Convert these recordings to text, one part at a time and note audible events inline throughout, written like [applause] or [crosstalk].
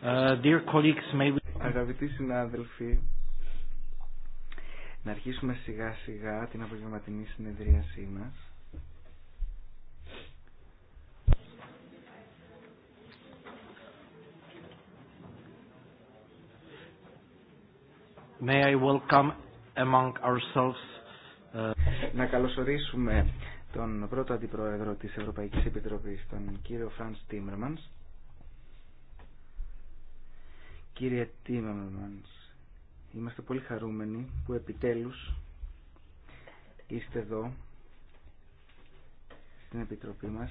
Ε, Αγαπητοί συνάδελφοι, να αρχίσουμε σιγά σιγά την απογευματινή συνεδρίασή μας. May I welcome among ourselves, ε, Να καλωσορίσουμε τον πρώτο αντιπρόεδρο της Ευρωπαϊκής Επιτροπής, τον κύριο Φρανς Τίμερμανς. Κύριε Τίμερμανς, είμαστε πολύ χαρούμενοι που επιτέλους είστε εδώ στην Επιτροπή μας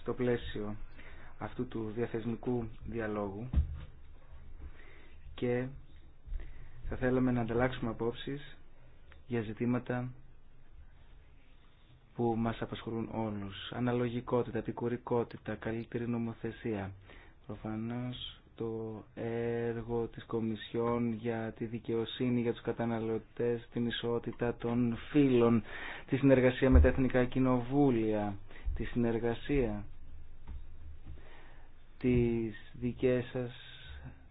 στο πλαίσιο αυτού του διαθεσμικού διαλόγου και θα θέλαμε να ανταλλάξουμε απόψεις για ζητήματα που μας απασχολούν όλους. Αναλογικότητα, επικουρικότητα, καλύτερη νομοθεσία. Προφανώς το έργο της Κομισιόν για τη δικαιοσύνη για τους καταναλωτές, την ισότητα των φύλων, τη συνεργασία με τα εθνικά κοινοβούλια, τη συνεργασία, τις δικές σας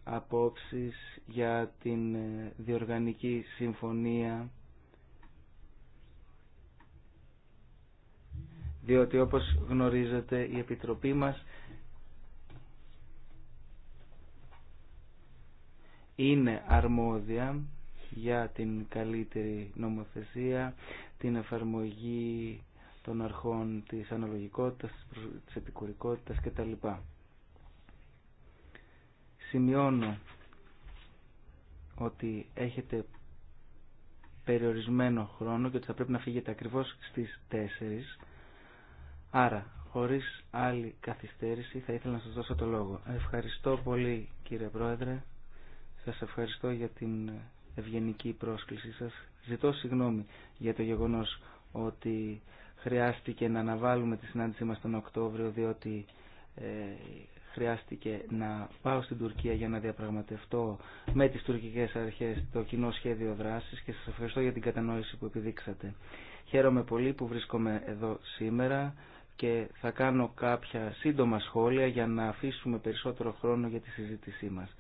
απόψεις για την διοργανική συμφωνία διότι όπως γνωρίζετε η Επιτροπή μας είναι αρμόδια για την καλύτερη νομοθεσία, την εφαρμογή των αρχών της αναλογικότητας, της επικουρικότητας κτλ. Σημειώνω ότι έχετε περιορισμένο χρόνο και ότι θα πρέπει να φύγετε ακριβώς στις 4 Άρα, χωρίς άλλη καθυστέρηση θα ήθελα να σας δώσω το λόγο. Ευχαριστώ πολύ κύριε Πρόεδρε. Σας ευχαριστώ για την ευγενική πρόσκλησή σας. Ζητώ συγγνώμη για το γεγονός ότι χρειάστηκε να αναβάλουμε τη συνάντησή μας τον Οκτώβριο διότι ε, χρειάστηκε να πάω στην Τουρκία για να διαπραγματευτώ με τις τουρκικές αρχές το κοινό σχέδιο δράσης και σας ευχαριστώ για την κατανόηση που επιδείξατε. Χαίρομαι πολύ που βρίσκομαι εδώ σήμερα και θα κάνω κάποια σύντομα σχόλια για να αφήσουμε περισσότερο χρόνο για τη συζήτησή μας.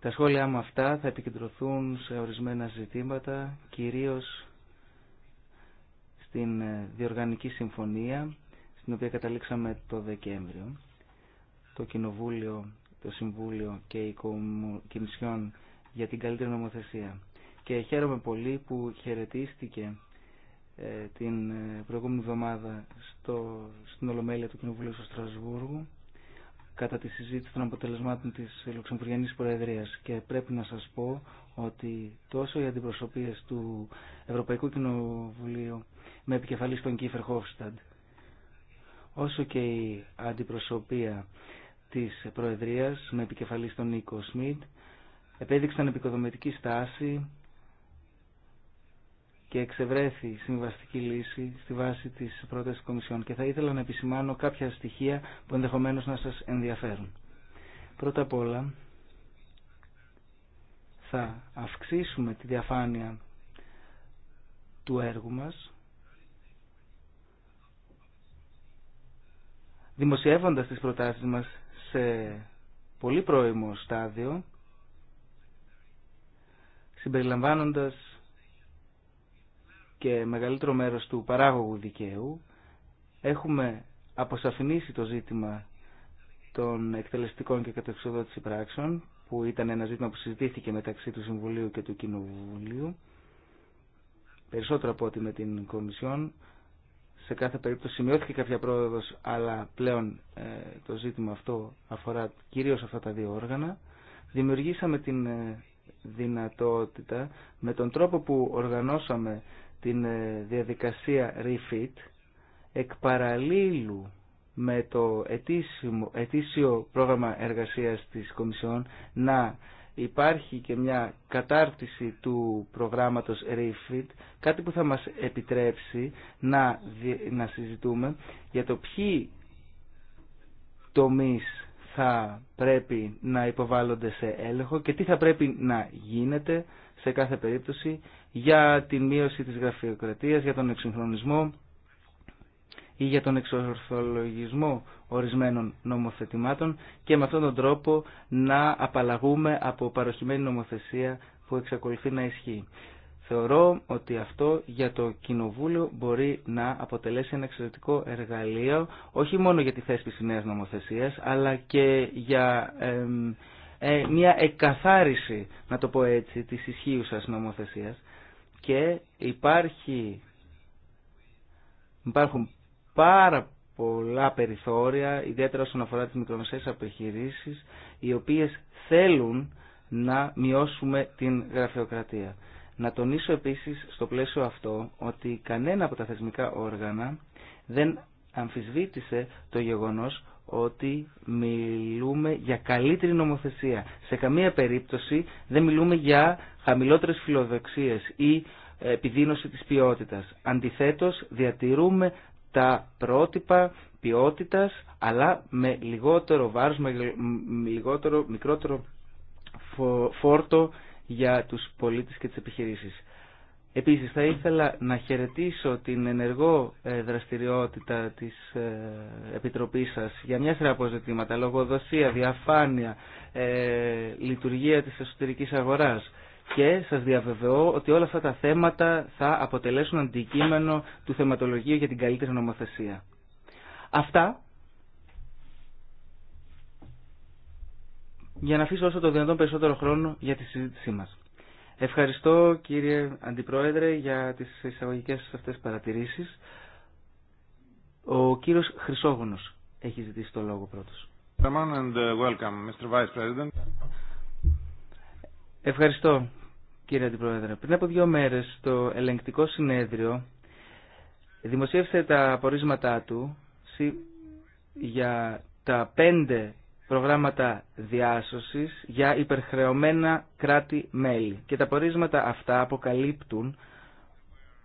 Τα σχόλιά μου αυτά θα επικεντρωθούν σε ορισμένα ζητήματα, κυρίως στην ε, διοργανική συμφωνία, στην οποία καταλήξαμε το Δεκέμβριο. Το Κοινοβούλιο, το Συμβούλιο και η Κομισιόν για την καλύτερη νομοθεσία. Και χαίρομαι πολύ που χαιρετίστηκε ε, την ε, προηγούμενη εβδομάδα στο, στην Ολομέλεια του Κοινοβουλίου στο Στρασβούργο κατά τη συζήτηση των αποτελεσμάτων της Λουξεμβουργιανής Προεδρίας και πρέπει να σας πω ότι τόσο οι αντιπροσωπείες του Ευρωπαϊκού Κοινοβουλίου με επικεφαλής τον Κίφερ Χόφσταντ όσο και η αντιπροσωπεία της Προεδρίας με επικεφαλής τον Νίκο Σμιτ επέδειξαν επικοδομητική στάση και εξευρέθη συμβαστική λύση στη βάση της πρότασης Κομισιόν και θα ήθελα να επισημάνω κάποια στοιχεία που ενδεχομένως να σας ενδιαφέρουν. Πρώτα απ' όλα θα αυξήσουμε τη διαφάνεια του έργου μας δημοσιεύοντας τις προτάσεις μας σε πολύ πρώιμο στάδιο συμπεριλαμβάνοντας και μεγαλύτερο μέρος του παράγωγου δικαίου έχουμε αποσαφηνίσει το ζήτημα των εκτελεστικών και κατεξοδότηση πράξεων που ήταν ένα ζήτημα που συζητήθηκε μεταξύ του Συμβουλίου και του Κοινοβουλίου περισσότερο από ό,τι με την Κομισιόν σε κάθε περίπτωση σημειώθηκε κάποια πρόοδος αλλά πλέον ε, το ζήτημα αυτό αφορά κυρίως αυτά τα δύο όργανα δημιουργήσαμε την ε, δυνατότητα με τον τρόπο που οργανώσαμε την ε, διαδικασία refit εκ παραλίλου με το ετήσιο, ετήσιο πρόγραμμα εργασίας της Κομισιόν να υπάρχει και μια κατάρτιση του προγράμματος REFIT, κάτι που θα μας επιτρέψει να, να συζητούμε για το ποιοι τομείς θα πρέπει να υποβάλλονται σε έλεγχο και τι θα πρέπει να γίνεται σε κάθε περίπτωση για τη μείωση της γραφειοκρατίας, για τον εξυγχρονισμό ή για τον εξορθολογισμό ορισμένων νομοθετημάτων και με αυτόν τον τρόπο να απαλλαγούμε από παροχημένη νομοθεσία που εξακολουθεί να ισχύει. Θεωρώ ότι αυτό για το Κοινοβούλιο μπορεί να αποτελέσει ένα εξαιρετικό εργαλείο όχι μόνο για τη θέσπιση νέας νομοθεσίας αλλά και για... Ε, μια εκαθάριση, να το πω έτσι, της ισχύουσας νομοθεσίας και υπάρχει, υπάρχουν πάρα πολλά περιθώρια, ιδιαίτερα όσον αφορά τις μικρομεσαίες επιχειρήσεις, οι οποίες θέλουν να μειώσουμε την γραφειοκρατία. Να τονίσω επίσης στο πλαίσιο αυτό ότι κανένα από τα θεσμικά όργανα δεν αμφισβήτησε το γεγονός ότι μιλούμε για καλύτερη νομοθεσία. Σε καμία περίπτωση δεν μιλούμε για χαμηλότερες φιλοδοξίες ή ε, επιδείνωση της ποιότητας. Αντιθέτως, διατηρούμε τα πρότυπα ποιότητας, αλλά με λιγότερο βάρος, με λιγότερο, μικρότερο φόρτο για τους πολίτες και τις επιχειρήσεις. Επίσης θα ήθελα να χαιρετήσω την ενεργό ε, δραστηριότητα της ε, Επιτροπής σας για μια σειρά αποζητήματα, λογοδοσία, διαφάνεια, ε, λειτουργία της εσωτερικής αγοράς. Και σας διαβεβαιώ ότι όλα αυτά τα θέματα θα αποτελέσουν αντικείμενο του θεματολογίου για την καλύτερη νομοθεσία. Αυτά για να αφήσω όσο το δυνατόν περισσότερο χρόνο για τη συζήτησή μας. Ευχαριστώ κύριε Αντιπρόεδρε για τις εισαγωγικές σας αυτές παρατηρήσεις. Ο κύριος Χρυσόγονος έχει ζητήσει το λόγο πρώτος. And uh, welcome, Mr. Vice President. Ευχαριστώ κύριε Αντιπρόεδρε. Πριν από δύο μέρες το ελεγκτικό συνέδριο δημοσίευσε τα απορίσματά του για τα πέντε προγράμματα διάσωσης για υπερχρεωμένα κράτη-μέλη. Και τα πορίσματα αυτά αποκαλύπτουν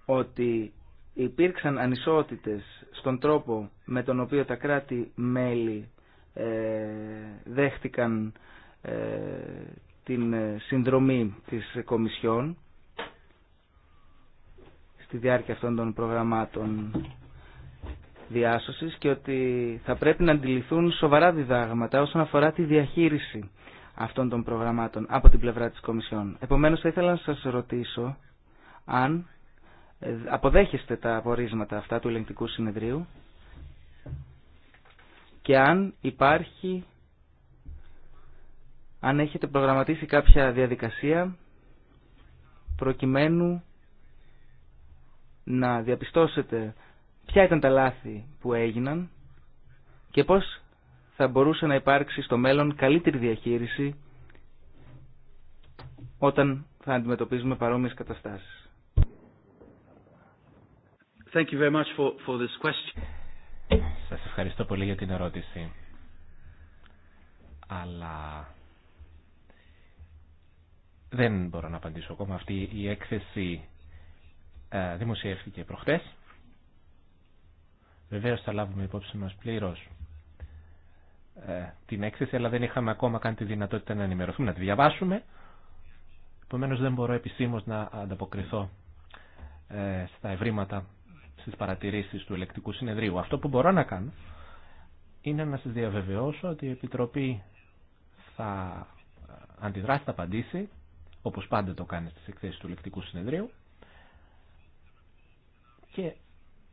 ότι υπήρξαν ανισότητες στον τρόπο με τον οποίο τα κράτη-μέλη ε, δέχτηκαν ε, την συνδρομή της Κομισιόν στη διάρκεια αυτών των προγραμμάτων διάσωσης και ότι θα πρέπει να αντιληφθούν σοβαρά διδάγματα όσον αφορά τη διαχείριση αυτών των προγραμμάτων από την πλευρά της Κομισιόν. Επομένως θα ήθελα να σας ρωτήσω αν ε, αποδέχεστε τα απορίσματα αυτά του ελεγκτικού συνεδρίου και αν υπάρχει, αν έχετε προγραμματίσει κάποια διαδικασία προκειμένου να διαπιστώσετε ποια ήταν τα λάθη που έγιναν και πώς θα μπορούσε να υπάρξει στο μέλλον καλύτερη διαχείριση όταν θα αντιμετωπίζουμε παρόμοιες καταστάσεις. Thank Σας ευχαριστώ πολύ για την ερώτηση. Αλλά δεν μπορώ να απαντήσω ακόμα. Αυτή η έκθεση ε, δημοσιεύτηκε προχτές Βεβαίω θα λάβουμε υπόψη μας πλήρως ε, την έκθεση, αλλά δεν είχαμε ακόμα καν τη δυνατότητα να ενημερωθούμε, να τη διαβάσουμε. Επομένω δεν μπορώ επισήμως να ανταποκριθώ ε, στα ευρήματα, στις παρατηρήσεις του ελεκτικού συνεδρίου. Αυτό που μπορώ να κάνω είναι να σα διαβεβαιώσω ότι η Επιτροπή θα ε, αντιδράσει, θα απαντήσει, όπως πάντα το κάνει στις εκθέσεις του ελεκτικού συνεδρίου και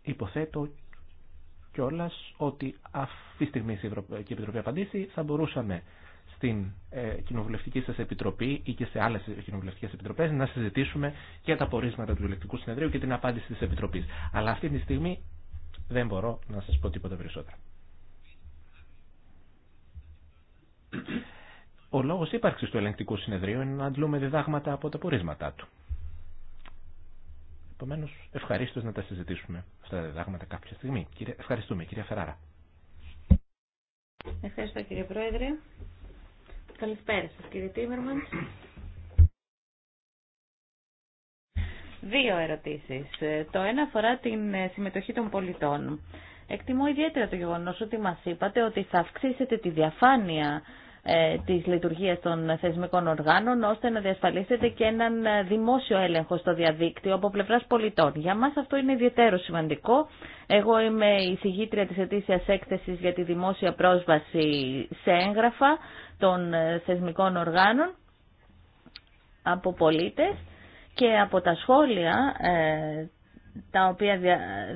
υποθέτω κιόλα ότι αυτή τη στιγμή η Ευρωπαϊκή Επιτροπή απαντήσει θα μπορούσαμε στην ε, κοινοβουλευτική σα επιτροπή ή και σε άλλε κοινοβουλευτικέ επιτροπέ να συζητήσουμε και τα πορίσματα του Ελεκτικού συνεδρίου και την απάντηση τη επιτροπή. Αλλά αυτή τη στιγμή δεν μπορώ να σα πω τίποτα περισσότερο. Ο λόγο ύπαρξη του ελεγκτικού συνεδρίου είναι να αντλούμε διδάγματα από τα πορίσματά του. Επομένω, ευχαρίστω να τα συζητήσουμε αυτά τα διδάγματα κάποια στιγμή. Ευχαριστούμε, κυρία Φεράρα. Ευχαριστώ, κύριε Πρόεδρε. Καλησπέρα σας, κύριε Τίμερμαν. Δύο ερωτήσεις. Το ένα αφορά την συμμετοχή των πολιτών. Εκτιμώ ιδιαίτερα το γεγονός ότι μας είπατε ότι θα αυξήσετε τη διαφάνεια ε, της λειτουργίας των θεσμικών οργάνων ώστε να διασφαλίσετε και έναν δημόσιο έλεγχο στο διαδίκτυο από πλευράς πολιτών. Για μας αυτό είναι ιδιαίτερο σημαντικό. Εγώ είμαι η συγγήτρια της ετήσιας έκθεσης για τη δημόσια πρόσβαση σε έγγραφα των θεσμικών οργάνων από πολίτες και από τα σχόλια ε, τα οποία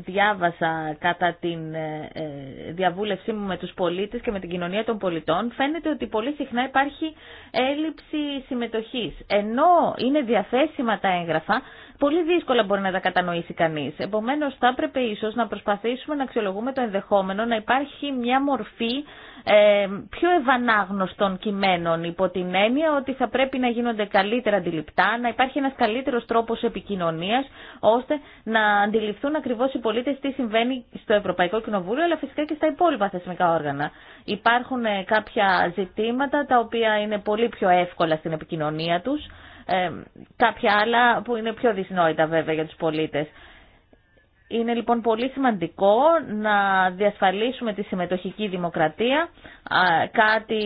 διάβασα κατά τη ε, ε, διαβούλευσή μου με τους πολίτες και με την κοινωνία των πολιτών, φαίνεται ότι πολύ συχνά υπάρχει έλλειψη συμμετοχής. Ενώ είναι διαθέσιμα τα έγγραφα, πολύ δύσκολα μπορεί να τα κατανοήσει κανείς. Επομένως, θα έπρεπε ίσως να προσπαθήσουμε να αξιολογούμε το ενδεχόμενο να υπάρχει μια μορφή ε, πιο ευανάγνωστων κειμένων υπό την έννοια ότι θα πρέπει να γίνονται καλύτερα αντιληπτά, να υπάρχει ένας καλύτερος τρόπος επικοινωνίας, ώστε να να αντιληφθούν ακριβώς οι πολίτες τι συμβαίνει στο Ευρωπαϊκό Κοινοβούλιο, αλλά φυσικά και στα υπόλοιπα θεσμικά όργανα. Υπάρχουν ε, κάποια ζητήματα τα οποία είναι πολύ πιο εύκολα στην επικοινωνία τους, ε, κάποια άλλα που είναι πιο δυσνόητα βέβαια για τους πολίτες. Είναι λοιπόν πολύ σημαντικό να διασφαλίσουμε τη συμμετοχική δημοκρατία, κάτι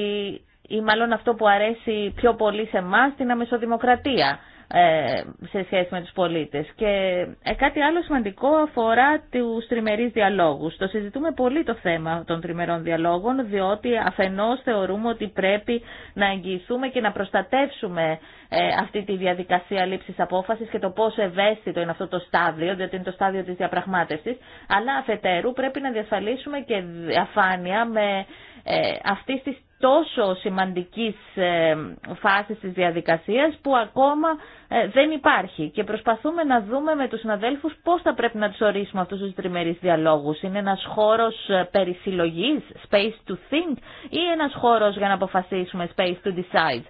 ή μάλλον αυτό που αρέσει πιο πολύ σε εμά την αμεσοδημοκρατία. Ε, σε σχέση με τους πολίτες. Και ε, κάτι άλλο σημαντικό αφορά του τριμερείς διαλόγους. Το συζητούμε πολύ το θέμα των τριμερών διαλόγων, διότι αφενός θεωρούμε ότι πρέπει να εγγυηθούμε και να προστατεύσουμε ε, αυτή τη διαδικασία λήψης απόφασης και το πόσο ευαίσθητο είναι αυτό το στάδιο, διότι είναι το στάδιο της διαπραγμάτευσης, αλλά αφετέρου πρέπει να διασφαλίσουμε και διαφάνεια με ε, αυτής της τόσο σημαντικής ε, φάσης της διαδικασίας που ακόμα ε, δεν υπάρχει και προσπαθούμε να δούμε με τους συναδέλφους πώς θα πρέπει να του ορίσουμε αυτούς τους τριμερείς διαλόγους. Είναι ένας χώρος περισυλλογής, space to think ή ένας χώρος για να αποφασίσουμε, space to decide.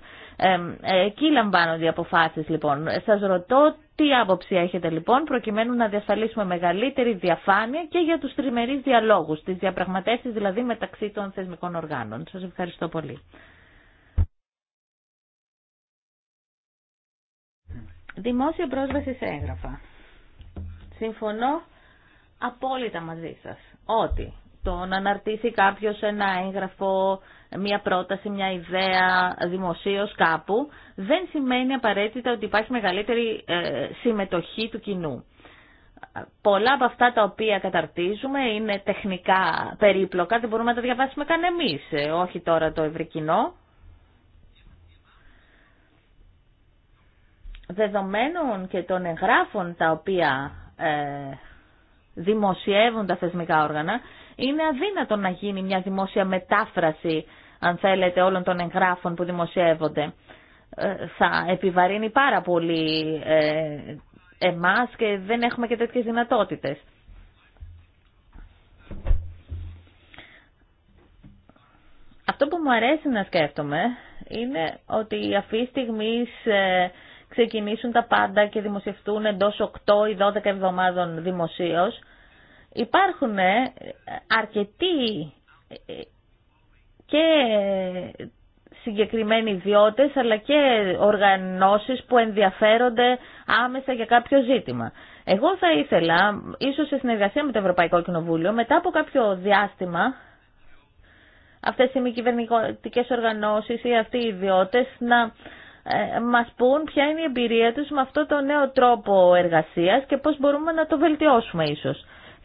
Εκεί λαμβάνονται οι αποφάσεις λοιπόν. Σας ρωτώ τι άποψη έχετε λοιπόν προκειμένου να διασφαλίσουμε μεγαλύτερη διαφάνεια και για τους τριμερείς διαλόγους, τις διαπραγματεύσεις δηλαδή μεταξύ των θεσμικών οργάνων. Σας ευχαριστώ πολύ. Δημόσια πρόσβαση σε έγγραφα. Συμφωνώ απόλυτα μαζί σας ότι το να αναρτήσει κάποιο ένα έγγραφο, μια πρόταση, μια ιδέα δημοσίω κάπου, δεν σημαίνει απαραίτητα ότι υπάρχει μεγαλύτερη ε, συμμετοχή του κοινού. Πολλά από αυτά τα οποία καταρτίζουμε είναι τεχνικά περίπλοκα, δεν μπορούμε να τα διαβάσουμε καν εμείς, ε, όχι τώρα το ευρύ Δεδομένων και των εγγράφων τα οποία ε, δημοσιεύουν τα θεσμικά όργανα, είναι αδύνατο να γίνει μια δημόσια μετάφραση, αν θέλετε, όλων των εγγράφων που δημοσιεύονται. Ε, θα επιβαρύνει πάρα πολύ ε, εμάς και δεν έχουμε και τέτοιες δυνατότητες. Αυτό που μου αρέσει να σκέφτομαι είναι ότι αυτή τη στιγμή ε, ξεκινήσουν τα πάντα και δημοσιευτούν εντός 8 ή 12 εβδομάδων δημοσίως υπάρχουν ε, αρκετοί ε, και συγκεκριμένοι ιδιώτες αλλά και οργανώσεις που ενδιαφέρονται άμεσα για κάποιο ζήτημα. Εγώ θα ήθελα, ίσως σε συνεργασία με το Ευρωπαϊκό Κοινοβούλιο, μετά από κάποιο διάστημα, αυτές οι μη κυβερνητικέ οργανώσεις ή αυτοί οι ιδιώτες να ε, μας πούν ποια είναι η εμπειρία τους με αυτό το νέο τρόπο εργασίας και πώς μπορούμε να το βελτιώσουμε ίσως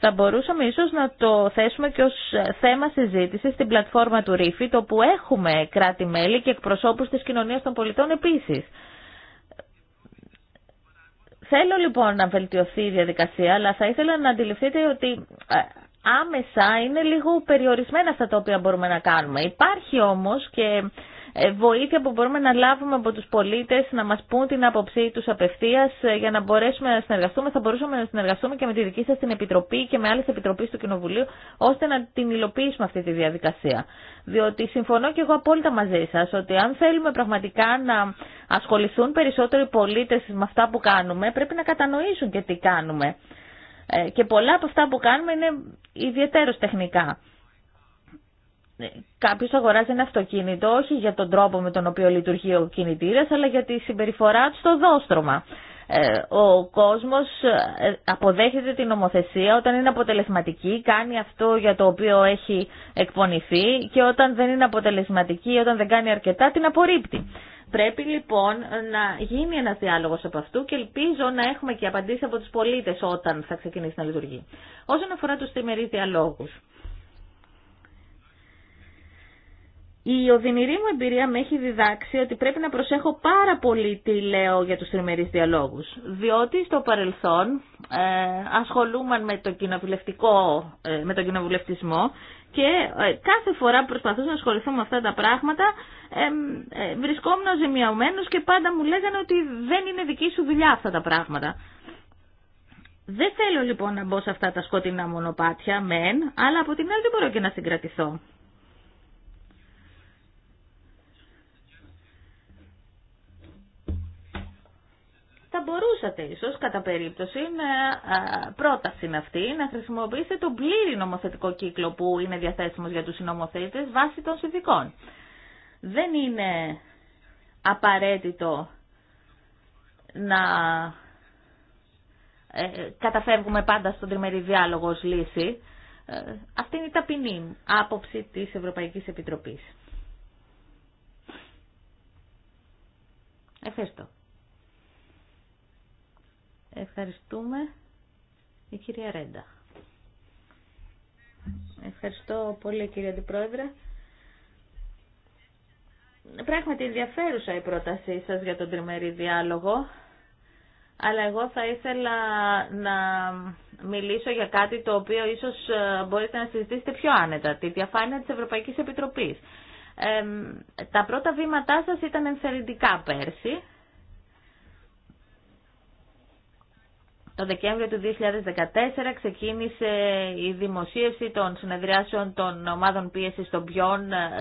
θα μπορούσαμε ίσως να το θέσουμε και ως θέμα συζήτηση στην πλατφόρμα του το που εχουμε έχουμε κράτη-μέλη και εκπροσώπους της κοινωνίας των πολιτών επίσης. Θέλω λοιπόν να βελτιωθεί η διαδικασία, αλλά θα ήθελα να αντιληφθείτε ότι ε, άμεσα είναι λίγο περιορισμένα αυτά τα οποία μπορούμε να κάνουμε. Υπάρχει όμως και ε, βοήθεια που μπορούμε να λάβουμε από τους πολίτες να μας πούν την άποψή τους απευθείας ε, για να μπορέσουμε να συνεργαστούμε. Θα μπορούσαμε να συνεργαστούμε και με τη δική σας την Επιτροπή και με άλλες επιτροπές του Κοινοβουλίου ώστε να την υλοποιήσουμε αυτή τη διαδικασία. Διότι συμφωνώ και εγώ απόλυτα μαζί σας ότι αν θέλουμε πραγματικά να ασχοληθούν περισσότεροι οι πολίτες με αυτά που κάνουμε πρέπει να κατανοήσουν και τι κάνουμε. Ε, και πολλά από αυτά που κάνουμε είναι ιδιαίτερως τεχνικά. Κάποιο αγοράζει ένα αυτοκίνητο όχι για τον τρόπο με τον οποίο λειτουργεί ο κινητήρα, αλλά για τη συμπεριφορά του στο δόστρωμα. Ε, ο κόσμο ε, αποδέχεται την νομοθεσία όταν είναι αποτελεσματική, κάνει αυτό για το οποίο έχει εκπονηθεί και όταν δεν είναι αποτελεσματική, όταν δεν κάνει αρκετά, την απορρίπτει. Πρέπει λοιπόν να γίνει ένα διάλογο από αυτού και ελπίζω να έχουμε και απαντήσει από του πολίτε όταν θα ξεκινήσει να λειτουργεί. Όσον αφορά του τριμερεί διαλόγου. Η οδυνηρή μου εμπειρία με έχει διδάξει ότι πρέπει να προσέχω πάρα πολύ τι λέω για τους τριμερείς διαλόγους. Διότι στο παρελθόν ε, ασχολούμαν με, το κοινοβουλευτικό, ε, με τον κοινοβουλευτισμό και ε, κάθε φορά που προσπαθούσα να ασχοληθώ με αυτά τα πράγματα ε, βρισκόμουν ζημιωμένος και πάντα μου λέγανε ότι δεν είναι δική σου δουλειά αυτά τα πράγματα. Δεν θέλω λοιπόν να μπω σε αυτά τα σκοτεινά μονοπάτια, μεν, αλλά από την άλλη δεν μπορώ και να συγκρατηθώ. θα μπορούσατε ίσως κατά περίπτωση να, πρόταση αυτή να χρησιμοποιήσετε τον πλήρη νομοθετικό κύκλο που είναι διαθέσιμος για τους συνομοθέτες βάσει των συνθηκών. Δεν είναι απαραίτητο να ε, καταφεύγουμε πάντα στον τριμερή διάλογο ως λύση. Ε, αυτή είναι η ταπεινή άποψη της Ευρωπαϊκής Επιτροπής. Ευχαριστώ. Ευχαριστούμε. Η κυρία Ρέντα. Ευχαριστώ πολύ κύριε Αντιπρόεδρε. Πράγματι ενδιαφέρουσα η πρότασή σας για τον τριμερή διάλογο, αλλά εγώ θα ήθελα να μιλήσω για κάτι το οποίο ίσως ε, μπορείτε να συζητήσετε πιο άνετα, τη διαφάνεια της Ευρωπαϊκής Επιτροπής. τα πρώτα βήματά σας ήταν ενθαρρυντικά πέρσι, Το Δεκέμβριο του 2014 ξεκίνησε η δημοσίευση των συνεδριάσεων των ομάδων πίεσης των πιο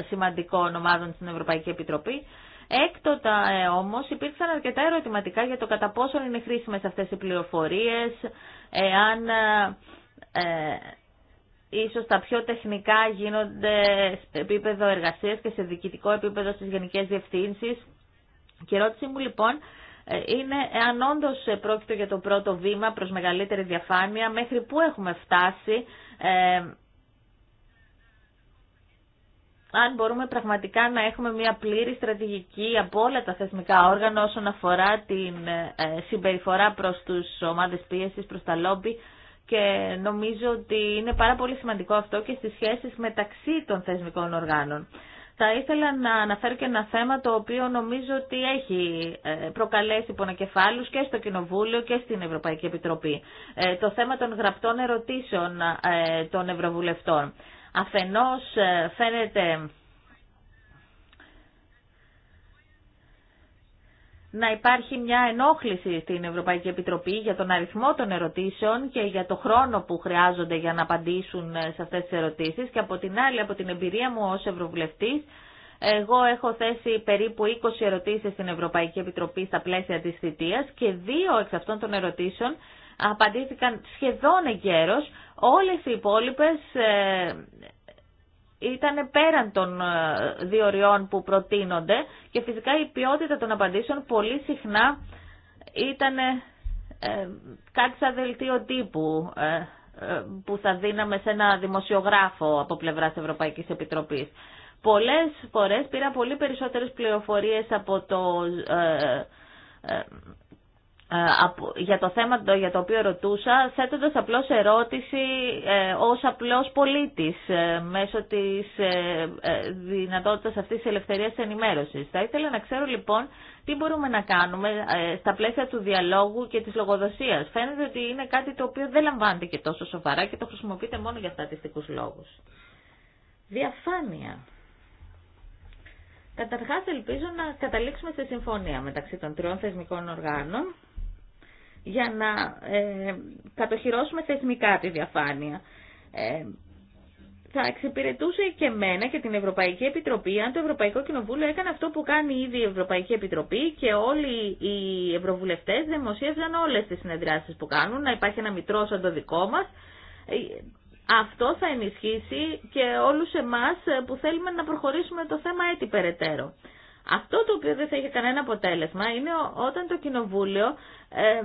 σημαντικών ομάδων στην Ευρωπαϊκή Επιτροπή. Έκτοτα ε, όμως υπήρξαν αρκετά ερωτηματικά για το κατά πόσο είναι χρήσιμες αυτές οι πληροφορίες, εάν ε, ε, ίσως τα πιο τεχνικά γίνονται σε επίπεδο εργασίας και σε διοικητικό επίπεδο στις γενικές διευθύνσεις. Και ερώτησή μου λοιπόν είναι αν όντω πρόκειται για το πρώτο βήμα προς μεγαλύτερη διαφάνεια, μέχρι πού έχουμε φτάσει, ε, αν μπορούμε πραγματικά να έχουμε μια πλήρη στρατηγική από όλα τα θεσμικά όργανα όσον αφορά την ε, συμπεριφορά προς τους ομάδες πίεσης, προς τα λόμπι και νομίζω ότι είναι πάρα πολύ σημαντικό αυτό και στις σχέσεις μεταξύ των θεσμικών οργάνων. Θα ήθελα να αναφέρω και ένα θέμα το οποίο νομίζω ότι έχει ε, προκαλέσει πονακεφάλους και στο Κοινοβούλιο και στην Ευρωπαϊκή Επιτροπή. Ε, το θέμα των γραπτών ερωτήσεων ε, των Ευρωβουλευτών. Αφενός φαίνεται να υπάρχει μια ενόχληση στην Ευρωπαϊκή Επιτροπή για τον αριθμό των ερωτήσεων και για το χρόνο που χρειάζονται για να απαντήσουν ε, σε αυτές τις ερωτήσεις και από την άλλη, από την εμπειρία μου ως Ευρωβουλευτής, εγώ έχω θέσει περίπου 20 ερωτήσεις στην Ευρωπαϊκή Επιτροπή στα πλαίσια της θητείας και δύο εξ αυτών των ερωτήσεων απαντήθηκαν σχεδόν εγκαίρως, όλες οι υπόλοιπες ε, ήταν πέραν των ε, διοριών που προτείνονται και φυσικά η ποιότητα των απαντήσεων πολύ συχνά ήταν ε, ε κάτι σαν δελτίο τύπου ε, ε, που θα δίναμε σε ένα δημοσιογράφο από πλευράς Ευρωπαϊκής Επιτροπής. Πολλές φορές πήρα πολύ περισσότερες πληροφορίες από το ε, για το θέμα για το οποίο ρωτούσα, θέτοντα απλώς ερώτηση ε, ως απλός πολίτης ε, μέσω της ε, ε, δυνατότητας αυτής της ελευθερίας ενημέρωσης. Θα ήθελα να ξέρω λοιπόν τι μπορούμε να κάνουμε ε, στα πλαίσια του διαλόγου και της λογοδοσίας. Φαίνεται ότι είναι κάτι το οποίο δεν λαμβάνεται και τόσο σοβαρά και το χρησιμοποιείτε μόνο για στατιστικούς λόγους. Διαφάνεια. Καταρχάς ελπίζω να καταλήξουμε σε συμφωνία μεταξύ των τριών θεσμικών οργάνων για να ε, κατοχυρώσουμε θεσμικά τη διαφάνεια. Ε, θα εξυπηρετούσε και εμένα και την Ευρωπαϊκή Επιτροπή αν το Ευρωπαϊκό Κοινοβούλιο έκανε αυτό που κάνει ήδη η Ευρωπαϊκή Επιτροπή και όλοι οι ευρωβουλευτές δημοσίευσαν όλες τις συνεδριάσεις που κάνουν, να υπάρχει ένα μητρό σαν το δικό μας. Ε, αυτό θα ενισχύσει και όλους εμάς που θέλουμε να προχωρήσουμε το θέμα έτσι περαιτέρω. Αυτό το οποίο δεν θα είχε κανένα αποτέλεσμα είναι όταν το Κοινοβούλιο ε,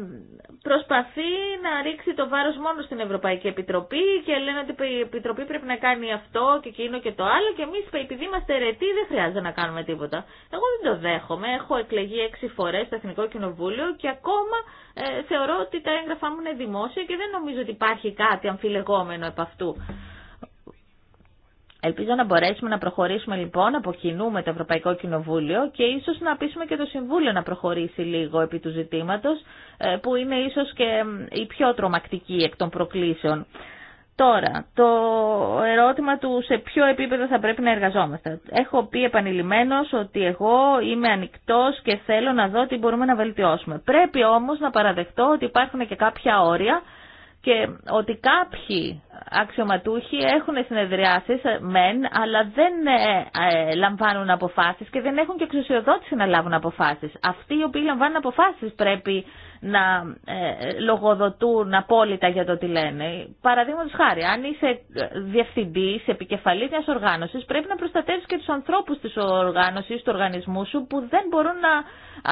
προσπαθεί να ρίξει το βάρος μόνο στην Ευρωπαϊκή Επιτροπή και λένε ότι η Επιτροπή πρέπει να κάνει αυτό και εκείνο και το άλλο και εμείς επειδή είμαστε αιρετοί δεν χρειάζεται να κάνουμε τίποτα. Εγώ δεν το δέχομαι. Έχω εκλεγεί έξι φορές στο Εθνικό Κοινοβούλιο και ακόμα ε, θεωρώ ότι τα έγγραφά μου είναι δημόσια και δεν νομίζω ότι υπάρχει κάτι αμφιλεγόμενο επ' αυτού. Ελπίζω να μπορέσουμε να προχωρήσουμε λοιπόν από κοινού με το Ευρωπαϊκό Κοινοβούλιο και ίσως να πείσουμε και το Συμβούλιο να προχωρήσει λίγο επί του ζητήματο, ε, που είναι ίσως και η πιο τρομακτική εκ των προκλήσεων. Τώρα, το ερώτημα του σε ποιο επίπεδο θα πρέπει να εργαζόμαστε. Έχω πει επανειλημμένω ότι εγώ είμαι ανοιχτό και θέλω να δω τι μπορούμε να βελτιώσουμε. Πρέπει όμω να παραδεχτώ ότι υπάρχουν και κάποια όρια και ότι κάποιοι αξιωματούχοι έχουν συνεδριάσεις ε, μεν, αλλά δεν ε, ε, λαμβάνουν αποφάσεις και δεν έχουν και εξουσιοδότηση να λάβουν αποφάσεις. Αυτοί οι οποίοι λαμβάνουν αποφάσεις πρέπει να ε, λογοδοτούν απόλυτα για το τι λένε. Παραδείγματο χάρη, αν είσαι διευθυντής, επικεφαλής μιας οργάνωσης, πρέπει να προστατεύεις και τους ανθρώπους της οργάνωση, του οργανισμού σου, που δεν μπορούν να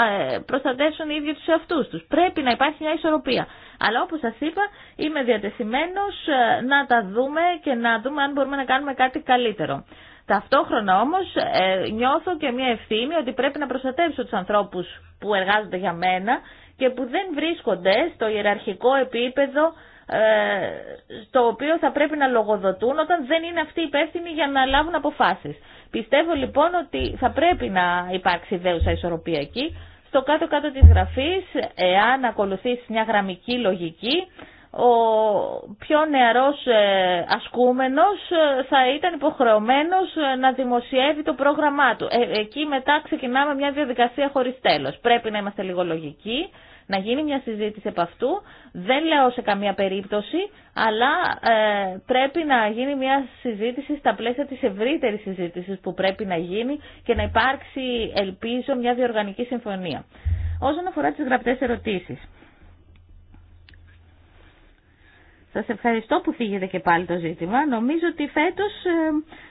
ε, προστατεύσουν οι ίδιοι τους εαυτούς τους. Πρέπει να υπάρχει μια ισορροπία. Αλλά όπως σας είπα, είμαι διατεθειμένος να να τα δούμε και να δούμε αν μπορούμε να κάνουμε κάτι καλύτερο. Ταυτόχρονα όμως ε, νιώθω και μια ευθύνη ότι πρέπει να προστατεύσω τους ανθρώπους που εργάζονται για μένα και που δεν βρίσκονται στο ιεραρχικό επίπεδο ε, στο οποίο θα πρέπει να λογοδοτούν όταν δεν είναι αυτοί υπεύθυνοι για να λάβουν αποφάσεις. Πιστεύω λοιπόν ότι θα πρέπει να υπάρξει δέουσα ισορροπία εκεί. Στο κάτω-κάτω της γραφής, εάν ακολουθείς μια γραμμική λογική, ο πιο νεαρός ε, ασκούμενος ε, θα ήταν υποχρεωμένος ε, να δημοσιεύει το πρόγραμμά του. εκεί μετά ξεκινάμε μια διαδικασία χωρίς τέλος. Πρέπει να είμαστε λίγο λογικοί, να γίνει μια συζήτηση επ' αυτού. Δεν λέω σε καμία περίπτωση, αλλά πρέπει να γίνει μια συζήτηση στα πλαίσια της ευρύτερης συζήτησης που πρέπει να γίνει και να υπάρξει, ελπίζω, μια διοργανική συμφωνία. Όσον αφορά τις γραπτές ερωτήσεις. Σας ευχαριστώ που φύγετε και πάλι το ζήτημα. Νομίζω ότι φέτος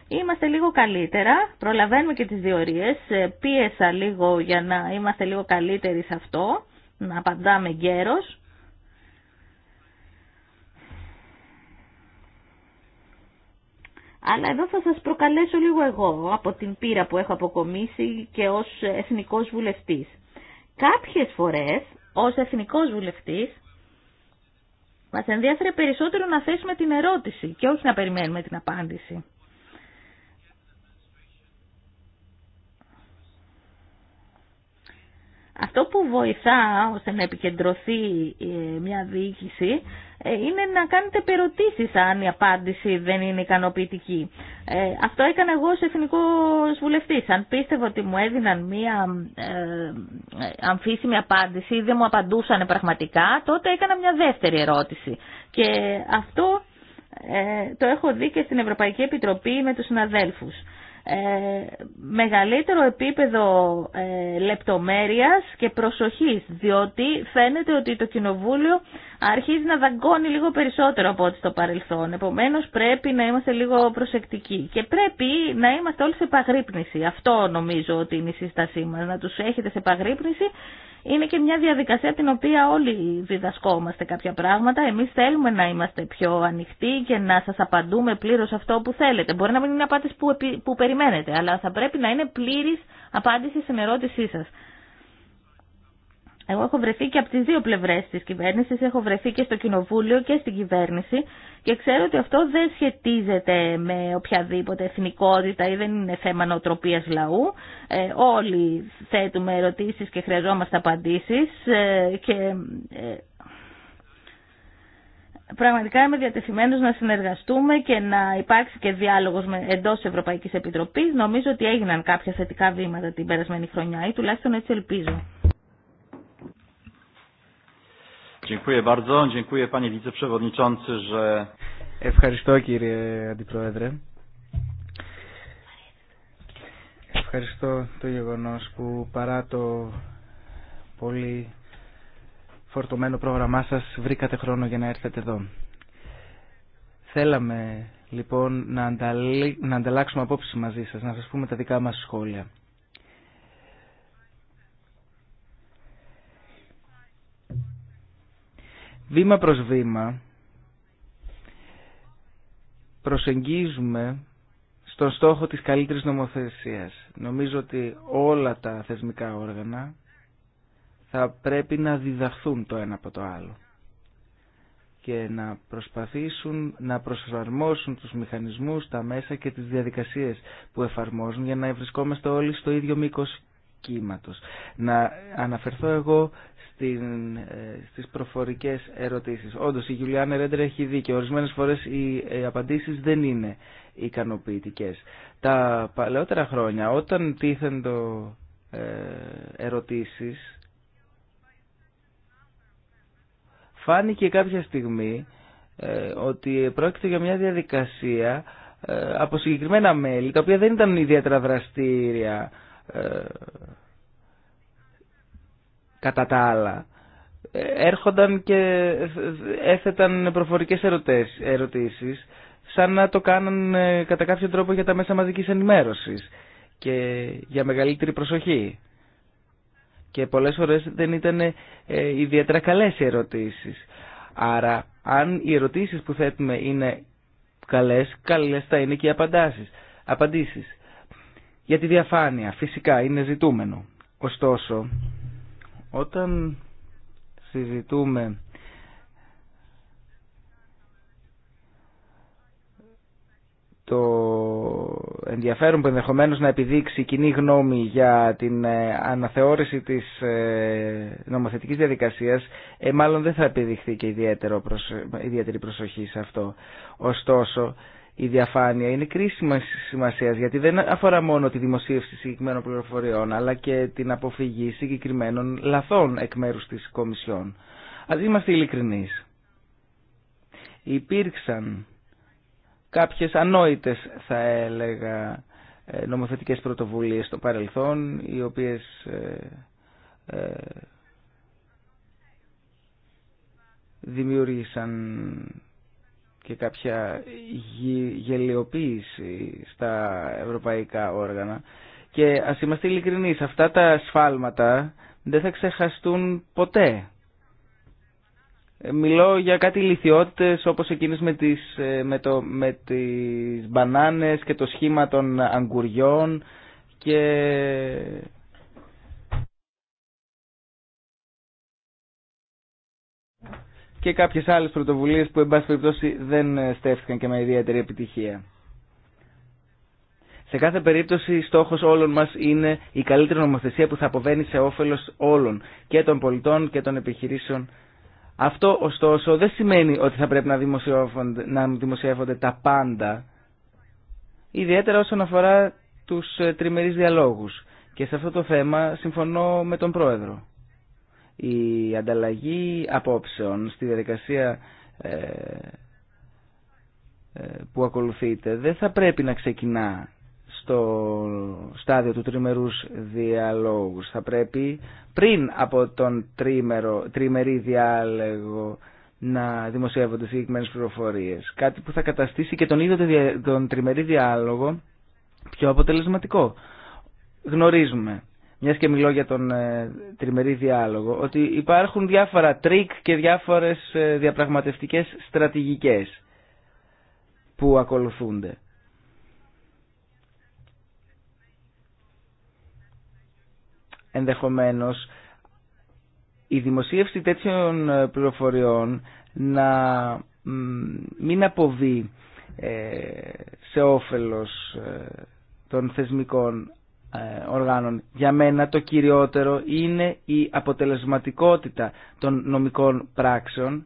ε, είμαστε λίγο καλύτερα. Προλαβαίνουμε και τις διορίες. Ε, πίεσα λίγο για να είμαστε λίγο καλύτεροι σε αυτό. Να απαντάμε γέρος. Αλλά εδώ θα σας προκαλέσω λίγο εγώ από την πείρα που έχω αποκομίσει και ως εθνικός βουλευτής. Κάποιες φορές ως εθνικός βουλευτής μας ενδιαφέρει περισσότερο να θέσουμε την ερώτηση και όχι να περιμένουμε την απάντηση. Αυτό που βοηθά ώστε να επικεντρωθεί ε, μια διοίκηση ε, είναι να κάνετε περωτήσει αν η απάντηση δεν είναι ικανοποιητική. Ε, αυτό έκανα εγώ ως εθνικός βουλευτής. Αν πίστευα ότι μου έδιναν μια αμφίσιμη απάντηση ή δεν μου απαντούσαν πραγματικά, τότε έκανα μια δεύτερη ερώτηση. Και αυτό το έχω δει και στην Ευρωπαϊκή Επιτροπή με τους συναδέλφους. Ε, μεγαλύτερο επίπεδο ε, λεπτομέρειας και προσοχής, διότι φαίνεται ότι το Κοινοβούλιο αρχίζει να δαγκώνει λίγο περισσότερο από ό,τι στο παρελθόν. Επομένως πρέπει να είμαστε λίγο προσεκτικοί και πρέπει να είμαστε όλοι σε παγρύπνηση. Αυτό νομίζω ότι είναι η σύστασή μας, να τους έχετε σε παγρύπνηση είναι και μια διαδικασία την οποία όλοι διδασκόμαστε κάποια πράγματα. Εμείς θέλουμε να είμαστε πιο ανοιχτοί και να σας απαντούμε πλήρως αυτό που θέλετε. Μπορεί να μην είναι απάντηση που, που περιμένετε, αλλά θα πρέπει να είναι πλήρης απάντηση στην ερώτησή σας. Εγώ έχω βρεθεί και από τις δύο πλευρές της κυβέρνησης, έχω βρεθεί και στο κοινοβούλιο και στην κυβέρνηση και ξέρω ότι αυτό δεν σχετίζεται με οποιαδήποτε εθνικότητα ή δεν είναι θέμα νοοτροπίας λαού. Ε, όλοι θέτουμε ερωτήσεις και χρειαζόμαστε απαντήσεις ε, και... Ε, πραγματικά είμαι διατεθειμένος να συνεργαστούμε και να υπάρξει και διάλογος με, εντός Ευρωπαϊκής Επιτροπής. Νομίζω ότι έγιναν κάποια θετικά βήματα την περασμένη χρονιά ή τουλάχιστον έτσι ελπίζω. Ευχαριστώ κύριε Αντιπρόεδρε. Ευχαριστώ το γεγονός που παρά το πολύ φορτωμένο πρόγραμμά σας βρήκατε χρόνο για να έρθετε εδώ. Θέλαμε λοιπόν να, ανταλλάξουμε απόψεις μαζί σας, να σας πούμε τα δικά μας σχόλια. βήμα προς βήμα προσεγγίζουμε στον στόχο της καλύτερης νομοθεσίας. Νομίζω ότι όλα τα θεσμικά όργανα θα πρέπει να διδαχθούν το ένα από το άλλο και να προσπαθήσουν να προσαρμόσουν τους μηχανισμούς, τα μέσα και τις διαδικασίες που εφαρμόζουν για να βρισκόμαστε όλοι στο ίδιο μήκος κύματος. Να αναφερθώ εγώ στην, ε, στις προφορικές ερωτήσεις. Όντως η Γιουλιάνε Ρέντερ έχει και Ορισμένες φορές οι ε, απαντήσεις δεν είναι ικανοποιητικές. Τα παλαιότερα χρόνια όταν τίθεντο ε, ερωτήσεις φάνηκε κάποια στιγμή ότι πρόκειται για μια διαδικασία από συγκεκριμένα μέλη τα οποία δεν ήταν ιδιαίτερα δραστήρια ε, κατά τα άλλα ε, έρχονταν και έθεταν προφορικές ερωτήσεις σαν να το κάναν ε, κατά κάποιο τρόπο για τα μέσα μαζικής ενημέρωσης και για μεγαλύτερη προσοχή. Και πολλές φορές δεν ήταν ιδιαίτερα καλές οι ερωτήσεις. Άρα αν οι ερωτήσεις που θέτουμε είναι καλές, καλές θα είναι και οι απαντήσεις. Για τη διαφάνεια φυσικά είναι ζητούμενο. Ωστόσο, όταν συζητούμε το ενδιαφέρον που ενδεχομένως να επιδείξει η κοινή γνώμη για την ε, αναθεώρηση της ε, νομοθετικής διαδικασίας, ε, μάλλον δεν θα επιδειχθεί και ιδιαίτερο ε, ιδιαίτερη προσοχή σε αυτό. Ωστόσο, η διαφάνεια είναι κρίσιμα σημασία γιατί δεν αφορά μόνο τη δημοσίευση συγκεκριμένων πληροφοριών αλλά και την αποφυγή συγκεκριμένων λαθών εκ μέρου τη Κομισιόν. Α είμαστε ειλικρινεί. Υπήρξαν κάποιες ανόητε θα έλεγα ε, νομοθετικέ πρωτοβουλίες στο παρελθόν οι οποίες ε, ε, δημιούργησαν και κάποια γελιοποίηση στα ευρωπαϊκά όργανα. Και ας είμαστε ειλικρινεί. αυτά τα σφάλματα δεν θα ξεχαστούν ποτέ. Ε, μιλώ για κάτι λιθιότες όπως εκείνες με τις, ε, με, το, με τις μπανάνες και το σχήμα των αγκουριών και και κάποιε άλλες πρωτοβουλίες που εν πάση περιπτώσει δεν ε, στέφθηκαν και με ιδιαίτερη επιτυχία. Σε κάθε περίπτωση στόχος όλων μας είναι η καλύτερη νομοθεσία που θα αποβαίνει σε όφελος όλων και των πολιτών και των επιχειρήσεων. Αυτό ωστόσο δεν σημαίνει ότι θα πρέπει να δημοσιεύονται, να δημοσιεύονται τα πάντα, ιδιαίτερα όσον αφορά τους ε, τριμερείς διαλόγους. Και σε αυτό το θέμα συμφωνώ με τον Πρόεδρο η ανταλλαγή απόψεων στη διαδικασία ε, ε, που ακολουθείτε δεν θα πρέπει να ξεκινά στο στάδιο του τριμερούς διαλόγου. Θα πρέπει πριν από τον τρίμερο, τριμερή διάλογο να δημοσιεύονται συγκεκριμένες πληροφορίες. Κάτι που θα καταστήσει και τον ίδιο τον τριμερή διάλογο πιο αποτελεσματικό. Γνωρίζουμε μια και μιλώ για τον ε, τριμερή διάλογο, ότι υπάρχουν διάφορα τρίκ και διάφορες ε, διαπραγματευτικέ στρατηγικές που ακολουθούνται. Ενδεχομένως, η δημοσίευση τέτοιων ε, πληροφοριών να μην αποβεί σε όφελος των θεσμικών ε, οργάνων. Για μένα το κυριότερο είναι η αποτελεσματικότητα των νομικών πράξεων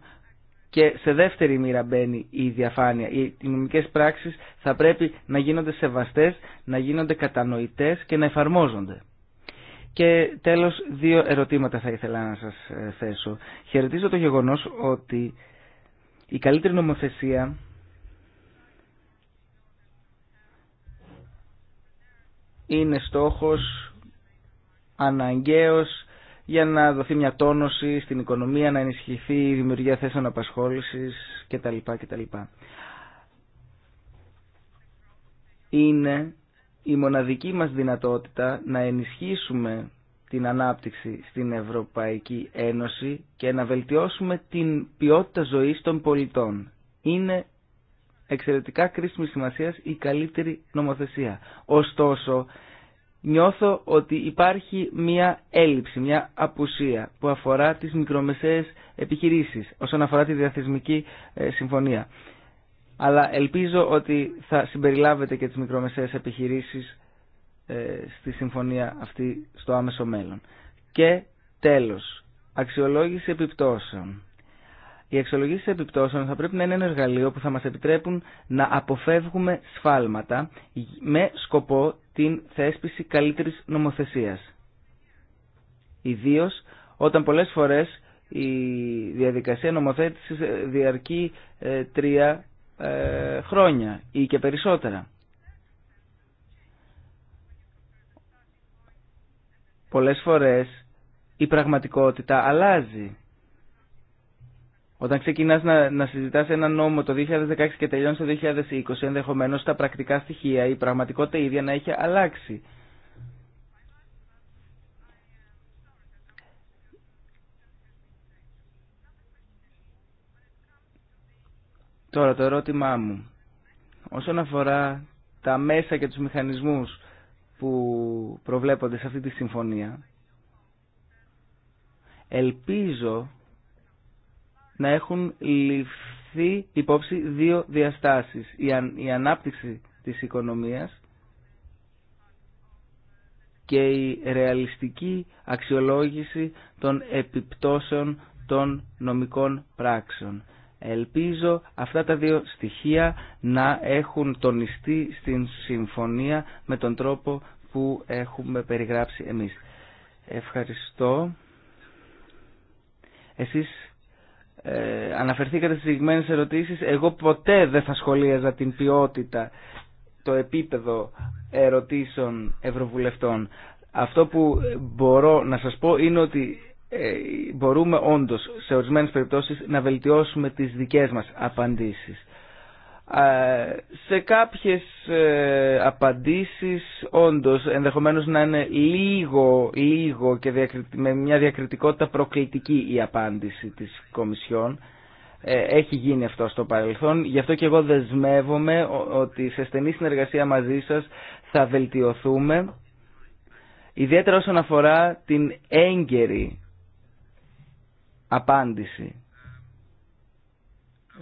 και σε δεύτερη μοίρα μπαίνει η διαφάνεια. Οι νομικές πράξεις θα πρέπει να γίνονται σεβαστές, να γίνονται κατανοητές και να εφαρμόζονται. Και τέλος δύο ερωτήματα θα ήθελα να σας ε, θέσω. Χαιρετίζω το γεγονός ότι η καλύτερη νομοθεσία είναι στόχος αναγκαίος για να δοθεί μια τόνωση στην οικονομία, να ενισχυθεί η δημιουργία θέσεων απασχόλησης κτλ. κτλ. Είναι η μοναδική μας δυνατότητα να ενισχύσουμε την ανάπτυξη στην Ευρωπαϊκή Ένωση και να βελτιώσουμε την ποιότητα ζωής των πολιτών. Είναι εξαιρετικά κρίσιμη σημασία η καλύτερη νομοθεσία. Ωστόσο, νιώθω ότι υπάρχει μια έλλειψη, μια απουσία που αφορά τις μικρομεσαίες επιχειρήσεις όσον αφορά τη διαθεσμική ε, συμφωνία. Αλλά ελπίζω ότι θα συμπεριλάβετε και τις μικρομεσαίες επιχειρήσεις ε, στη συμφωνία αυτή στο άμεσο μέλλον. Και τέλος, αξιολόγηση επιπτώσεων. Οι αξιολογήσει επιπτώσεων θα πρέπει να είναι ένα εργαλείο που θα μα επιτρέπουν να αποφεύγουμε σφάλματα με σκοπό την θέσπιση καλύτερη νομοθεσία. Ιδίω όταν πολλέ φορέ η διαδικασία νομοθέτηση διαρκεί ε, τρία ε, χρόνια ή και περισσότερα. Πολλές φορές η πραγματικότητα αλλάζει όταν ξεκινά να, να ένα νόμο το 2016 και τελειώνει το 2020, ενδεχομένω τα πρακτικά στοιχεία, η πραγματικότητα ίδια να έχει αλλάξει. Τώρα το ερώτημά μου. Όσον αφορά τα μέσα και τους μηχανισμούς που προβλέπονται σε αυτή τη συμφωνία, ελπίζω να έχουν ληφθεί υπόψη δύο διαστάσεις. Η, η ανάπτυξη της οικονομίας και η ρεαλιστική αξιολόγηση των επιπτώσεων των νομικών πράξεων. Ελπίζω αυτά τα δύο στοιχεία να έχουν τονιστεί στην συμφωνία με τον τρόπο που έχουμε περιγράψει εμείς. Ευχαριστώ. Εσείς ε, αναφερθήκατε στις συγκεκριμένε ερωτήσεις. Εγώ ποτέ δεν θα σχολίαζα την ποιότητα, το επίπεδο ερωτήσεων ευρωβουλευτών. Αυτό που μπορώ να σας πω είναι ότι ε, μπορούμε όντως σε ορισμένες περιπτώσεις να βελτιώσουμε τις δικές μας απαντήσεις σε κάποιες ε, απαντήσεις όντως ενδεχομένως να είναι λίγο, λίγο και με μια διακριτικότητα προκλητική η απάντηση της Κομισιόν. Ε, έχει γίνει αυτό στο παρελθόν, γι' αυτό και εγώ δεσμεύομαι ότι σε στενή συνεργασία μαζί σας θα βελτιωθούμε, ιδιαίτερα όσον αφορά την έγκαιρη απάντηση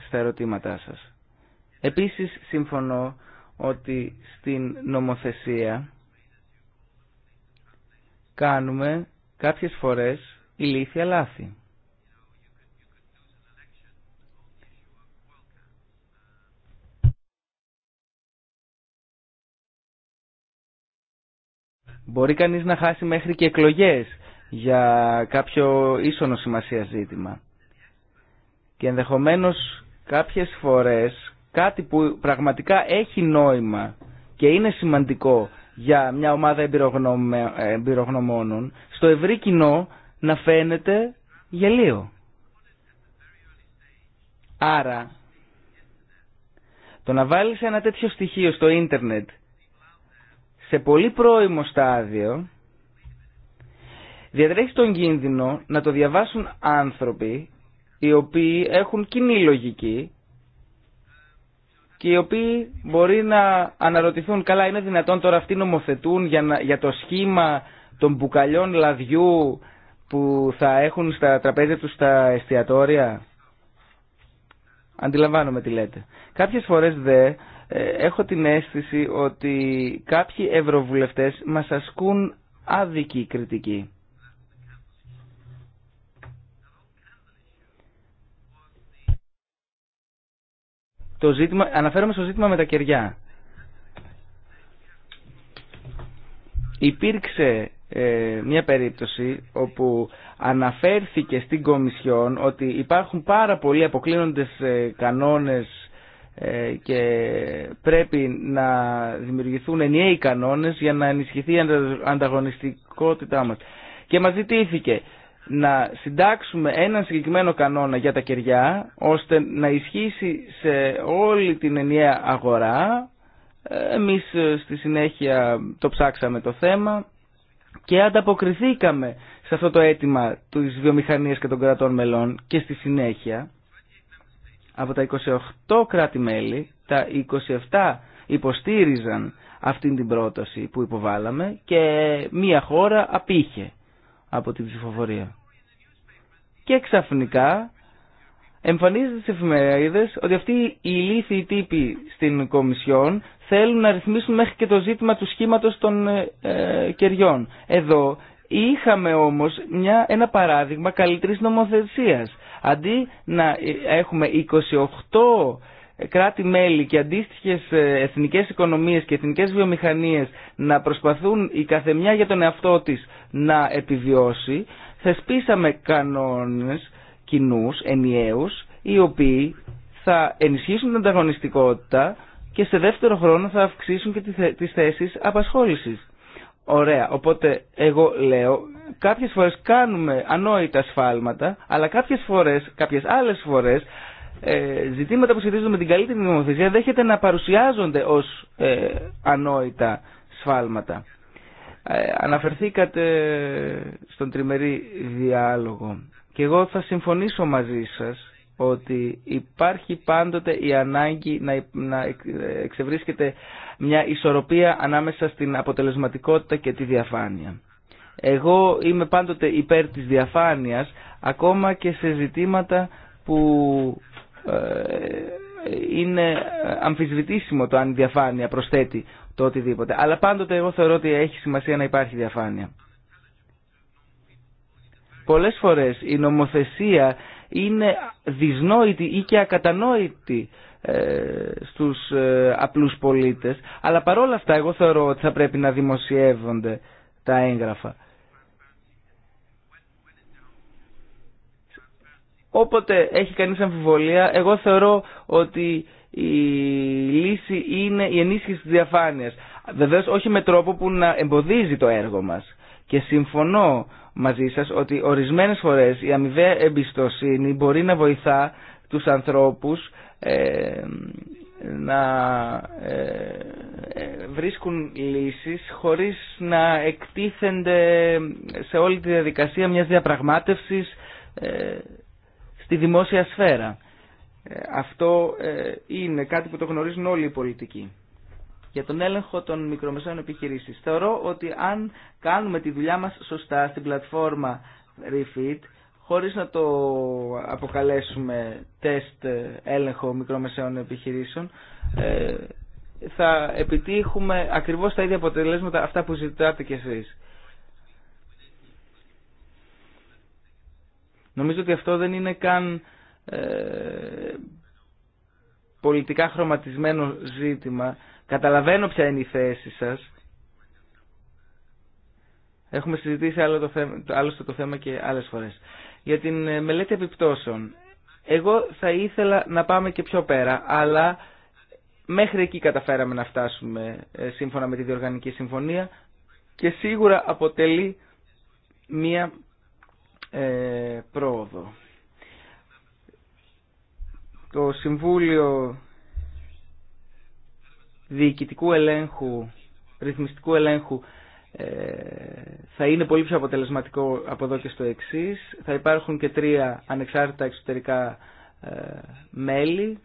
στα ερωτήματά σας. Επίσης συμφωνώ ότι στην νομοθεσία κάνουμε κάποιες φορές ηλίθια λάθη. Μπορεί κανείς να χάσει μέχρι και εκλογές για κάποιο ίσονο σημασία ζήτημα. Και ενδεχομένως κάποιες φορές κάτι που πραγματικά έχει νόημα και είναι σημαντικό για μια ομάδα εμπειρογνωμόνων, στο ευρύ κοινό να φαίνεται γελίο. Άρα, το να βάλεις ένα τέτοιο στοιχείο στο ίντερνετ σε πολύ πρώιμο στάδιο, διαδρέχει τον κίνδυνο να το διαβάσουν άνθρωποι οι οποίοι έχουν κοινή λογική και οι οποίοι μπορεί να αναρωτηθούν καλά είναι δυνατόν τώρα αυτοί νομοθετούν για, για το σχήμα των μπουκαλιών λαδιού που θα έχουν στα τραπέζια τους στα εστιατόρια. Αντιλαμβάνομαι τι λέτε. Κάποιες φορές δε ε, έχω την αίσθηση ότι κάποιοι ευρωβουλευτές μας ασκούν άδικη κριτική. το ζήτημα, αναφέρομαι στο ζήτημα με τα κεριά. Υπήρξε ε, μια περίπτωση όπου αναφέρθηκε στην Κομισιόν ότι υπάρχουν πάρα πολλοί αποκλίνοντες ε, κανόνες ε, και πρέπει να δημιουργηθούν ενιαίοι κανόνες για να ενισχυθεί η ανταγωνιστικότητά μας. Και μας ζητήθηκε να συντάξουμε έναν συγκεκριμένο κανόνα για τα κεριά ώστε να ισχύσει σε όλη την ενιαία αγορά. Εμείς ε, στη συνέχεια το ψάξαμε το θέμα και ανταποκριθήκαμε σε αυτό το αίτημα της βιομηχανίας και των κρατών μελών και στη συνέχεια από τα 28 κράτη-μέλη τα 27 υποστήριζαν αυτήν την πρόταση που υποβάλαμε και μία χώρα απήχε από την ψηφοφορία. Και ξαφνικά εμφανίζεται στις εφημερίδες ότι αυτοί οι ηλίθιοι τύποι στην Κομισιόν θέλουν να ρυθμίσουν μέχρι και το ζήτημα του σχήματος των ε, ε, κεριών. Εδώ είχαμε όμως μια, ένα παράδειγμα καλύτερης νομοθεσίας. Αντί να ε, έχουμε 28 κράτη-μέλη και αντίστοιχες εθνικές οικονομίες και εθνικές βιομηχανίες να προσπαθούν η καθεμιά για τον εαυτό της να επιβιώσει, θεσπίσαμε κανόνες κοινούς, ενιαίους, οι οποίοι θα ενισχύσουν την ανταγωνιστικότητα και σε δεύτερο χρόνο θα αυξήσουν και τις θέσεις απασχόλησης. Ωραία, οπότε εγώ λέω, κάποιες φορές κάνουμε ανόητα σφάλματα, αλλά κάποιες φορές, κάποιες άλλες φορές, ε, ζητήματα που σχετίζονται με την καλύτερη νομοθεσία δέχεται να παρουσιάζονται ως ε, ανόητα σφάλματα. Ε, αναφερθήκατε στον τριμερή διάλογο και εγώ θα συμφωνήσω μαζί σας ότι υπάρχει πάντοτε η ανάγκη να εξευρίσκεται μια ισορροπία ανάμεσα στην αποτελεσματικότητα και τη διαφάνεια. Εγώ είμαι πάντοτε υπέρ της διαφάνειας ακόμα και σε ζητήματα που ε, είναι αμφισβητήσιμο το αν η διαφάνεια προσθέτει το Αλλά πάντοτε εγώ θεωρώ ότι έχει σημασία να υπάρχει διαφάνεια. Πολλές φορές η νομοθεσία είναι δυσνόητη ή και ακατανόητη ε, στους ε, απλούς πολίτες, αλλά παρόλα αυτά εγώ θεωρώ ότι θα πρέπει να δημοσιεύονται τα έγγραφα. Όποτε έχει κανείς αμφιβολία, εγώ θεωρώ ότι η λύση είναι η ενίσχυση της διαφάνειας. Βεβαίως όχι με τρόπο που να εμποδίζει το έργο μας. Και συμφωνώ μαζί σας ότι ορισμένες φορές η αμοιβαία εμπιστοσύνη μπορεί να βοηθά τους ανθρώπους ε, να ε, ε, βρίσκουν λύσεις χωρίς να εκτίθενται σε όλη τη διαδικασία μιας διαπραγμάτευσης στη δημόσια σφαίρα. Ε, αυτό ε, είναι κάτι που το γνωρίζουν όλοι οι πολιτικοί. Για τον έλεγχο των μικρομεσαίων επιχειρήσεων. Θεωρώ ότι αν κάνουμε τη δουλειά μας σωστά στην πλατφόρμα Refit, χωρίς να το αποκαλέσουμε τεστ ε, έλεγχο μικρομεσαίων επιχειρήσεων, θα επιτύχουμε ακριβώς τα ίδια αποτελέσματα αυτά που ζητάτε κι εσείς. Νομίζω ότι αυτό δεν είναι καν ε, πολιτικά χρωματισμένο ζήτημα. Καταλαβαίνω ποια είναι η θέση σας. Έχουμε συζητήσει άλλο το θέμα, άλλωστε το θέμα και άλλες φορές. Για την ε, μελέτη επιπτώσεων. Εγώ θα ήθελα να πάμε και πιο πέρα, αλλά μέχρι εκεί καταφέραμε να φτάσουμε ε, σύμφωνα με τη Διοργανική Συμφωνία και σίγουρα αποτελεί μία ε, πρόοδο το Συμβούλιο Διοικητικού Ελέγχου, Ρυθμιστικού Ελέγχου ε, θα είναι πολύ πιο αποτελεσματικό από εδώ και στο εξή. Θα υπάρχουν και τρία ανεξάρτητα εξωτερικά ε, μέλη.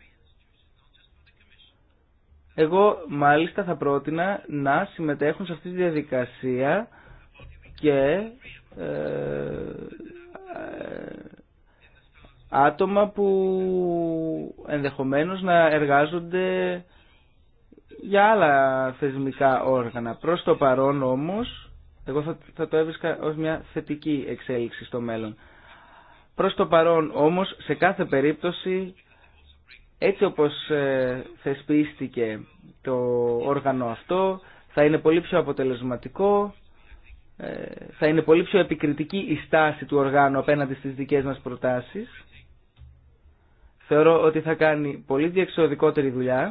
Εγώ μάλιστα θα πρότεινα να συμμετέχουν σε αυτή τη διαδικασία και ε, άτομα που ενδεχομένως να εργάζονται για άλλα θεσμικά όργανα. Προς το παρόν όμως, εγώ θα, το έβρισκα ως μια θετική εξέλιξη στο μέλλον. Προς το παρόν όμως, σε κάθε περίπτωση, έτσι όπως ε, θεσπίστηκε το όργανο αυτό, θα είναι πολύ πιο αποτελεσματικό, ε, θα είναι πολύ πιο επικριτική η στάση του οργάνου απέναντι στις δικές μας προτάσεις Θεωρώ ότι θα κάνει πολύ διεξοδικότερη δουλειά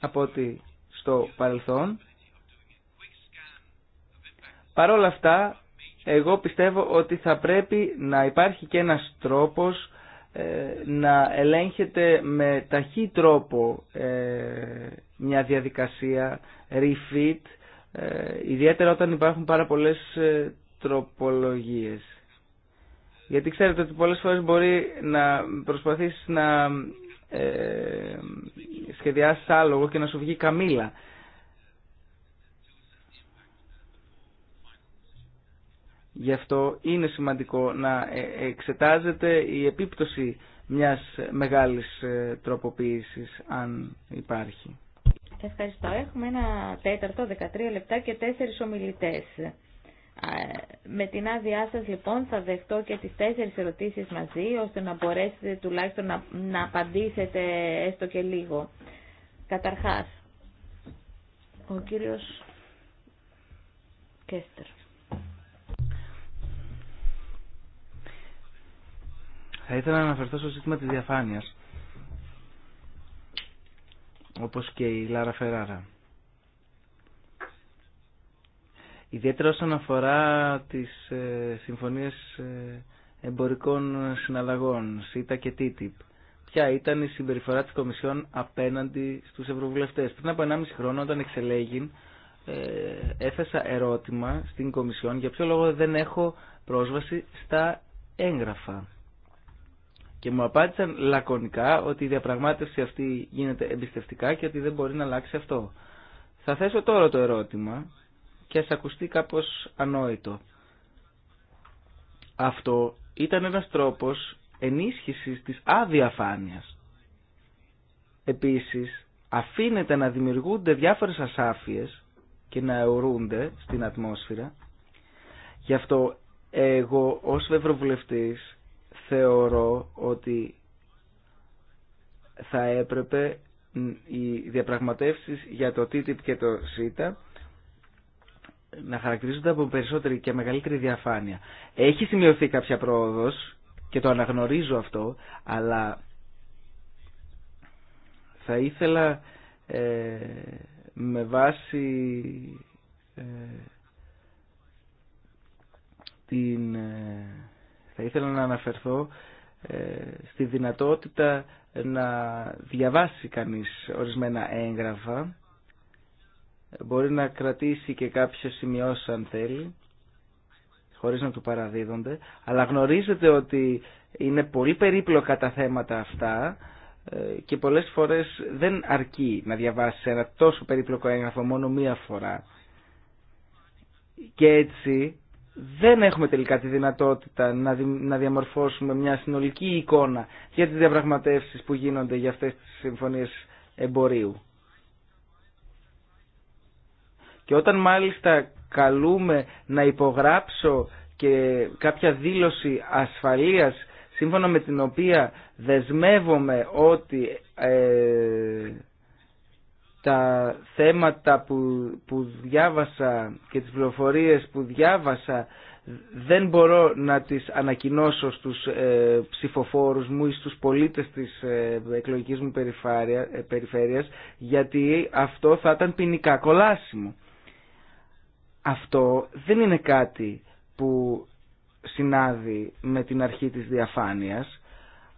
από ότι στο παρελθόν. Παρ' όλα αυτά, εγώ πιστεύω ότι θα πρέπει να υπάρχει και ένας τρόπος ε, να ελέγχεται με ταχύ τρόπο ε, μια διαδικασία refit, ε, ιδιαίτερα όταν υπάρχουν πάρα πολλές τροπολογίες. Γιατί ξέρετε ότι πολλές φορές μπορεί να προσπαθήσεις να ε, σχεδιάσεις άλογο και να σου βγει καμήλα. Γι' αυτό είναι σημαντικό να ε, εξετάζεται η επίπτωση μιας μεγάλης ε, τροποποίησης αν υπάρχει. Ευχαριστώ. Έχουμε ένα τέταρτο, 13 λεπτά και τέσσερις ομιλητές. Με την άδειά σας λοιπόν θα δεχτώ και τις τέσσερις ερωτήσεις μαζί ώστε να μπορέσετε τουλάχιστον να, να απαντήσετε έστω και λίγο. Καταρχάς, ο κύριος Κέστερ. Θα ήθελα να αναφερθώ στο ζήτημα της διαφάνειας όπως και η Λάρα Φεράρα. Ιδιαίτερα όσον αφορά τις ε, συμφωνίες ε, εμπορικών συναλλαγών, ΣΥΤΑ και TTIP. Ποια ήταν η συμπεριφορά της Κομισιόν απέναντι στους ευρωβουλευτές. Πριν από 1,5 χρόνο όταν εξελέγην, ε, έθεσα ερώτημα στην Κομισιόν για ποιο λόγο δεν έχω πρόσβαση στα έγγραφα. Και μου απάντησαν λακωνικά ότι η διαπραγμάτευση αυτή γίνεται εμπιστευτικά και ότι δεν μπορεί να αλλάξει αυτό. Θα θέσω τώρα το ερώτημα και ας ακουστεί κάπως ανόητο. Αυτό ήταν ένας τρόπος ενίσχυσης της αδιαφάνειας. Επίσης, αφήνεται να δημιουργούνται διάφορες ασάφειες και να αιωρούνται στην ατμόσφαιρα. Γι' αυτό εγώ ως ευρωβουλευτής θεωρώ ότι θα έπρεπε οι διαπραγματεύσεις για το TTIP και το ΣΥΤΑ να χαρακτηρίζονται από περισσότερη και μεγαλύτερη διαφάνεια. Έχει σημειωθεί κάποια πρόοδος και το αναγνωρίζω αυτό, αλλά θα ήθελα ε, με βάση ε, την, ε, θα ήθελα να αναφερθώ ε, στη δυνατότητα να διαβάσει κανείς ορισμένα έγγραφα μπορεί να κρατήσει και κάποιες σημειώσει αν θέλει, χωρίς να του παραδίδονται, αλλά γνωρίζετε ότι είναι πολύ περίπλοκα τα θέματα αυτά ε, και πολλές φορές δεν αρκεί να διαβάσει τόσο περίπλοκο έγγραφο μόνο μία φορά. Και έτσι δεν έχουμε τελικά τη δυνατότητα να διαμορφώσουμε μια συνολική εικόνα για τις διαπραγματεύσεις που γίνονται για αυτές τις συμφωνίες εμπορίου. Και όταν μάλιστα καλούμε να υπογράψω και κάποια δήλωση ασφαλείας σύμφωνα με την οποία δεσμεύομαι ότι ε, τα θέματα που, διάβασα και τις πληροφορίες που διάβασα δεν μπορώ να τις ανακοινώσω στους ε, ψηφοφόρους μου ή στους πολίτες της ε, εκλογικής μου ε, περιφέρειας γιατί αυτό θα ήταν ποινικά κολάσιμο αυτό δεν είναι κάτι που συνάδει με την αρχή της διαφάνειας.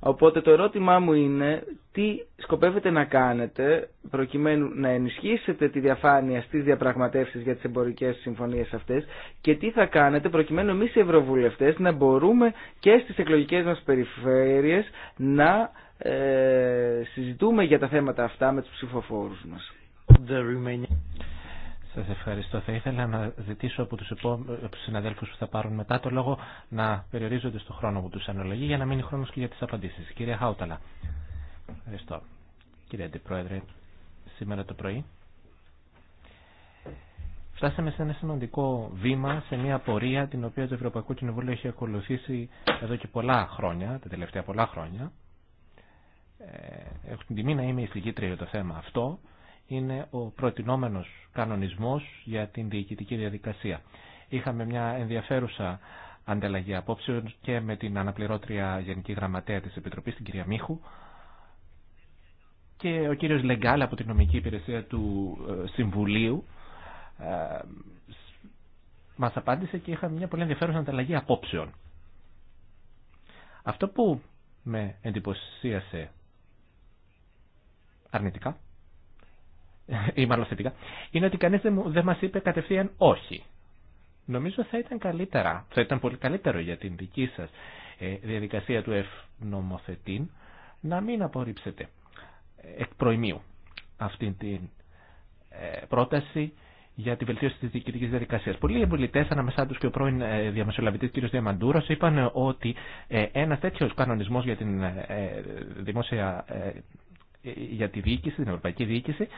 Οπότε το ερώτημά μου είναι τι σκοπεύετε να κάνετε προκειμένου να ενισχύσετε τη διαφάνεια στις διαπραγματεύσεις για τις εμπορικές συμφωνίες αυτές και τι θα κάνετε προκειμένου εμείς οι ευρωβουλευτές να μπορούμε και στις εκλογικές μας περιφέρειες να ε, συζητούμε για τα θέματα αυτά με τους ψηφοφόρους μας. Σας ευχαριστώ. Θα ήθελα να ζητήσω από τους, τους συναδέλφους που θα πάρουν μετά το λόγο να περιορίζονται στο χρόνο που τους αναλογεί για να μείνει χρόνος και για τις απαντήσεις. Κύριε Χάουταλα. Ευχαριστώ. Κύριε Αντιπρόεδρε, σήμερα το πρωί φτάσαμε σε ένα σημαντικό βήμα, σε μια πορεία την οποία το Ευρωπαϊκό Κοινοβούλιο έχει ακολουθήσει εδώ και πολλά χρόνια, τα τελευταία πολλά χρόνια. Ε, έχω την τιμή να είμαι εισηγήτρια για το θέμα αυτό είναι ο προτινόμενος κανονισμός για την διοικητική διαδικασία. Είχαμε μια ενδιαφέρουσα ανταλλαγή απόψεων και με την αναπληρώτρια Γενική Γραμματέα της Επιτροπής, την κυρία Μίχου, και ο κύριος Λεγκάλ από την νομική υπηρεσία του ε, Συμβουλίου ε, μας απάντησε και είχαμε μια πολύ ενδιαφέρουσα ανταλλαγή απόψεων. Αυτό που με εντυπωσίασε αρνητικά ή μάλλον θετικά, είναι ότι κανείς δεν μας είπε κατευθείαν όχι. Νομίζω θα ήταν καλύτερα, θα ήταν πολύ καλύτερο για την δική σας ε, διαδικασία του ευνομοθετήν να μην απορρίψετε ε, εκ προημίου αυτή την ε, πρόταση για τη βελτίωση της διοικητικής διαδικασίας. Πολλοί εμπολιτές, ανάμεσά του και ο πρώην διαμεσολαβητής κ. Διαμαντούρο, είπαν ότι ένα τέτοιο κανονισμό για την δημόσια για τη διοίκηση, την ευρωπαϊκή διοίκηση,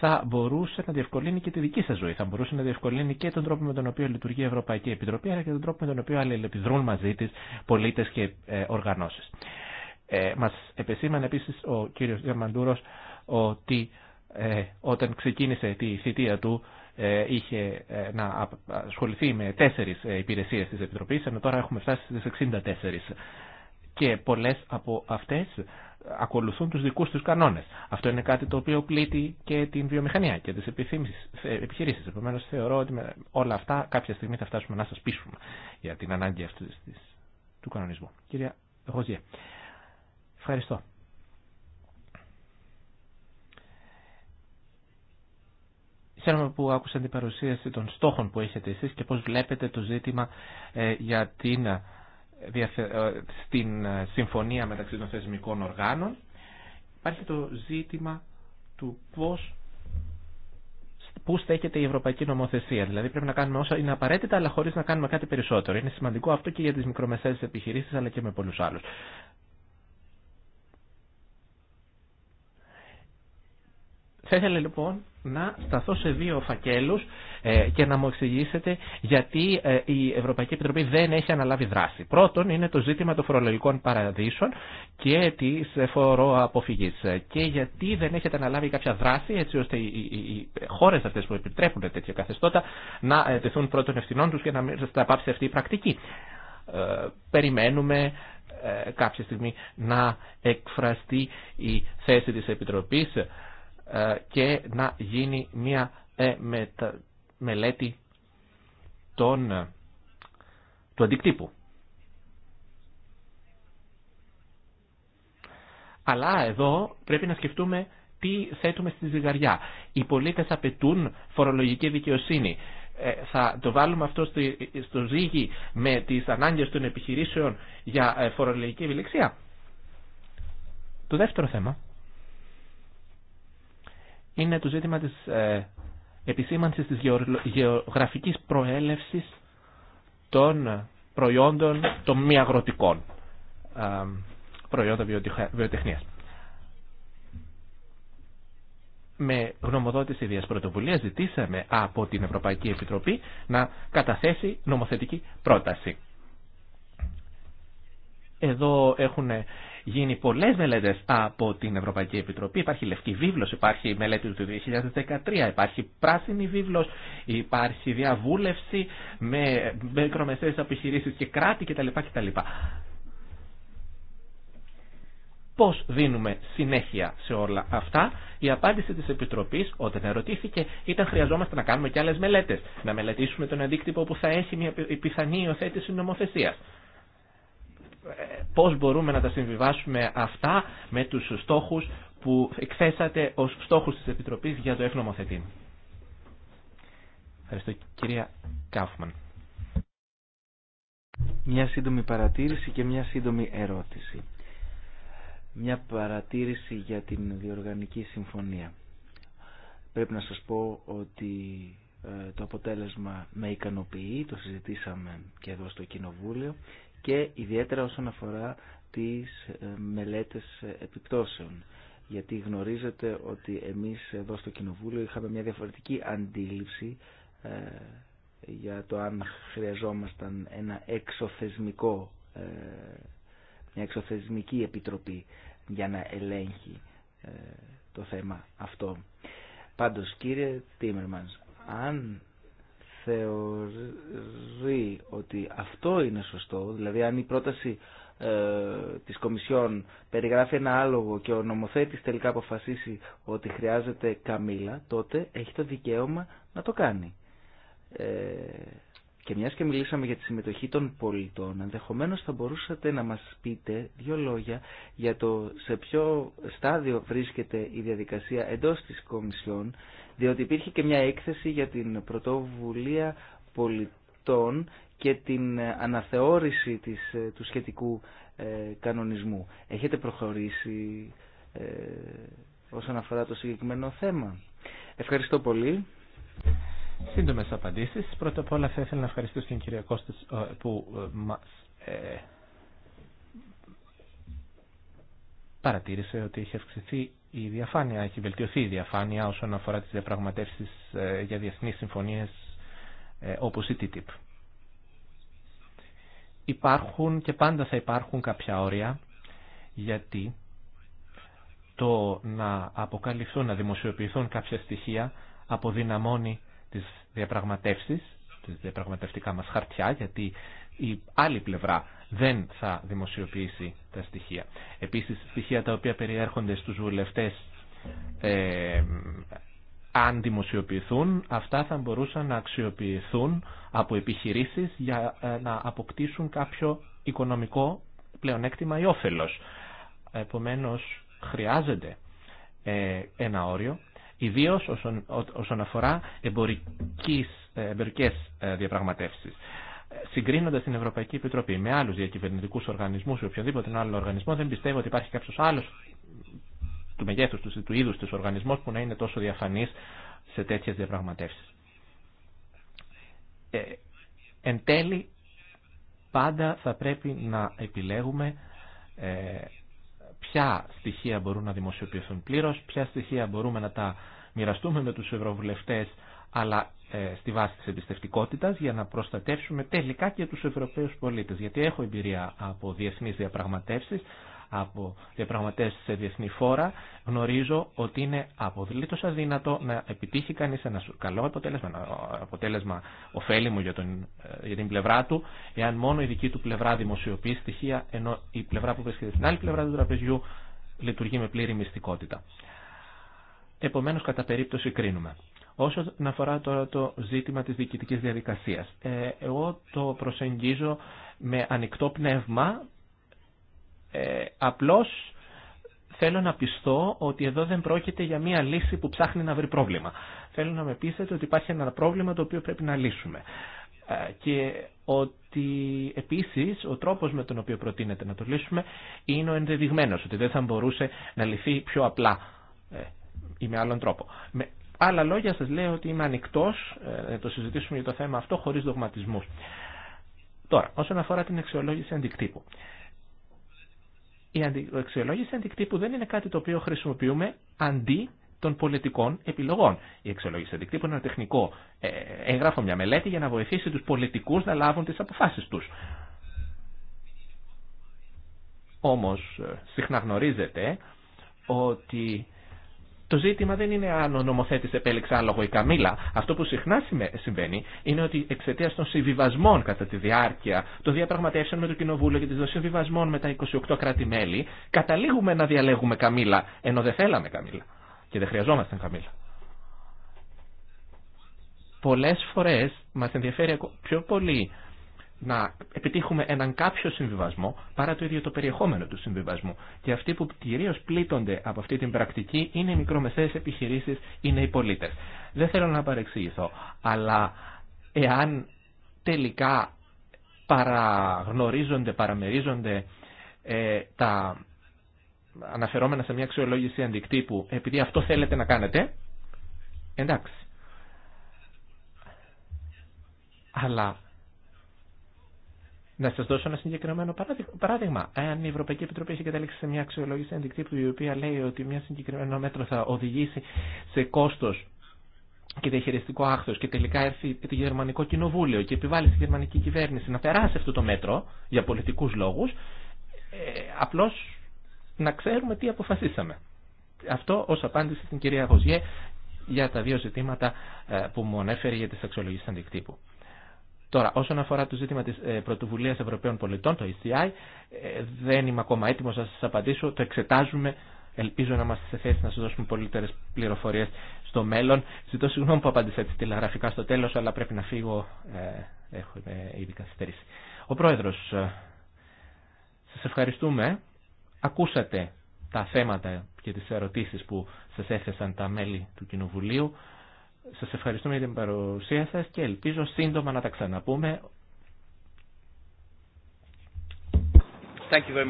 θα μπορούσε να διευκολύνει και τη δική σα ζωή, θα μπορούσε να διευκολύνει και τον τρόπο με τον οποίο λειτουργεί η Ευρωπαϊκή Επιτροπή, αλλά και τον τρόπο με τον οποίο αλληλεπιδρούν μαζί της πολίτε και ε, οργανώσει. Ε, μας επεσήμανε επίσης ο κύριος Διαμαντούρο ότι ε, όταν ξεκίνησε τη θητεία του ε, είχε ε, να ασχοληθεί με τέσσερι υπηρεσίε τη Επιτροπή, ενώ τώρα έχουμε φτάσει στι 64 και πολλές από αυτές ακολουθούν τους δικούς τους κανόνες. Αυτό είναι κάτι το οποίο πλήττει και την βιομηχανία και τις ε, επιχειρήσεις. Επομένως θεωρώ ότι με όλα αυτά κάποια στιγμή θα φτάσουμε να σας πείσουμε για την ανάγκη αυτού του κανονισμού. Κυρία Γοζιέ, ευχαριστώ. Χαίρομαι που άκουσα την παρουσίαση των στόχων που έχετε εσείς και πώς βλέπετε το ζήτημα ε, για την ε, στην ε, συμφωνία μεταξύ των θεσμικών οργάνων. Υπάρχει το ζήτημα του πώς πού στέκεται η ευρωπαϊκή νομοθεσία. Δηλαδή πρέπει να κάνουμε όσα είναι απαραίτητα, αλλά χωρίς να κάνουμε κάτι περισσότερο. Είναι σημαντικό αυτό και για τις μικρομεσαίες επιχειρήσεις αλλά και με πολλούς άλλους. Θα λοιπόν να σταθώ σε δύο φακέλους ε, και να μου εξηγήσετε γιατί ε, η Ευρωπαϊκή Επιτροπή δεν έχει αναλάβει δράση. Πρώτον είναι το ζήτημα των φορολογικών παραδείσων και της φοροαποφυγής ε, και γιατί δεν έχετε αναλάβει κάποια δράση έτσι ώστε οι χώρες αυτές που επιτρέπουν τέτοια καθεστώτα να τεθούν πρώτων ευθυνών τους και να μην σταπάψει αυτή η πρακτική. Περιμένουμε κάποια στιγμή να εκφραστεί η θέση της Επιτροπής ε, και να γίνει μια ε, μελέτη των, ε, του αντικτύπου. Αλλά εδώ πρέπει να σκεφτούμε τι θέτουμε στη ζυγαριά. Οι πολίτες απαιτούν φορολογική δικαιοσύνη. Θα το βάλουμε αυτό στο ζύγι με τις ανάγκες των επιχειρήσεων για φορολογική ευηλεξία. Το δεύτερο θέμα είναι το ζήτημα της ε, επισήμανσης της γεωγραφικής προέλευσης των προϊόντων των μη αγροτικών ε, προϊόντων βιοτεχνίας. Με γνωμοδότηση ιδίας πρωτοβουλίας ζητήσαμε από την Ευρωπαϊκή Επιτροπή να καταθέσει νομοθετική πρόταση. Εδώ έχουν γίνει πολλές μελέτες από την Ευρωπαϊκή Επιτροπή. Υπάρχει λευκή βίβλο, υπάρχει μελέτη του 2013, υπάρχει πράσινη βίβλο, υπάρχει διαβούλευση με μικρομεσαίε επιχειρήσει και κράτη κτλ. κτλ. Πώς δίνουμε συνέχεια σε όλα αυτά. Η απάντηση της Επιτροπής όταν ερωτήθηκε ήταν χρειαζόμαστε να κάνουμε και άλλε μελέτε Να μελετήσουμε τον αντίκτυπο που θα έχει μια πιθανή υιοθέτηση νομοθεσία πώς μπορούμε να τα συμβιβάσουμε αυτά με τους στόχους που εκθέσατε ως στόχους της Επιτροπής για το ευνομοθετή. Ευχαριστώ κυρία Κάφμαν. Μια σύντομη παρατήρηση και μια σύντομη ερώτηση. Μια παρατήρηση για την διοργανική συμφωνία. Πρέπει να σας πω ότι ε, το αποτέλεσμα με ικανοποιεί, το συζητήσαμε και εδώ στο Κοινοβούλιο και ιδιαίτερα όσον αφορά τις ε, μελέτες επιπτώσεων. Γιατί γνωρίζετε ότι εμείς εδώ στο Κοινοβούλιο είχαμε μια διαφορετική αντίληψη ε, για το αν χρειαζόμασταν ένα εξωθεσμικό, ε, μια εξωθεσμική επιτροπή για να ελέγχει το θέμα αυτό. Πάντως κύριε Τίμερμανς, αν θεωρεί ότι αυτό είναι σωστό, δηλαδή αν η πρόταση ε, της Κομισιόν περιγράφει ένα άλογο και ο νομοθέτης τελικά αποφασίσει ότι χρειάζεται καμήλα, τότε έχει το δικαίωμα να το κάνει. Ε, και μιας και μιλήσαμε για τη συμμετοχή των πολιτών, ενδεχομένως θα μπορούσατε να μας πείτε δύο λόγια για το σε ποιο στάδιο βρίσκεται η διαδικασία εντός της Κομισιόν διότι υπήρχε και μια έκθεση για την πρωτοβουλία πολιτών και την αναθεώρηση της, ε, του σχετικού ε, κανονισμού. Έχετε προχωρήσει ε, όσον αφορά το συγκεκριμένο θέμα. Ευχαριστώ πολύ. Σύντομε απαντήσει. Πρώτα απ' όλα θα ήθελα να ευχαριστήσω την κυρία Κώστα ε, που μα παρατήρησε ότι έχει αυξηθεί η διαφάνεια, έχει βελτιωθεί η διαφάνεια όσον αφορά τις διαπραγματεύσεις ε, για διεθνείς συμφωνίες ε, όπως η TTIP. Υπάρχουν και πάντα θα υπάρχουν κάποια όρια γιατί το να αποκαλυφθούν, να δημοσιοποιηθούν κάποια στοιχεία αποδυναμώνει τις διαπραγματεύσεις, τις διαπραγματευτικά μας χαρτιά, γιατί η άλλη πλευρά δεν θα δημοσιοποιήσει τα στοιχεία. Επίσης, στοιχεία τα οποία περιέρχονται στους βουλευτές ε, αν δημοσιοποιηθούν, αυτά θα μπορούσαν να αξιοποιηθούν από επιχειρήσεις για ε, να αποκτήσουν κάποιο οικονομικό πλεονέκτημα ή όφελος. Επομένως, χρειάζεται ε, ένα όριο, ιδίως όσον, όσον αφορά εμπορικής, εμπορικές ε, διαπραγματεύσεις συγκρίνοντα την Ευρωπαϊκή Επιτροπή με άλλου διακυβερνητικού οργανισμού ή οποιοδήποτε άλλο οργανισμό, δεν πιστεύω ότι υπάρχει κάποιο άλλο του μεγέθου του, του είδου του οργανισμού που να είναι τόσο διαφανή σε τέτοιε διαπραγματεύσει. Ε, εν τέλει, πάντα θα πρέπει να επιλέγουμε ε, ποια στοιχεία μπορούν να δημοσιοποιηθούν πλήρω, ποια στοιχεία μπορούμε να τα μοιραστούμε με του ευρωβουλευτέ, αλλά ε, στη βάση της εμπιστευτικότητας για να προστατεύσουμε τελικά και τους Ευρωπαίους πολίτες. Γιατί έχω εμπειρία από διεθνείς διαπραγματεύσεις, από διαπραγματεύσεις σε διεθνή φόρα, γνωρίζω ότι είναι αποδλήτως αδύνατο να επιτύχει κανείς ένα καλό αποτέλεσμα, ένα ε, αποτέλεσμα ωφέλιμο για, τον, ε, για την πλευρά του, εάν μόνο η δική του πλευρά δημοσιοποιεί στοιχεία, ενώ η πλευρά που βρίσκεται στην άλλη πλευρά του τραπεζιού λειτουργεί με πλήρη μυστικότητα. Επομένως, κατά περίπτωση κρίνουμε. Όσον αφορά τώρα το ζήτημα της διοικητικής διαδικασίας, ε, εγώ το προσεγγίζω με ανοιχτό πνεύμα, ε, απλώς θέλω να πιστώ ότι εδώ δεν πρόκειται για μία λύση που ψάχνει να βρει πρόβλημα. Θέλω να με πείσετε ότι υπάρχει ένα πρόβλημα το οποίο πρέπει να λύσουμε. Ε, και ότι επίσης ο τρόπος με τον οποίο προτείνεται να το λύσουμε είναι ο ενδεδειγμένος, ότι δεν θα μπορούσε να λυθεί πιο απλά ε, ή με άλλον τρόπο. Με άλλα λόγια σας λέω ότι είμαι ανοιχτό ε, να το συζητήσουμε για το θέμα αυτό χωρίς δογματισμούς. Τώρα, όσον αφορά την αξιολόγηση αντικτύπου. Η αξιολόγηση αντικτύπου δεν είναι κάτι το οποίο χρησιμοποιούμε αντί των πολιτικών επιλογών. Η αξιολόγηση αντικτύπου είναι ένα τεχνικό ε, έγγραφο, μια μελέτη για να βοηθήσει τους πολιτικούς να λάβουν τις αποφάσεις τους. Όμως ε, συχνά γνωρίζετε ότι το ζήτημα δεν είναι αν ο νομοθέτης επέλεξε άλογο ή Καμίλα. Αυτό που συχνά συμβαίνει είναι ότι εξαιτία των συμβιβασμών κατά τη διάρκεια των διαπραγματεύσεων με το Κοινοβούλιο και των συμβιβασμών με τα 28 κράτη-μέλη, καταλήγουμε να διαλέγουμε Καμίλα ενώ δεν θέλαμε Καμίλα Και δεν χρειαζόμαστε καμήλα. Πολλέ φορέ μα ενδιαφέρει πιο πολύ να επιτύχουμε έναν κάποιο συμβιβασμό παρά το ίδιο το περιεχόμενο του συμβιβασμού. Και αυτοί που κυρίω πλήττονται από αυτή την πρακτική είναι οι μικρομεσαίε επιχειρήσει, είναι οι πολίτε. Δεν θέλω να παρεξηγηθώ, αλλά εάν τελικά παραγνωρίζονται, παραμερίζονται ε, τα αναφερόμενα σε μια αξιολόγηση αντικτύπου επειδή αυτό θέλετε να κάνετε, εντάξει. Αλλά να σα δώσω ένα συγκεκριμένο παράδειγμα. Αν η Ευρωπαϊκή Επιτροπή έχει καταλήξει σε μια αξιολόγηση αντικτύπου η οποία λέει ότι μια συγκεκριμένο μέτρο θα οδηγήσει σε κόστο και διαχειριστικό άχθο και τελικά έρθει το Γερμανικό Κοινοβούλιο και επιβάλλει στη Γερμανική κυβέρνηση να περάσει αυτό το μέτρο για πολιτικού λόγου, ε, απλώ να ξέρουμε τι αποφασίσαμε. Αυτό ω απάντηση στην κυρία Γοζιέ για τα δύο ζητήματα ε, που μου ανέφερε για τι αξιολογήσει αντικτύπου. Τώρα, όσον αφορά το ζήτημα της ε, Πρωτοβουλία Ευρωπαίων πολιτών, το ECI, ε, δεν είμαι ακόμα έτοιμο να σα απαντήσω, το εξετάζουμε Ελπίζω να είμαστε σε θέση να σα δώσουμε πολύτερε πληροφορίε στο μέλλον. Ζητώ συγγνώμη που απάντησα έτσι τηλεγραφικά στο τέλο, αλλά πρέπει να φύγω. Ε, έχω ήδη καθυστερήσει. Ο πρόεδρο, ε, σα ευχαριστούμε. Ακούσατε τα θέματα και τι ερωτήσει που σα έθεσαν τα μέλη του Κοινοβουλίου. Σας ευχαριστούμε για την παρουσία σας και ελπίζω σύντομα να τα ξαναπούμε. Thank you very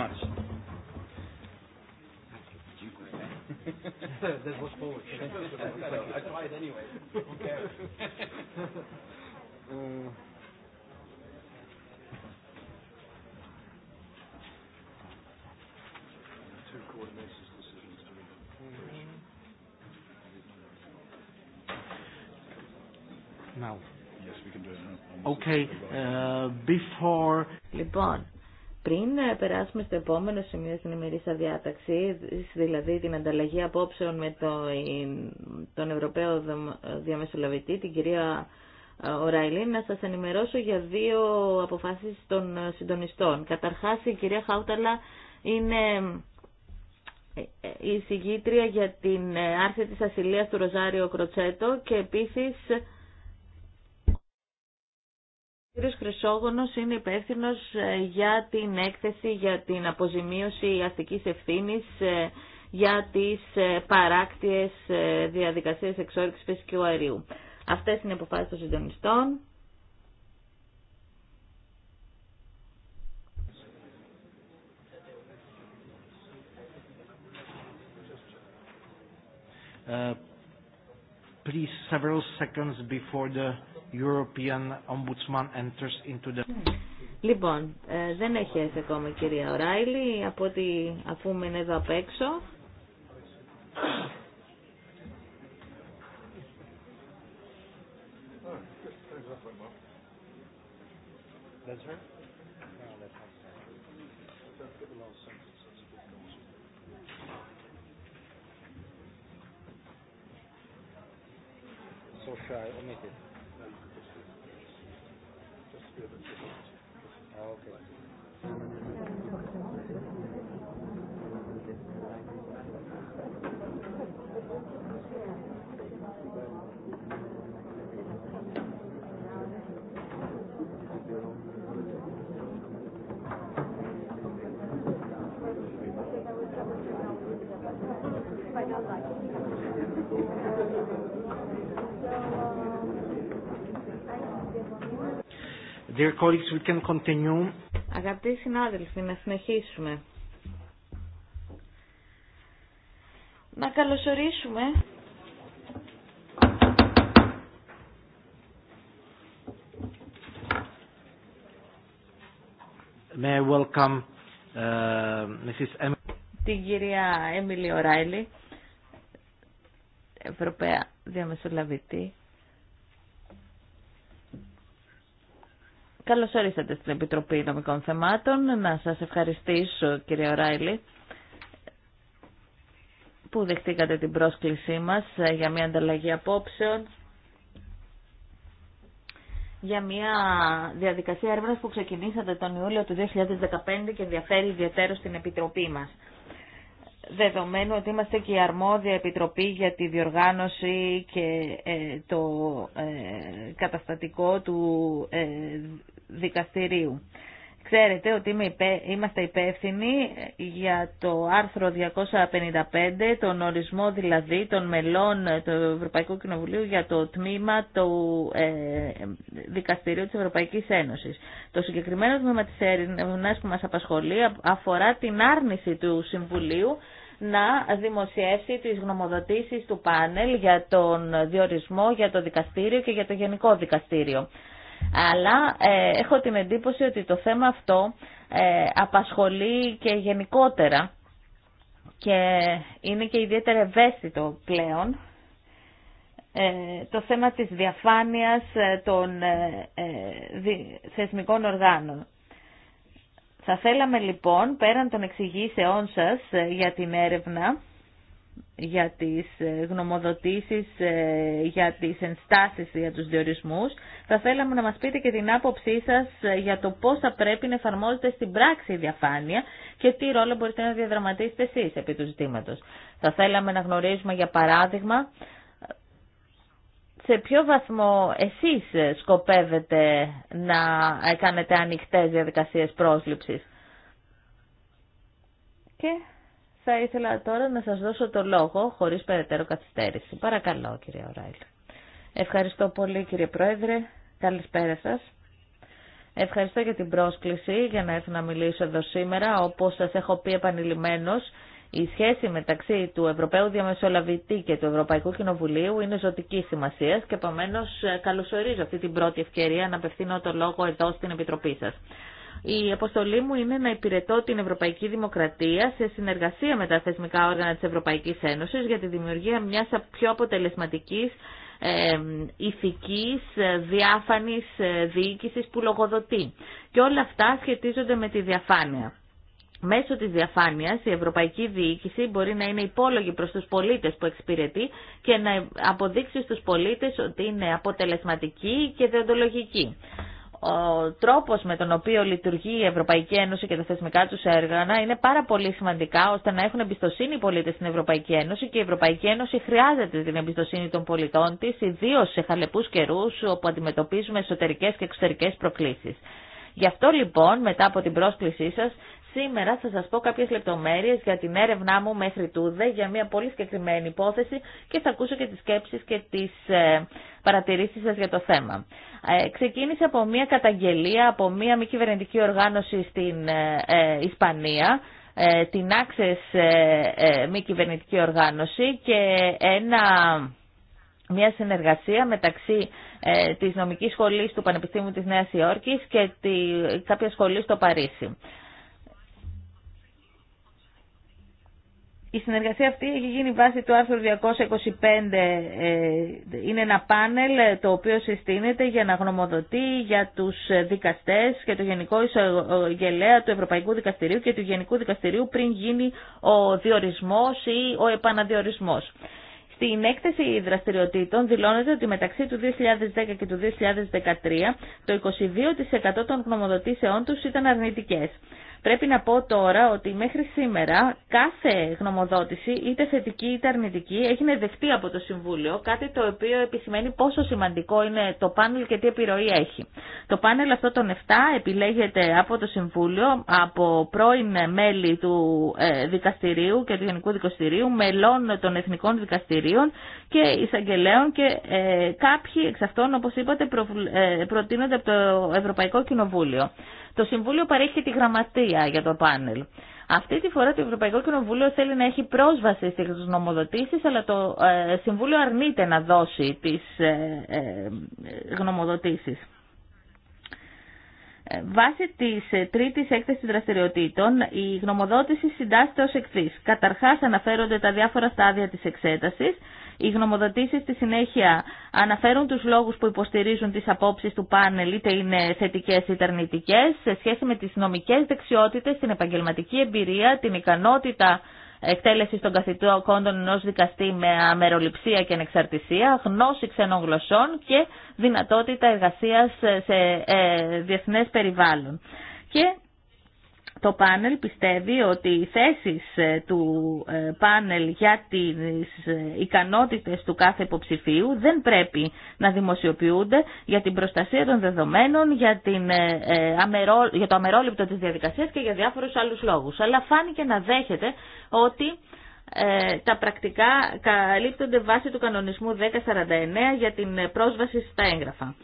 [laughs] now. Yes, we can do it Okay, uh, before... Λοιπόν, πριν ε, περάσουμε στο επόμενο σημείο στην ημερήσια διάταξη, δηλαδή την ανταλλαγή απόψεων με τον Ευρωπαίο Διαμεσολαβητή, την κυρία Ωραϊλή, ε, να σας ενημερώσω για δύο αποφάσεις των ε, συντονιστών. Καταρχάς, η κυρία Χάουταλα είναι η συγκήτρια για την άρση της ασυλίας του Ροζάριο Κροτσέτο και επίσης κύριος Χρυσόγονος είναι υπεύθυνο ε, για την έκθεση, για την αποζημίωση αστικής ευθύνης, ε, για τις ε, παράκτιες διαδικασίες εξόρυξης φυσικού αερίου. Αυτές είναι οι αποφάσεις των συντονιστών. Uh, several seconds before the European Ombudsman enters into the... Λοιπόν, ε, δεν έχει έρθει ακόμα η κυρία Ράιλι, από ότι αφού μείνει εδώ απ' έξω. So shy, omitted. Dear colleagues, we can continue. Αγαπητοί συνάδελφοι, να συνεχίσουμε. Να καλωσορίσουμε May I welcome, uh, Mrs. την κυρία Έμιλι Οράιλι, Ευρωπαία Διαμεσολαβητή Καλώς ορίσατε στην Επιτροπή Νομικών Θεμάτων. Να σας ευχαριστήσω κύριε Ράιλι που δεχτήκατε την πρόσκλησή μας για μια ανταλλαγή απόψεων για μια διαδικασία έρευνας που ξεκινήσατε τον Ιούλιο του 2015 και ενδιαφέρει ιδιαίτερο στην Επιτροπή μας. Δεδομένου ότι είμαστε και η αρμόδια Επιτροπή για τη διοργάνωση και ε, το ε, καταστατικό του ε, δικαστηρίου. Ξέρετε ότι είμαστε υπεύθυνοι για το άρθρο 255, τον ορισμό δηλαδή των μελών του Ευρωπαϊκού Κοινοβουλίου για το τμήμα του ε, Δικαστηρίου της Ευρωπαϊκής Ένωσης. Το συγκεκριμένο τμήμα της έρευνας που μας απασχολεί αφορά την άρνηση του Συμβουλίου να δημοσιεύσει τις γνωμοδοτήσεις του πάνελ για τον διορισμό, για το δικαστήριο και για το γενικό δικαστήριο. Αλλά ε, έχω την εντύπωση ότι το θέμα αυτό ε, απασχολεί και γενικότερα και είναι και ιδιαίτερα ευαίσθητο πλέον ε, το θέμα της διαφάνειας ε, των θεσμικών οργάνων. Θα θέλαμε λοιπόν, πέραν των εξηγήσεών σας για την έρευνα, για τις ε, γνωμοδοτήσεις, ε, για τις ενστάσεις για τους διορισμούς. Θα θέλαμε να μας πείτε και την άποψή σας ε, για το πώς θα πρέπει να εφαρμόζεται στην πράξη η διαφάνεια και τι ρόλο μπορείτε να διαδραματίσετε εσείς επί του ζητήματος. Θα θέλαμε να γνωρίζουμε για παράδειγμα σε ποιο βαθμό εσείς σκοπεύετε να κάνετε ανοιχτές διαδικασίες πρόσληψης. Και θα ήθελα τώρα να σας δώσω το λόγο χωρίς περαιτέρω καθυστέρηση. Παρακαλώ κύριε Ωράιλ. Ευχαριστώ πολύ κύριε Πρόεδρε. Καλησπέρα σας. Ευχαριστώ για την πρόσκληση για να έρθω να μιλήσω εδώ σήμερα. Όπως σας έχω πει επανειλημμένως, η σχέση μεταξύ του Ευρωπαίου Διαμεσολαβητή και του Ευρωπαϊκού Κοινοβουλίου είναι ζωτική σημασία και επομένω καλωσορίζω αυτή την πρώτη ευκαιρία να απευθύνω το λόγο εδώ στην Επιτροπή σα. Η αποστολή μου είναι να υπηρετώ την Ευρωπαϊκή Δημοκρατία σε συνεργασία με τα θεσμικά όργανα της Ευρωπαϊκής Ένωσης για τη δημιουργία μιας πιο αποτελεσματικής ε, ηθικής, διάφανης ε, διοίκησης που λογοδοτεί. Και όλα αυτά σχετίζονται με τη διαφάνεια. Μέσω της διαφάνειας η ευρωπαϊκή διοίκηση μπορεί να είναι υπόλογη προς τους πολίτες που εξυπηρετεί και να αποδείξει στους πολίτες ότι είναι αποτελεσματική και δεοντολογική ο τρόπος με τον οποίο λειτουργεί η Ευρωπαϊκή Ένωση και τα θεσμικά τους έργανα είναι πάρα πολύ σημαντικά ώστε να έχουν εμπιστοσύνη οι πολίτες στην Ευρωπαϊκή Ένωση και η Ευρωπαϊκή Ένωση χρειάζεται την εμπιστοσύνη των πολιτών της, ιδίως σε χαλεπούς καιρούς όπου αντιμετωπίζουμε εσωτερικές και εξωτερικές προκλήσεις. Γι' αυτό λοιπόν μετά από την πρόσκλησή σας Σήμερα θα σας πω κάποιες λεπτομέρειες για την έρευνά μου μέχρι τούδε για μια πολύ συγκεκριμένη υπόθεση και θα ακούσω και τις σκέψεις και τις ε, παρατηρήσεις σας για το θέμα. Ε, ξεκίνησε από μια καταγγελία από μια μη κυβερνητική οργάνωση στην ε, Ισπανία την Άξες μη κυβερνητική οργάνωση και ένα μια συνεργασία μεταξύ ε, της νομικής σχολής του Πανεπιστήμιου της Νέας Υόρκης και τη, κάποια σχολή στο Παρίσι. Η συνεργασία αυτή έχει γίνει βάση του άρθρου 225. Ε, είναι ένα πάνελ ε, το οποίο συστήνεται για να γνωμοδοτεί για τους ε, δικαστές και το Γενικό Ισογελέα του Ευρωπαϊκού Δικαστηρίου και του Γενικού Δικαστηρίου πριν γίνει ο διορισμός ή ο επαναδιορισμός. Στην έκθεση δραστηριοτήτων δηλώνεται ότι μεταξύ του 2010 και του 2013 το 22% των γνωμοδοτήσεών τους ήταν αρνητικές. Πρέπει να πω τώρα ότι μέχρι σήμερα κάθε γνωμοδότηση, είτε θετική είτε αρνητική, έχει δεχτεί από το Συμβούλιο, κάτι το οποίο επισημαίνει πόσο σημαντικό είναι το πάνελ και τι επιρροή έχει. Το πάνελ αυτό των 7 επιλέγεται από το Συμβούλιο, από πρώην μέλη του ε, Δικαστηρίου και του Γενικού Δικαστηρίου, μελών των Εθνικών Δικαστηρίων και εισαγγελέων και ε, κάποιοι εξ αυτών, όπως είπατε, ε, προτείνονται από το Ευρωπαϊκό Κοινοβούλιο. Το Συμβούλιο παρέχει τη γραμματεία για το πάνελ. Αυτή τη φορά το Ευρωπαϊκό Κοινοβούλιο θέλει να έχει πρόσβαση στις γνωμοδοτήσεις, αλλά το ε, Συμβούλιο αρνείται να δώσει τις ε, ε, γνωμοδοτήσεις. Βάσει τη τρίτη έκθεση δραστηριοτήτων, η γνωμοδότηση συντάσσεται ω εξή. Καταρχά, αναφέρονται τα διάφορα στάδια τη εξέταση. Οι γνωμοδοτήσεις στη συνέχεια αναφέρουν τους λόγους που υποστηρίζουν τις απόψεις του πάνελ, είτε είναι θετικές είτε αρνητικέ, σε σχέση με τις νομικές δεξιότητες, την επαγγελματική εμπειρία, την ικανότητα εκτέλεση των καθηκόντων ενό δικαστή με αμεροληψία και ανεξαρτησία, γνώση ξένων γλωσσών και δυνατότητα εργασίας σε ε, διεθνές περιβάλλον. Το πάνελ πιστεύει ότι οι θέσεις ε, του ε, πάνελ για τις ε, ικανότητες του κάθε υποψηφίου δεν πρέπει να δημοσιοποιούνται για την προστασία των δεδομένων, για, την, το αμερόληπτο της διαδικασίας και για διάφορους άλλους λόγους. Αλλά φάνηκε να δέχεται ότι τα πρακτικά καλύπτονται βάσει του κανονισμού 1049 για την πρόσβαση στα έγγραφα.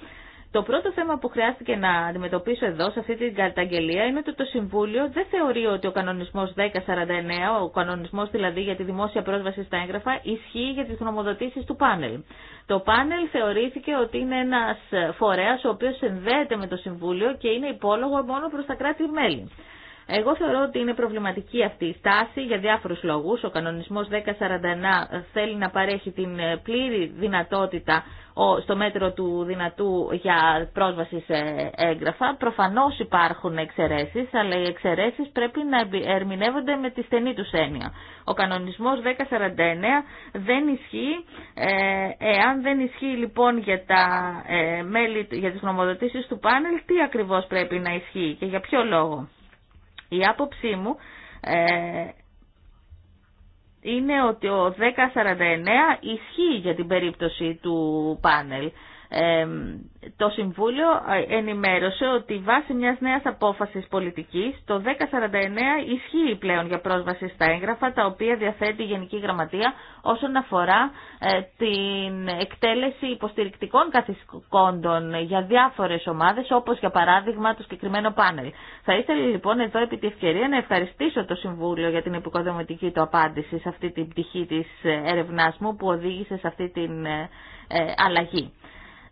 Το πρώτο θέμα που χρειάστηκε να αντιμετωπίσω εδώ, σε αυτή την καταγγελία, είναι ότι το Συμβούλιο δεν θεωρεί ότι ο κανονισμός 1049, ο κανονισμός δηλαδή για τη δημόσια πρόσβαση στα έγγραφα, ισχύει για τις γνωμοδοτήσεις του πάνελ. Το πάνελ θεωρήθηκε ότι είναι ένας φορέας ο οποίος συνδέεται με το Συμβούλιο και είναι υπόλογο μόνο προς τα κράτη-μέλη. Εγώ θεωρώ ότι είναι προβληματική αυτή η στάση για διάφορους λόγους. Ο κανονισμός 1049 θέλει να παρέχει την πλήρη δυνατότητα στο μέτρο του δυνατού για πρόσβαση σε έγγραφα. Προφανώς υπάρχουν εξαιρέσεις, αλλά οι εξαιρέσεις πρέπει να ερμηνεύονται με τη στενή του έννοια. Ο κανονισμός 1049 δεν ισχύει. Ε, εάν δεν ισχύει λοιπόν για τα ε, μέλη, για τις νομοδοτήσεις του πάνελ, τι ακριβώς πρέπει να ισχύει και για ποιο λόγο. Η άποψή μου ε, είναι ότι ο 1049 ισχύει για την περίπτωση του πάνελ το Συμβούλιο ε, ενημέρωσε ότι βάσει μιας νέας απόφασης πολιτικής το 1049 ισχύει πλέον για πρόσβαση στα έγγραφα τα οποία διαθέτει η Γενική Γραμματεία όσον αφορά ε, την εκτέλεση υποστηρικτικών καθηκόντων για διάφορες ομάδες όπως για παράδειγμα το συγκεκριμένο πάνελ. Θα ήθελα λοιπόν εδώ επί τη ευκαιρία να ευχαριστήσω το Συμβούλιο για την επικοδομητική του απάντηση σε αυτή την πτυχή της ερευνάς μου που οδήγησε σε αυτή την ε, αλλαγή.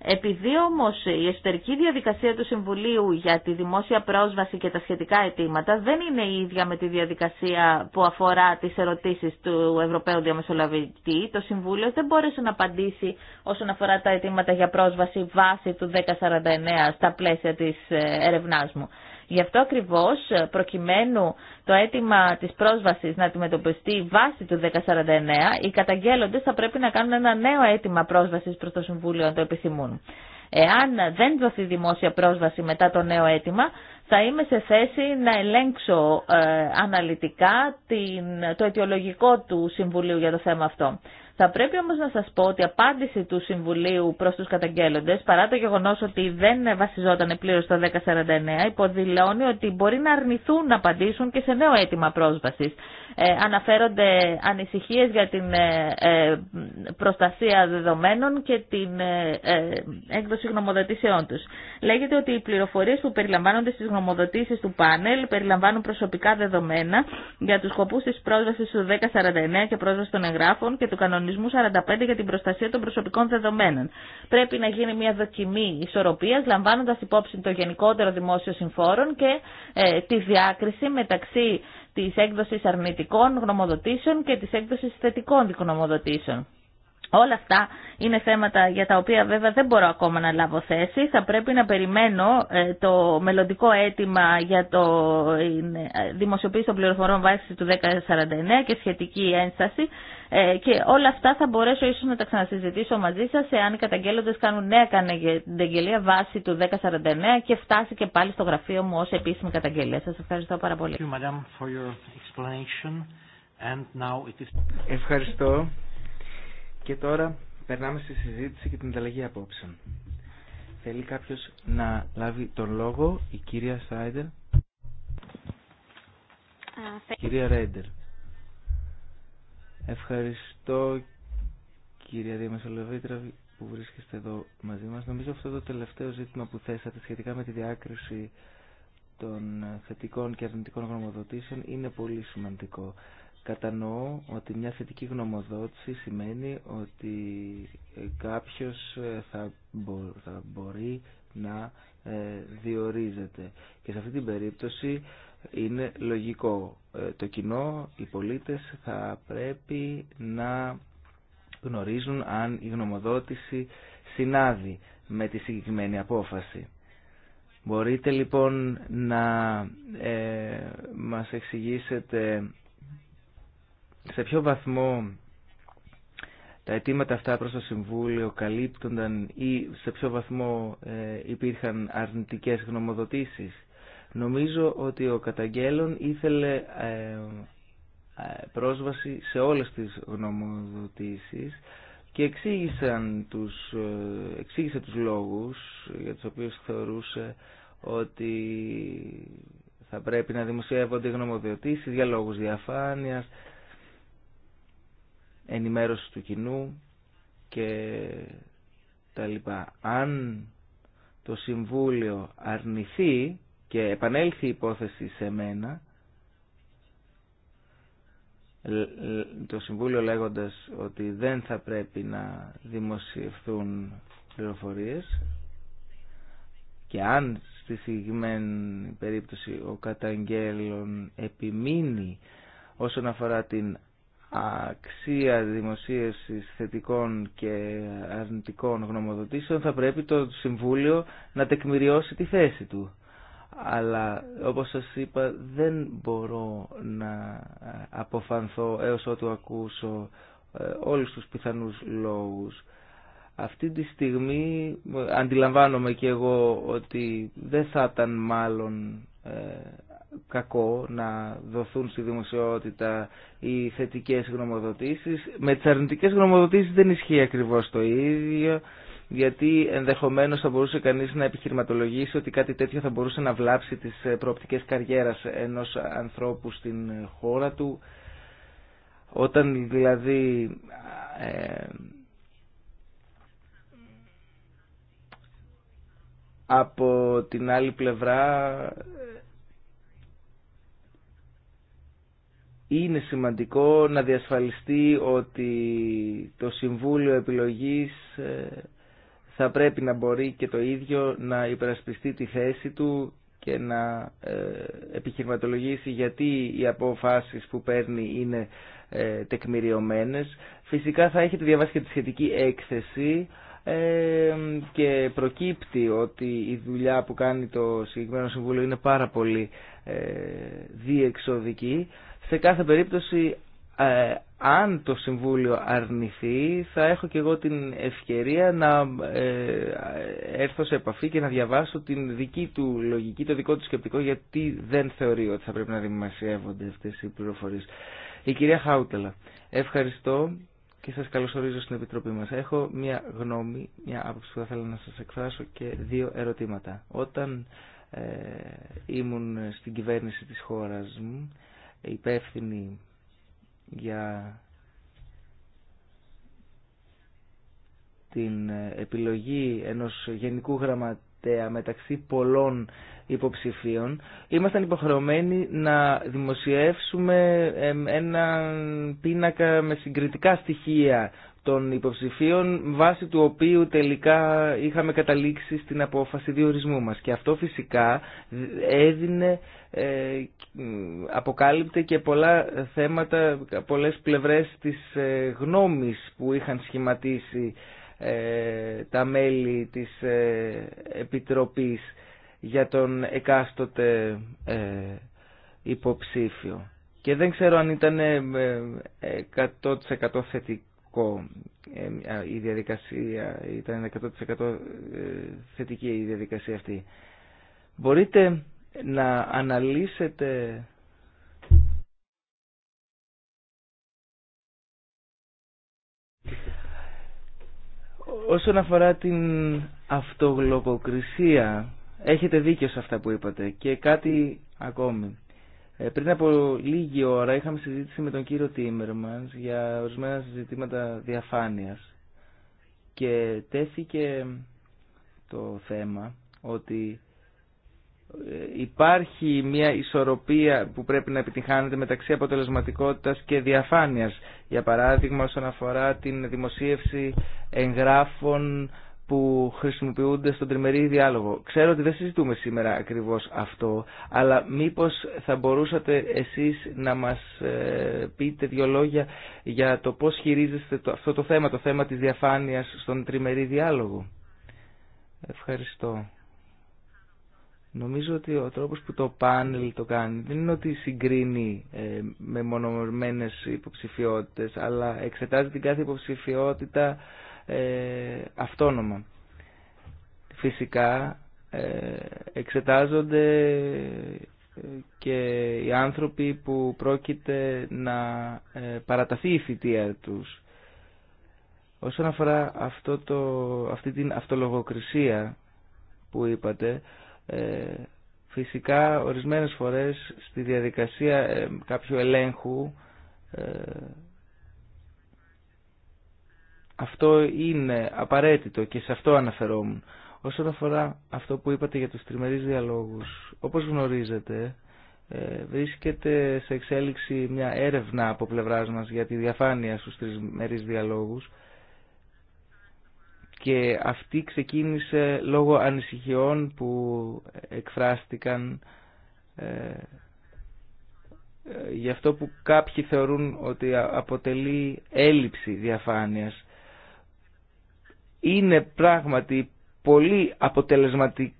Επειδή όμω η εσωτερική διαδικασία του Συμβουλίου για τη δημόσια πρόσβαση και τα σχετικά αιτήματα δεν είναι η ίδια με τη διαδικασία που αφορά τις ερωτήσεις του Ευρωπαίου Διαμεσολαβητή, το Συμβούλιο δεν μπόρεσε να απαντήσει όσον αφορά τα αιτήματα για πρόσβαση βάση του 1049 στα πλαίσια της ερευνάς μου. Γι' αυτό ακριβώς, ε, προκειμένου το αίτημα της πρόσβαση να αντιμετωπιστεί βάσει του 1049, οι καταγγέλλοντε θα πρέπει να κάνουν ένα νέο αίτημα πρόσβαση προς το Συμβούλιο αν το επιθυμούν. Εάν δεν δοθεί δημόσια πρόσβαση μετά το νέο αίτημα, θα είμαι σε θέση να ελέγξω ε, αναλυτικά την, το αιτιολογικό του Συμβουλίου για το θέμα αυτό. Θα πρέπει όμως να σας πω ότι η απάντηση του Συμβουλίου προς τους καταγγέλλοντες, παρά το γεγονός ότι δεν βασιζόταν πλήρως στο 1049, υποδηλώνει ότι μπορεί να αρνηθούν να απαντήσουν και σε νέο αίτημα πρόσβασης. Ε, αναφέρονται ανησυχίες για την ε, ε, προστασία δεδομένων και την έκδοση γνωμοδοτήσεών τους. Λέγεται ότι οι πληροφορίες που περιλαμβάνονται στις γνωμοδοτήσεις του πάνελ περιλαμβάνουν προσωπικά δεδομένα για τους σκοπούς της πρόσβασης του 1049 και πρόσβαση των εγγράφων και του κανονισμού 45 για την προστασία των προσωπικών δεδομένων. Πρέπει να γίνει μια δοκιμή ισορροπίας λαμβάνοντας υπόψη το γενικότερο δημόσιο συμφόρον και τη διάκριση μεταξύ της έκδοσης αρνητικών γνωμοδοτήσεων και της έκδοσης θετικών γνωμοδοτήσεων. Όλα αυτά είναι θέματα για τα οποία βέβαια δεν μπορώ ακόμα να λάβω θέση. Θα πρέπει να περιμένω ε, το μελλοντικό αίτημα για το ε, ε, δημοσιοποίηση των πληροφορών βάσης του 1049 και σχετική ένσταση και όλα αυτά θα μπορέσω ίσως να τα ξανασυζητήσω μαζί σας εάν οι καταγγέλλοντες κάνουν νέα καταγγελία βάση του 1049 και φτάσει και πάλι στο γραφείο μου ως επίσημη καταγγελία. Σας ευχαριστώ πάρα πολύ. Ευχαριστώ. Και τώρα περνάμε στη συζήτηση και την ανταλλαγή απόψεων. Θέλει κάποιο να λάβει τον λόγο, η κυρία Σάιντερ. Κυρία Ρέιντερ; Ευχαριστώ κυρία Διαμεσολαβήτρα που βρίσκεστε εδώ μαζί μας. Νομίζω αυτό το τελευταίο ζήτημα που θέσατε σχετικά με τη διάκριση των θετικών και αρνητικών γνωμοδοτήσεων είναι πολύ σημαντικό. Κατανοώ ότι μια θετική γνωμοδότηση σημαίνει ότι κάποιος ε, θα, μπορεί να ε, διορίζεται. Και σε αυτή την περίπτωση είναι λογικό. Ε, το κοινό, οι πολίτες θα πρέπει να γνωρίζουν αν η γνωμοδότηση συνάδει με τη συγκεκριμένη απόφαση. Μπορείτε λοιπόν να μας εξηγήσετε σε ποιο βαθμό τα αιτήματα αυτά προς το Συμβούλιο καλύπτονταν ή σε ποιο βαθμό ε, υπήρχαν αρνητικές γνωμοδοτήσεις. Νομίζω ότι ο καταγγέλων ήθελε ε, ε, πρόσβαση σε όλες τις γνωμοδοτήσεις και εξήγησαν τους, εξήγησε τους λόγους για τους οποίους θεωρούσε ότι θα πρέπει να δημοσιεύονται γνωμοδοτήσεις για λόγους διαφάνειας, ενημέρωση του κοινού και τα λοιπά. Αν το Συμβούλιο αρνηθεί και επανέλθει η υπόθεση σε μένα, το Συμβούλιο λέγοντας ότι δεν θα πρέπει να δημοσιευθούν πληροφορίες και αν στη συγκεκριμένη περίπτωση ο καταγγέλων επιμείνει όσον αφορά την αξία δημοσίευσης θετικών και αρνητικών γνωμοδοτήσεων θα πρέπει το Συμβούλιο να τεκμηριώσει τη θέση του. Αλλά όπως σας είπα δεν μπορώ να αποφανθώ έως ότου ακούσω ε, όλους τους πιθανούς λόγους. Αυτή τη στιγμή ε, αντιλαμβάνομαι και εγώ ότι δεν θα ήταν μάλλον ε, κακό να δοθούν στη δημοσιότητα οι θετικές γνωμοδοτήσεις. Με τις αρνητικές γνωμοδοτήσεις δεν ισχύει ακριβώς το ίδιο, γιατί ενδεχομένως θα μπορούσε κανείς να επιχειρηματολογήσει ότι κάτι τέτοιο θα μπορούσε να βλάψει τις προοπτικές καριέρας ενός ανθρώπου στην χώρα του. Όταν δηλαδή... Ε, από την άλλη πλευρά είναι σημαντικό να διασφαλιστεί ότι το Συμβούλιο Επιλογής ε, θα πρέπει να μπορεί και το ίδιο να υπερασπιστεί τη θέση του και να ε, επιχειρηματολογήσει γιατί οι αποφάσεις που παίρνει είναι ε, τεκμηριωμένες. Φυσικά θα έχετε διαβάσει και τη σχετική έκθεση και προκύπτει ότι η δουλειά που κάνει το συγκεκριμένο Συμβούλιο είναι πάρα πολύ διεξοδική. Σε κάθε περίπτωση, ε, αν το Συμβούλιο αρνηθεί, θα έχω και εγώ την ευκαιρία να ε, έρθω σε επαφή και να διαβάσω την δική του λογική, το δικό του σκεπτικό, γιατί δεν θεωρεί ότι θα πρέπει να δημοσιεύονται αυτές οι πληροφορίες. Η κυρία Χάουτελα, ευχαριστώ και σας καλωσορίζω στην Επιτροπή μας. Έχω μια γνώμη, μια άποψη που θα ήθελα να σας εκφράσω και δύο ερωτήματα. Όταν ε, ήμουν στην κυβέρνηση της χώρας μου, υπεύθυνοι για την επιλογή ενός γενικού γραμματέα μεταξύ πολλών υποψηφίων, ήμασταν υποχρεωμένοι να δημοσιεύσουμε ένα πίνακα με συγκριτικά στοιχεία των υποψηφίων βάσει του οποίου τελικά είχαμε καταλήξει στην απόφαση διορισμού μας. Και αυτό φυσικά έδινε, ε, αποκάλυπτε και πολλά θέματα, πολλές πλευρές της ε, γνώμης που είχαν σχηματίσει ε, τα μέλη της Επιτροπής για τον εκάστοτε υποψήφιο. Και δεν ξέρω αν ήταν 100% θετικό ε, η διαδικασία, ήταν 100% ε, θετική η διαδικασία αυτή. Μπορείτε να αναλύσετε όσον αφορά την αυτογλωκοκρισία έχετε δίκιο σε αυτά που είπατε και κάτι ακόμη ε, πριν από λίγη ώρα είχαμε συζήτηση με τον κύριο Τίμερμανς για ορισμένα συζητήματα διαφάνειας και τέθηκε το θέμα ότι ε, υπάρχει μια ισορροπία που πρέπει να επιτυχάνεται μεταξύ αποτελεσματικότητας και διαφάνειας. Για παράδειγμα όσον αφορά την δημοσίευση εγγράφων που χρησιμοποιούνται στον τριμερή διάλογο. Ξέρω ότι δεν συζητούμε σήμερα ακριβώς αυτό, αλλά μήπως θα μπορούσατε εσείς να μας ε, πείτε δύο λόγια για το πώς χειρίζεστε αυτό το θέμα, το θέμα της διαφάνειας στον τριμερή διάλογο. Ευχαριστώ. Νομίζω ότι ο τρόπος που το πάνελ το κάνει δεν είναι ότι συγκρίνει ε, με μονομερμένες υποψηφιότητες, αλλά εξετάζει την κάθε υποψηφιότητα ε, αυτόνομα. Φυσικά ε, εξετάζονται ε, και οι άνθρωποι που πρόκειται να παραταθεί η θητεία τους. Όσον αφορά αυτό το, αυτή την αυτολογοκρισία που είπατε, φυσικά ορισμένες φορές στη διαδικασία κάποιου ελέγχου αυτό είναι απαραίτητο και σε αυτό αναφερόμουν. Όσον αφορά αυτό που είπατε για τους τριμερείς διαλόγους, όπως γνωρίζετε, ε, βρίσκεται σε εξέλιξη μια έρευνα από πλευράς μας για τη διαφάνεια στους τριμερείς διαλόγους και αυτή ξεκίνησε λόγω ανησυχιών που εκφράστηκαν ε, ε γι' αυτό που κάποιοι θεωρούν ότι αποτελεί έλλειψη διαφάνειας είναι πράγματι πολύ αποτελεσματική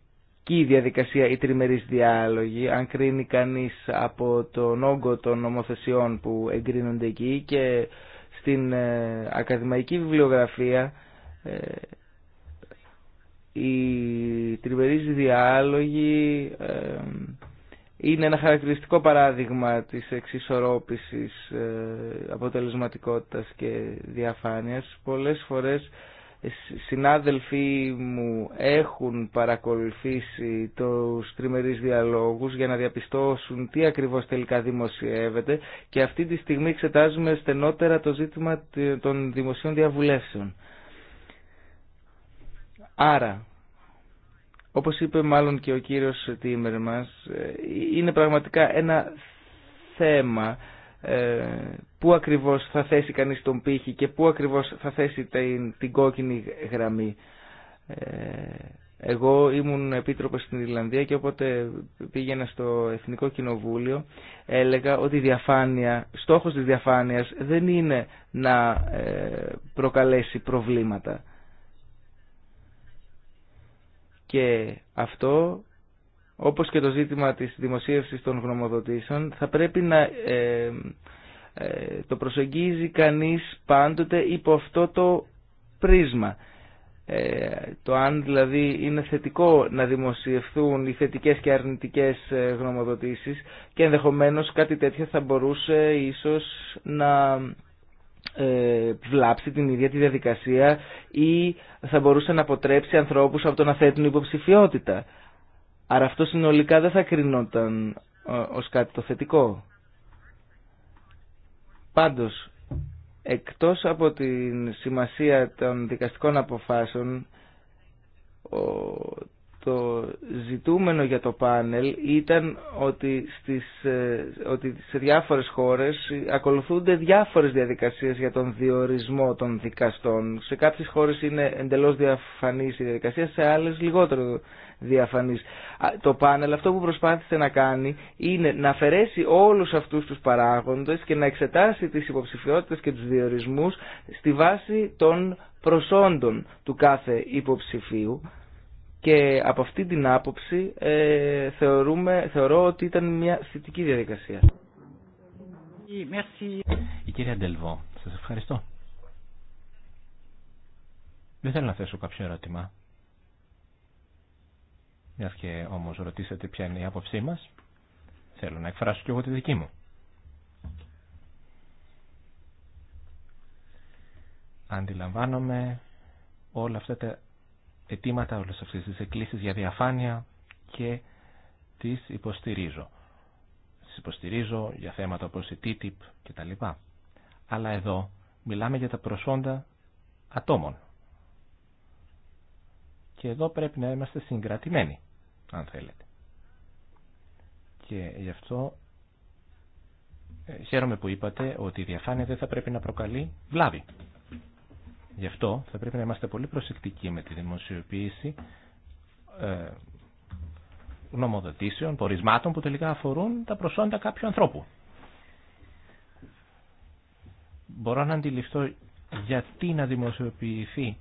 διαδικασία η τριμερής διάλογη αν κρίνει κανείς από τον όγκο των νομοθεσιών που εγκρίνονται εκεί και στην ε, ακαδημαϊκή βιβλιογραφία ε, η οι τριμερής ε, είναι ένα χαρακτηριστικό παράδειγμα της εξισορρόπησης αποτελεσματικότητας και διαφάνειας. Πολλές φορές συνάδελφοί μου έχουν παρακολουθήσει τους τριμερείς διαλόγους για να διαπιστώσουν τι ακριβώς τελικά δημοσιεύεται και αυτή τη στιγμή εξετάζουμε στενότερα το ζήτημα των δημοσίων διαβουλεύσεων. Άρα, όπως είπε μάλλον και ο κύριος Τίμερ μας, ε, είναι πραγματικά ένα θέμα ε, πού ακριβώς θα θέσει κανείς τον πύχη και πού ακριβώς θα θέσει την, την κόκκινη γραμμή. Ε, εγώ ήμουν επίτροπος στην Ιρλανδία και όποτε πήγαινα στο Εθνικό Κοινοβούλιο έλεγα ότι η διαφάνεια, στόχος της διαφάνειας δεν είναι να ε, προκαλέσει προβλήματα. Και αυτό όπως και το ζήτημα της δημοσίευσης των γνωμοδοτήσεων, θα πρέπει να ε, ε, το προσεγγίζει κανείς πάντοτε υπό αυτό το πρίσμα. Ε, το αν δηλαδή είναι θετικό να δημοσιευθούν οι θετικές και αρνητικές γνωμοδοτήσεις και ενδεχομένως κάτι τέτοιο θα μπορούσε ίσως να βλάψει την ίδια τη διαδικασία ή θα μπορούσε να αποτρέψει ανθρώπους από το να θέτουν υποψηφιότητα. Άρα αυτό συνολικά δεν θα κρινόταν ε, ως κάτι το θετικό. Πάντως, εκτός από τη σημασία των δικαστικών αποφάσεων, το ζητούμενο για το πάνελ ήταν ότι, στις, ε, ότι σε διάφορες χώρες ακολουθούνται διάφορες διαδικασίες για τον διορισμό των δικαστών. Σε κάποιες χώρες είναι εντελώς διαφανής η διαδικασία, σε άλλες λιγότερο διαφανής. Το πάνελ αυτό που προσπάθησε να κάνει είναι να αφαιρέσει όλους αυτούς τους παράγοντες και να εξετάσει τις υποψηφιότητες και τους διορισμούς στη βάση των προσόντων του κάθε υποψηφίου και από αυτή την άποψη ε, θεωρούμε, θεωρώ ότι ήταν μια θετική διαδικασία. Η κυρία Ντελβό, σας ευχαριστώ. Δεν θέλω να θέσω κάποιο ερώτημα. Μια και όμως ρωτήσατε ποια είναι η άποψή μας, θέλω να εκφράσω κι εγώ τη δική μου. Αντιλαμβάνομαι όλα αυτά τα αιτήματα, όλες αυτές τις εκκλήσεις για διαφάνεια και τις υποστηρίζω. Τις υποστηρίζω για θέματα όπως η TTIP κτλ. Αλλά εδώ μιλάμε για τα προσόντα ατόμων. Και εδώ πρέπει να είμαστε συγκρατημένοι αν θέλετε. Και γι' αυτό ε, χαίρομαι που είπατε ότι η διαφάνεια δεν θα πρέπει να προκαλεί βλάβη. Γι' αυτό θα πρέπει να είμαστε πολύ προσεκτικοί με τη δημοσιοποίηση ε, νομοδοτήσεων, πορισμάτων που τελικά αφορούν τα προσόντα κάποιου ανθρώπου. Μπορώ να αντιληφθώ γιατί να δημοσιοποιηθεί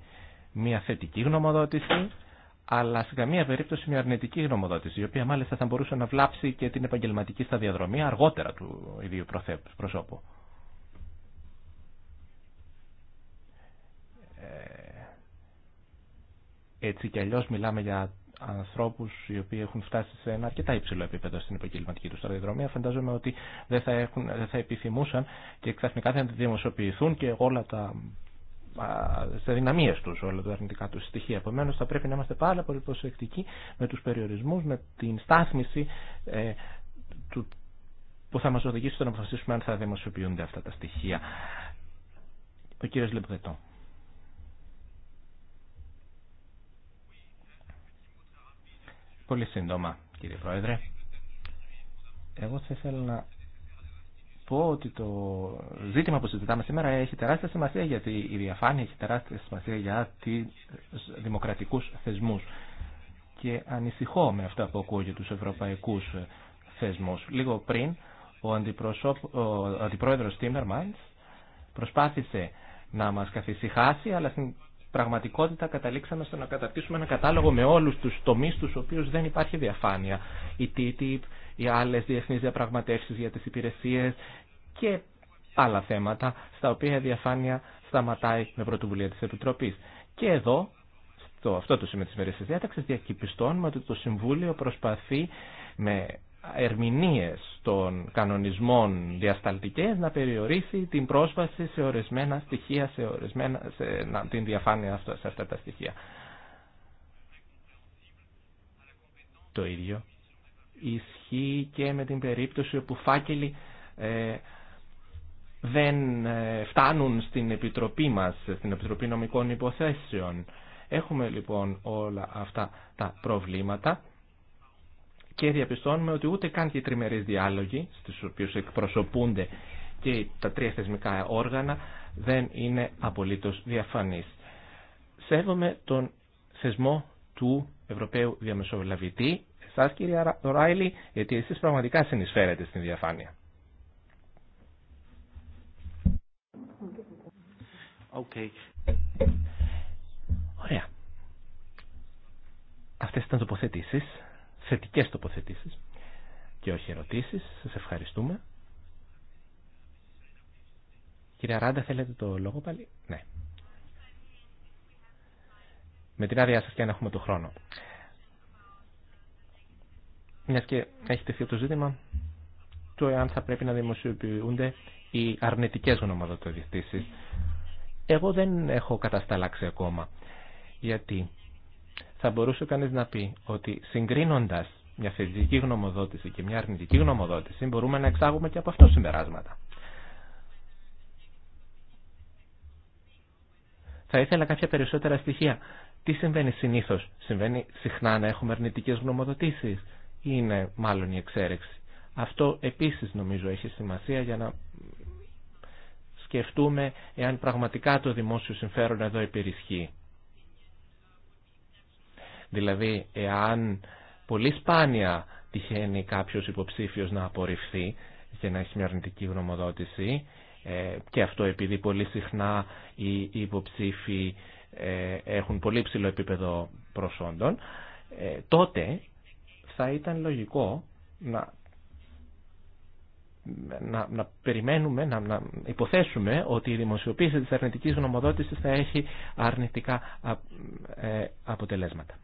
μια θετική γνωμοδότηση αλλά σε καμία περίπτωση μια αρνητική γνωμοδότηση, η οποία μάλιστα θα μπορούσε να βλάψει και την επαγγελματική σταδιαδρομία αργότερα του ιδίου προσώπου. Ε, έτσι κι αλλιώς μιλάμε για ανθρώπους οι οποίοι έχουν φτάσει σε ένα αρκετά υψηλό επίπεδο στην επαγγελματική του σταδιοδρομία. Φαντάζομαι ότι δεν θα, έχουν, δεν θα επιθυμούσαν και ξαφνικά θα δημοσιοποιηθούν και όλα τα σε δυναμίες τους όλα τα αρνητικά του στοιχεία. Επομένω, θα πρέπει να είμαστε πάρα πολύ προσεκτικοί με τους περιορισμούς, με την στάθμιση ε, του, που θα μα οδηγήσει στο να αποφασίσουμε αν θα δημοσιοποιούνται αυτά τα στοιχεία. Ο κύριος Λεπδετό. Πολύ σύντομα, κύριε Πρόεδρε. Εγώ θα ήθελα να πω ότι το ζήτημα που συζητάμε σήμερα έχει τεράστια σημασία γιατί η διαφάνεια έχει τεράστια σημασία για τις δημοκρατικούς θεσμούς. Και ανησυχώ με αυτά που ακούω για τους ευρωπαϊκούς θεσμούς. Λίγο πριν ο, ο αντιπρόεδρος Τίμερμαντς προσπάθησε να μας καθησυχάσει αλλά στην πραγματικότητα καταλήξαμε στο να καταρτήσουμε ένα κατάλογο με όλους τους τομείς τους οποίους δεν υπάρχει διαφάνεια. Η TTIP, οι άλλες διεθνείς διαπραγματεύσεις για τις υπηρεσίες, και άλλα θέματα στα οποία η διαφάνεια σταματάει με πρωτοβουλία της Επιτροπής. Και εδώ, στο αυτό το σημείο της μερικής διάταξης, διακυπιστώνουμε ότι το Συμβούλιο προσπαθεί με ερμηνείες των κανονισμών διασταλτικές να περιορίσει την πρόσβαση σε ορισμένα στοιχεία, σε ορισμένα, να, την διαφάνεια σε αυτά τα στοιχεία. Το ίδιο ισχύει και με την περίπτωση όπου φάκελοι ε, δεν ε, φτάνουν στην Επιτροπή μας, στην Επιτροπή Νομικών Υποθέσεων. Έχουμε λοιπόν όλα αυτά τα προβλήματα και διαπιστώνουμε ότι ούτε καν και οι τριμερείς διάλογοι, στους οποίους εκπροσωπούνται και τα τρία θεσμικά όργανα, δεν είναι απολύτως διαφανείς. Σέβομαι τον θεσμό του Ευρωπαίου Διαμεσολαβητή, εσάς κύριε Ράιλι, γιατί εσείς πραγματικά συνεισφέρετε στην διαφάνεια. Ωραία. Αυτές ήταν τοποθετήσεις, θετικές τοποθετήσεις και όχι ερωτήσεις. Σας ευχαριστούμε. Κυρία Ράντα, θέλετε το λόγο πάλι. Ναι. Με την άδειά σας και αν έχουμε το χρόνο. Μιας και έχει τεθεί το ζήτημα του εάν θα πρέπει να δημοσιοποιούνται οι αρνητικές γνωμοδοτοδιστήσεις εγώ δεν έχω κατασταλάξει ακόμα. Γιατί θα μπορούσε κανείς να πει ότι συγκρίνοντας μια θετική γνωμοδότηση και μια αρνητική γνωμοδότηση μπορούμε να εξάγουμε και από αυτό συμπεράσματα. Θα ήθελα κάποια περισσότερα στοιχεία. Τι συμβαίνει συνήθω, Συμβαίνει συχνά να έχουμε αρνητικέ γνωμοδοτήσει, είναι μάλλον η εξαίρεξη. Αυτό επίση νομίζω έχει σημασία για να σκεφτούμε εάν πραγματικά το δημόσιο συμφέρον εδώ υπερισχύει. Δηλαδή, εάν πολύ σπάνια τυχαίνει κάποιος υποψήφιος να απορριφθεί και να έχει μια αρνητική γνωμοδότηση ε, και αυτό επειδή πολύ συχνά οι υποψήφοι ε, έχουν πολύ ψηλό επίπεδο προσόντων, ε, τότε θα ήταν λογικό να να, να περιμένουμε, να, να υποθέσουμε ότι η δημοσιοποίηση της αρνητικής γνωμοδότησης θα έχει αρνητικά ε, αποτελέσματα.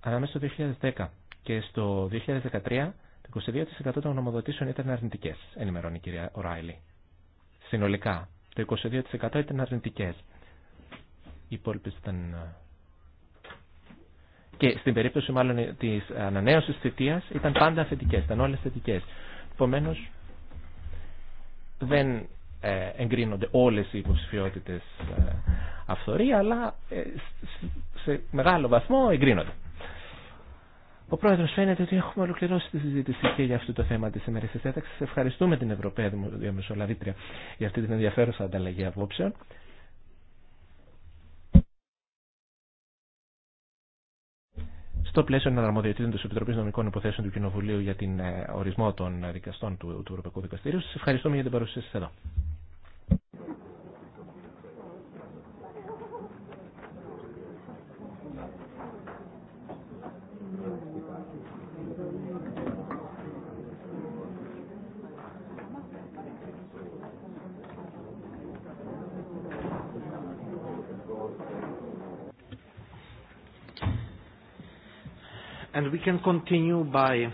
Ανάμεσα στο 2010 και στο 2013, το 22% των γνωμοδοτήσεων ήταν αρνητικές, ενημερώνει η κυρία Οράιλη. Συνολικά, το 22% ήταν αρνητικές. Οι υπόλοιπες ήταν ε, και στην περίπτωση μάλλον τη ανανέωση θητεία ήταν πάντα θετικέ, ήταν όλε θετικέ. Επομένω, δεν ε, εγκρίνονται όλε οι υποψηφιότητε ε, αυθορή αλλά ε, σε μεγάλο βαθμό εγκρίνονται. Ο πρόεδρο φαίνεται ότι έχουμε ολοκληρώσει τη συζήτηση και για αυτό το θέμα τη ημερήσια Έταξη. Ευχαριστούμε την Ευρωπαία Διαμεσολαβήτρια για αυτή την ενδιαφέρουσα ανταλλαγή απόψεων. στο πλαίσιο είναι αναρμοδιοτήτων τη Επιτροπή Νομικών Υποθέσεων του Κοινοβουλίου για την ε, ορισμό των ε, δικαστών του, του Ευρωπαϊκού Δικαστηρίου. Σα ευχαριστούμε για την παρουσία σα εδώ. and we can continue by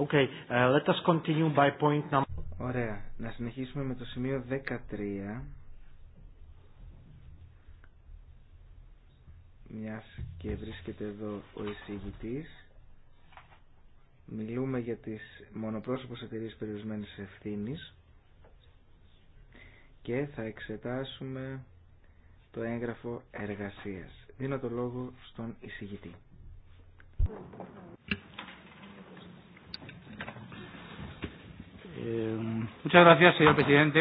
Okay, uh, let us continue by point number... Ωραία. Να συνεχίσουμε με το σημείο 13. και βρίσκεται εδώ ο εισηγητής. Μιλούμε για τις μονοπρόσωπες εταιρείες περιορισμένης ευθύνης και θα εξετάσουμε το έγγραφο εργασίας. Δίνω το λόγο στον εισηγητή. Ε, muchas gracias, señor presidente.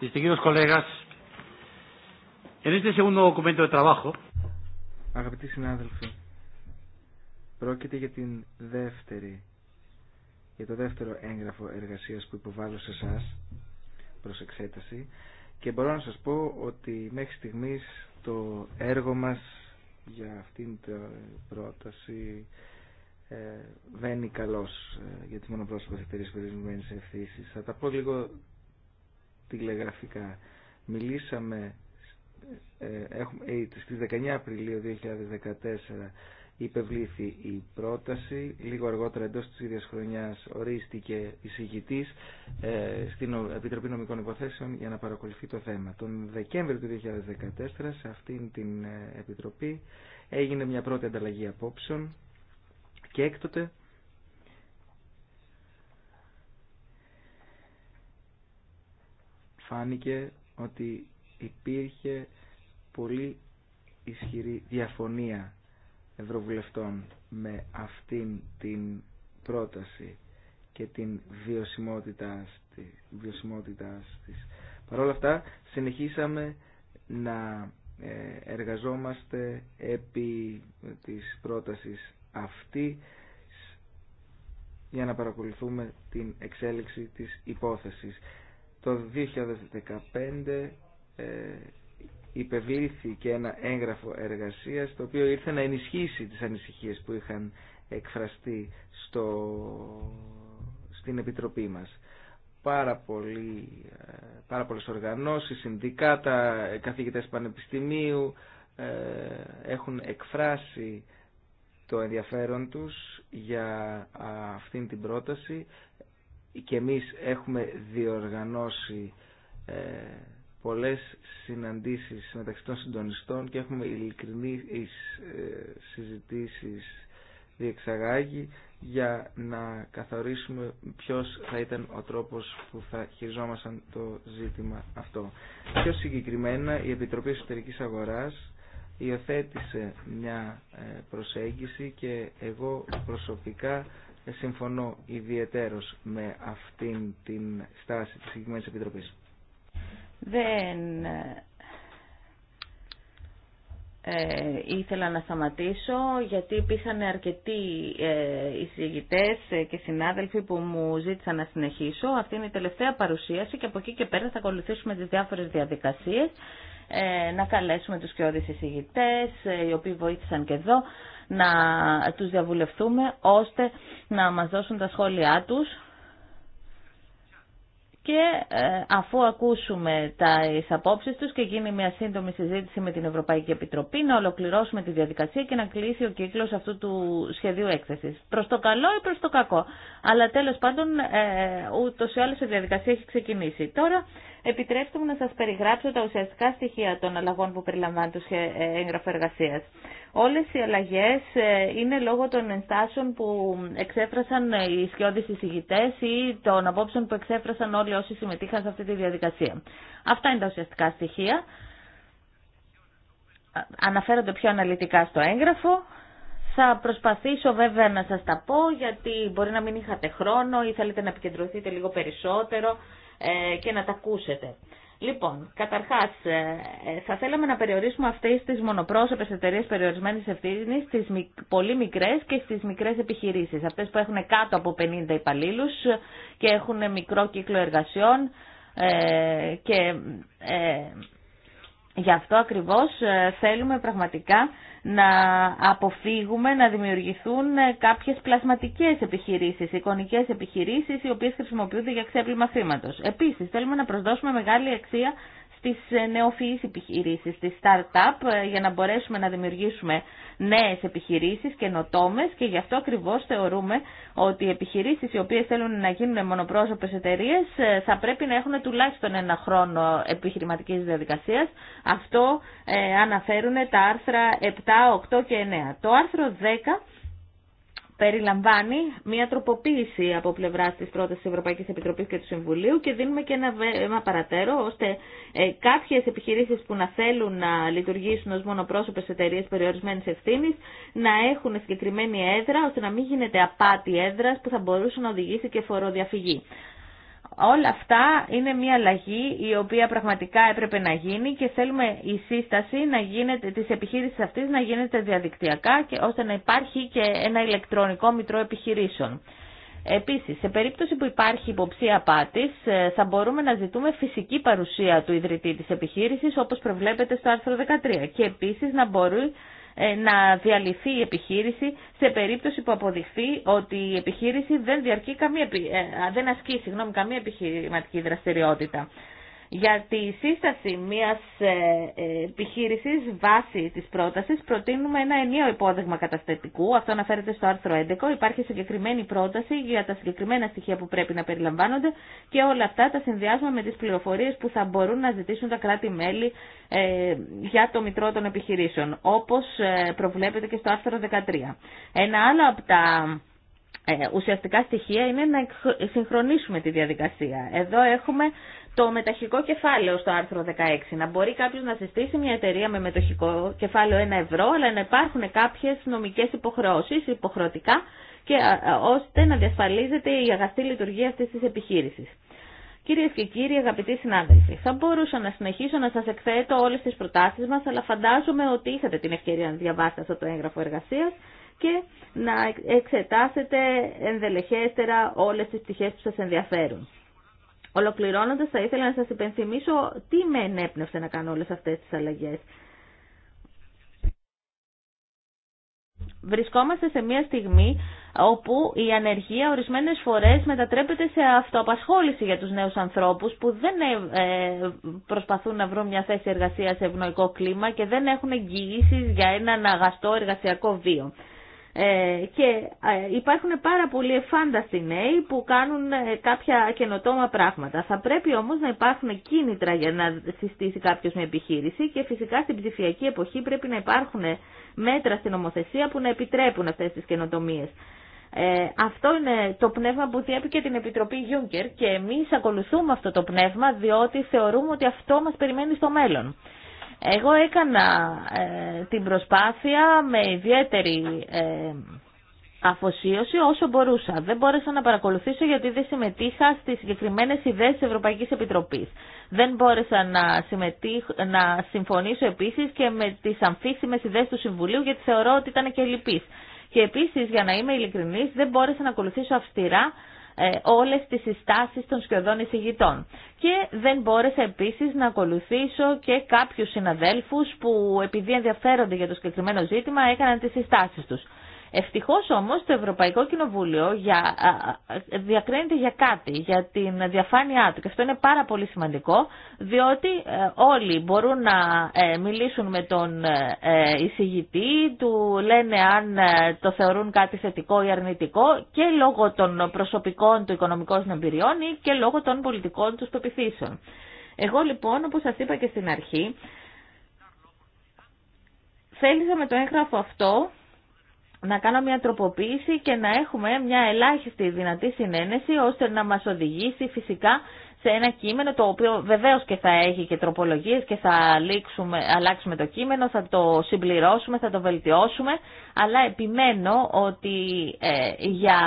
Distinguidos κολέγας, En este segundo documento de αγαπητοί συνάδελφοι, πρόκειται για την δεύτερη, για το δεύτερο έγγραφο εργασίας που υποβάλλω σε εσά προς εξέταση και μπορώ να σας πω ότι μέχρι στιγμής το έργο μας για αυτήν την πρόταση ε, βαίνει καλός ε, για τις μονοπρόσωπες εταιρείες περιορισμένης ευθύσεις Θα τα πω λίγο τηλεγραφικά. Μιλήσαμε ε, έχουμε, ε, στις 19 Απριλίου 2014 υπευλήθη η πρόταση. Λίγο αργότερα εντός της ίδιας χρονιάς ορίστηκε εισηγητής ε, στην Επιτροπή Νομικών Υποθέσεων για να παρακολουθεί το θέμα. Τον Δεκέμβριο του 2014 σε αυτήν την Επιτροπή έγινε μια πρώτη ανταλλαγή απόψεων και έκτοτε φάνηκε ότι υπήρχε πολύ ισχυρή διαφωνία ευρωβουλευτών με αυτήν την πρόταση και την βιωσιμότητα της. Παρ' όλα αυτά συνεχίσαμε να ε, εργαζόμαστε επί της πρότασης αυτή για να παρακολουθούμε την εξέλιξη της υπόθεσης. Το 2015 ε, υπευλήθη και ένα έγγραφο εργασίας το οποίο ήρθε να ενισχύσει τις ανησυχίες που είχαν εκφραστεί στο, στην Επιτροπή μας. Πάρα, πολύ, ε, πάρα πολλές οργανώσεις, συνδικάτα, καθηγητές πανεπιστημίου ε, έχουν εκφράσει το ενδιαφέρον τους για αυτήν την πρόταση και εμείς έχουμε διοργανώσει πολλές συναντήσεις μεταξύ των συντονιστών και έχουμε ειλικρινεί ε, συζητήσεις διεξαγάγει για να καθορίσουμε ποιος θα ήταν ο τρόπος που θα χειριζόμασταν το ζήτημα αυτό. Πιο συγκεκριμένα η Επιτροπή Εσωτερικής Αγοράς υιοθέτησε μια ε, προσέγγιση και εγώ προσωπικά ε, συμφωνώ ιδιαίτερος με αυτήν την στάση της συγκεκριμένης Επιτροπής. Δεν ε, ήθελα να σταματήσω γιατί υπήρχαν αρκετοί ε, εισηγητές και συνάδελφοι που μου ζήτησαν να συνεχίσω. Αυτή είναι η τελευταία παρουσίαση και από εκεί και πέρα θα ακολουθήσουμε τις διάφορες διαδικασίες. Ε, να καλέσουμε τους κοιόδης εισηγητές, ε, οι οποίοι βοήθησαν και εδώ, να τους διαβουλευτούμε ώστε να μας δώσουν τα σχόλιά τους και ε, αφού ακούσουμε τα απόψεις τους και γίνει μια σύντομη συζήτηση με την Ευρωπαϊκή Επιτροπή να ολοκληρώσουμε τη διαδικασία και να κλείσει ο κύκλος αυτού του σχεδίου έκθεσης. Προς το καλό ή προς το κακό. Αλλά τέλος πάντων ε, ε, ούτως ή άλλως η διαδικασία έχει ξεκινήσει. Τώρα επιτρέψτε μου να σας περιγράψω τα ουσιαστικά στοιχεία των αλλαγών που περιλαμβάνει το ε, έγγραφο εργασίας. Όλες οι αλλαγές ε, είναι λόγω των ενστάσεων που εξέφρασαν ε, οι σκιώδεις συζητητές ή των απόψεων που εξέφρασαν όλοι όσοι συμμετείχαν σε αυτή τη διαδικασία. Αυτά είναι τα ουσιαστικά στοιχεία. Αναφέρονται πιο αναλυτικά στο έγγραφο. Θα προσπαθήσω βέβαια να σας τα πω γιατί μπορεί να μην είχατε χρόνο ή θέλετε να επικεντρωθείτε λίγο περισσότερο ε, και να τα ακούσετε. Λοιπόν, καταρχά, ε, ε, θα θέλαμε να περιορίσουμε αυτέ τι μονοπρόσωπε εταιρείε περιορισμένη ευθύνη στι πολύ μικρέ και στι μικρέ επιχειρήσει. Αυτέ που έχουν κάτω από 50 υπαλλήλου και έχουν μικρό κύκλο εργασιών και γι' αυτό ακριβώς θέλουμε πραγματικά να αποφύγουμε να δημιουργηθούν ε, κάποιες πλασματικές επιχειρήσεις, εικονικές επιχειρήσεις οι οποίες χρησιμοποιούνται για ξέπλυμα χρήματος. Επίσης θέλουμε να προσδώσουμε μεγάλη αξία στις ε, νεοφυείς επιχειρήσεις, στις start-up, ε, για να μπορέσουμε να δημιουργήσουμε νέες επιχειρήσεις καινοτόμε και γι' αυτό ακριβώς θεωρούμε ότι οι επιχειρήσεις οι οποίες θέλουν να γίνουν μονοπρόσωπες εταιρείε ε, θα πρέπει να έχουν τουλάχιστον ένα χρόνο επιχειρηματικής διαδικασίας. Αυτό αναφέρουν τα άρθρα 7, 8 και 9. Το άρθρο 10 περιλαμβάνει μια τροποποίηση από πλευρά τη πρώτης τη Ευρωπαϊκή Επιτροπή και του Συμβουλίου και δίνουμε και ένα βήμα παρατέρω, ώστε ε, κάποιε επιχειρήσει που να θέλουν να λειτουργήσουν ω μονοπρόσωπε εταιρείε περιορισμένη ευθύνη να έχουν συγκεκριμένη έδρα, ώστε να μην γίνεται απάτη έδρα που θα μπορούσε να οδηγήσει και φοροδιαφυγή. Όλα αυτά είναι μια αλλαγή η οποία πραγματικά έπρεπε να γίνει και θέλουμε η σύσταση να γίνεται, της επιχείρησης αυτής να γίνεται διαδικτυακά και ώστε να υπάρχει και ένα ηλεκτρονικό μητρό επιχειρήσεων. Επίσης, σε περίπτωση που υπάρχει υποψία πάτης, ε, θα μπορούμε να ζητούμε φυσική παρουσία του ιδρυτή της επιχείρησης, όπως προβλέπεται στο άρθρο 13, και επίσης να μπορεί ε, να διαλυθεί η επιχείρηση σε περίπτωση που αποδειχθεί ότι η επιχείρηση δεν, διαρκεί καμία, ε, δεν ασκεί συγγνώμη, καμία επιχειρηματική δραστηριότητα. Για τη σύσταση μιας ε, ε, επιχείρησης βάσει της πρότασης προτείνουμε ένα ενίο υπόδειγμα καταστατικού. Αυτό αναφέρεται στο άρθρο 11. Υπάρχει συγκεκριμένη πρόταση για τα συγκεκριμένα στοιχεία που πρέπει να περιλαμβάνονται και όλα αυτά τα συνδυάζουμε με τις πληροφορίες που θα μπορούν να ζητήσουν τα κράτη-μέλη ε, για το μητρό των επιχειρήσεων, όπως προβλέπεται και στο άρθρο 13. Ένα άλλο από τα ουσιαστικά στοιχεία είναι να συγχρονίσουμε τη διαδικασία. Εδώ έχουμε το μεταχικό κεφάλαιο στο άρθρο 16. Να μπορεί κάποιο να συστήσει μια εταιρεία με μετοχικό κεφάλαιο 1 ευρώ, αλλά να υπάρχουν κάποιε νομικέ υποχρεώσει υποχρεωτικά και ώστε να διασφαλίζεται η αγαστή λειτουργία αυτή τη επιχείρηση. Κυρίε και κύριοι, αγαπητοί συνάδελφοι, θα μπορούσα να συνεχίσω να σα εκθέτω όλε τι προτάσει μα, αλλά φαντάζομαι ότι είχατε την ευκαιρία να διαβάσετε αυτό το έγγραφο εργασία και να εξετάσετε ενδελεχέστερα όλε τι πτυχέ που σα ενδιαφέρουν. Ολοκληρώνοντας, θα ήθελα να σας υπενθυμίσω τι με ενέπνευσε να κάνω όλε αυτές τις αλλαγές. Βρισκόμαστε σε μια στιγμή όπου η ανεργία ορισμένες φορές μετατρέπεται σε αυτοαπασχόληση για τους νέους ανθρώπους που δεν ε, ε, προσπαθούν να βρουν μια θέση εργασίας σε ευνοϊκό κλίμα και δεν έχουν εγγυήσεις για έναν αγαστό εργασιακό βίο. Ε, και ε, υπάρχουν πάρα πολλοί εφάνταστοι νέοι που κάνουν ε, κάποια καινοτόμα πράγματα. Θα πρέπει όμως να υπάρχουν κίνητρα για να συστήσει κάποιος μια επιχείρηση και φυσικά στην ψηφιακή εποχή πρέπει να υπάρχουν μέτρα στην νομοθεσία που να επιτρέπουν αυτές τις καινοτομίες. αυτό είναι το πνεύμα που διέπει και την Επιτροπή Γιούγκερ και εμείς ακολουθούμε αυτό το πνεύμα διότι θεωρούμε ότι αυτό μας περιμένει στο μέλλον. Εγώ έκανα ε, την προσπάθεια με ιδιαίτερη ε, αφοσίωση όσο μπορούσα. Δεν μπόρεσα να παρακολουθήσω γιατί δεν συμμετείχα στις συγκεκριμένες ιδέες της Ευρωπαϊκής Επιτροπής. Δεν μπόρεσα να, να συμφωνήσω επίσης και με τις αμφίσιμες ιδέες του Συμβουλίου γιατί θεωρώ ότι ήταν και λυπής. Και επίσης, για να είμαι ειλικρινής, δεν μπόρεσα να ακολουθήσω αυστηρά ε, όλες τις συστάσεις των σκιωδών εισηγητών. Και δεν μπόρεσα επίσης να ακολουθήσω και κάποιους συναδέλφους που επειδή ενδιαφέρονται για το συγκεκριμένο ζήτημα έκαναν τις συστάσεις τους. Ευτυχώ όμω, το Ευρωπαϊκό Κοινοβούλιο για, διακρίνεται για κάτι, για την διαφάνειά του και αυτό είναι πάρα πολύ σημαντικό διότι ε, όλοι μπορούν να ε, μιλήσουν με τον ε, εισηγητή, του λένε αν το θεωρούν κάτι θετικό ή αρνητικό και λόγω των προσωπικών του οικονομικών εμπειριών ή και λόγω των πολιτικών του πεπιθήσεων. Εγώ λοιπόν όπω σα είπα και στην αρχή θέλησα με το έγγραφο αυτό να κάνω μια τροποποίηση και να έχουμε μια ελάχιστη δυνατή συνένεση ώστε να μας οδηγήσει φυσικά σε ένα κείμενο το οποίο βεβαίως και θα έχει και τροπολογίες και θα αλλάξουμε το κείμενο, θα το συμπληρώσουμε, θα το βελτιώσουμε αλλά επιμένω ότι ε, για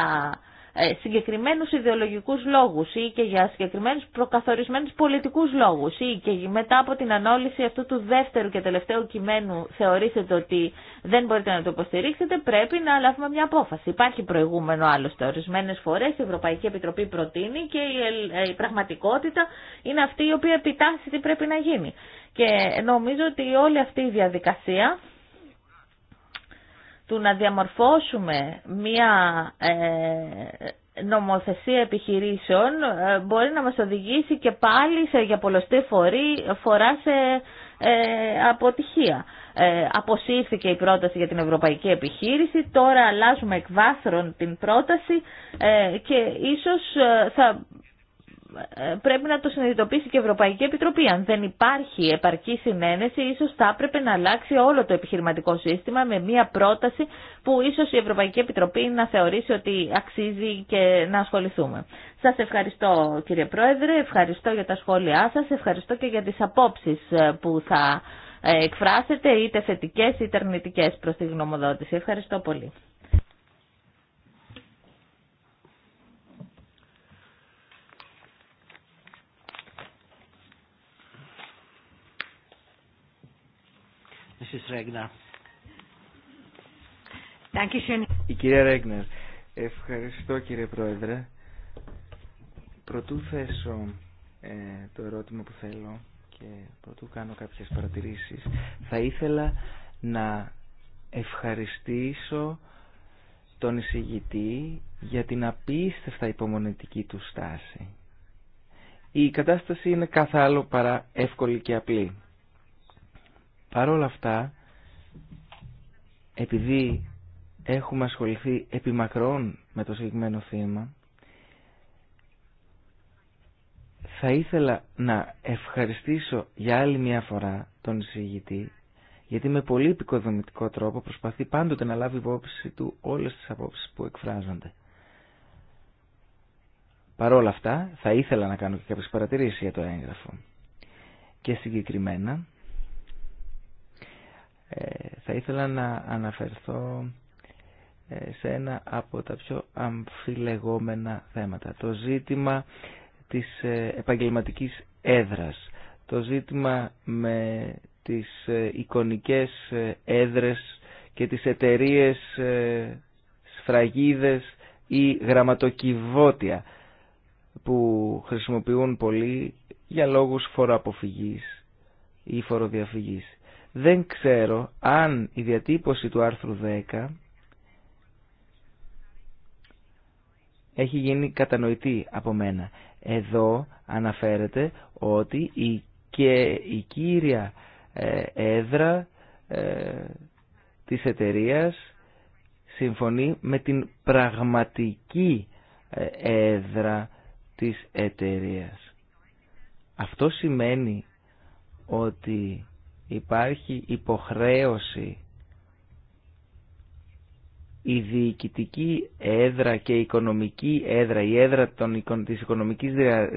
ε, συγκεκριμένους ιδεολογικούς λόγους ή και για συγκεκριμένους προκαθορισμένους πολιτικούς λόγους ή και μετά από την ανάλυση αυτού του δεύτερου και τελευταίου κειμένου θεωρήσετε ότι δεν μπορείτε να το υποστηρίξετε, πρέπει να λάβουμε μια απόφαση. Υπάρχει προηγούμενο άλλωστε. Ορισμένες φορές η Ευρωπαϊκή Επιτροπή προτείνει και η ε, πραγματικότητα είναι αυτή η οποία επιτάσσει τι πρέπει να γίνει. Και νομίζω ότι όλη αυτή η διαδικασία του να διαμορφώσουμε μία ε, νομοθεσία επιχειρήσεων ε, μπορεί να μας οδηγήσει και πάλι σε, για πολλωστή φορή, φορά σε ε, αποτυχία. Ε, αποσύρθηκε η πρόταση για την ευρωπαϊκή επιχείρηση, τώρα αλλάζουμε εκ την πρόταση και ίσως θα ε, πρέπει να το συνειδητοποιήσει και η Ευρωπαϊκή Επιτροπή. Αν δεν υπάρχει επαρκή συνένεση, ίσω θα έπρεπε να αλλάξει όλο το επιχειρηματικό σύστημα με μία πρόταση που ίσως η Ευρωπαϊκή Επιτροπή να θεωρήσει ότι αξίζει και να ασχοληθούμε. Σας ευχαριστώ κύριε Πρόεδρε, ευχαριστώ για τα σχόλιά σα, ευχαριστώ και για τι απόψει ε, που θα ε, εκφράσετε είτε θετικέ είτε αρνητικέ προ τη γνωμοδότηση. Ευχαριστώ πολύ. Mrs. Regner. Η κυρία Ρέγνερ, ευχαριστώ κύριε Πρόεδρε. Προτού θέσω ε, το ερώτημα που θέλω και πρωτού κάνω κάποιες παρατηρήσεις, θα ήθελα να ευχαριστήσω τον εισηγητή για την απίστευτα υπομονετική του στάση. Η κατάσταση είναι κάθε παρά εύκολη και απλή. Παρ' όλα αυτά, επειδή έχουμε ασχοληθεί επιμακρών με το συγκεκριμένο θέμα, θα ήθελα να ευχαριστήσω για άλλη μια φορά τον εισηγητή, γιατί με πολύ επικοδομητικό τρόπο προσπαθεί πάντοτε να λάβει υπόψη του όλες τις απόψεις που εκφράζονται. Παρ' όλα αυτά, θα ήθελα να κάνω και κάποιες παρατηρήσεις για το έγγραφο. Και συγκεκριμένα, ε, θα ήθελα να αναφερθώ ε, σε ένα από τα πιο αμφιλεγόμενα θέματα. Το ζήτημα της ε, επαγγελματικής έδρας. Το ζήτημα με τις εικονικές έδρες και τις εταιρείες σφραγίδες ή γραμματοκιβώτια που χρησιμοποιούν πολύ για λόγους φοροαποφυγής ή φοροδιαφυγής. Δεν ξέρω αν η διατύπωση του άρθρου 10 έχει γίνει κατανοητή από μένα. Εδώ αναφέρεται ότι η, και η κύρια ε, έδρα ε, της εταιρείας συμφωνεί με την πραγματική ε, έδρα της εταιρείας. Αυτό σημαίνει ότι υπάρχει υποχρέωση η διοικητική έδρα και η οικονομική έδρα, η έδρα των, της οικονομικής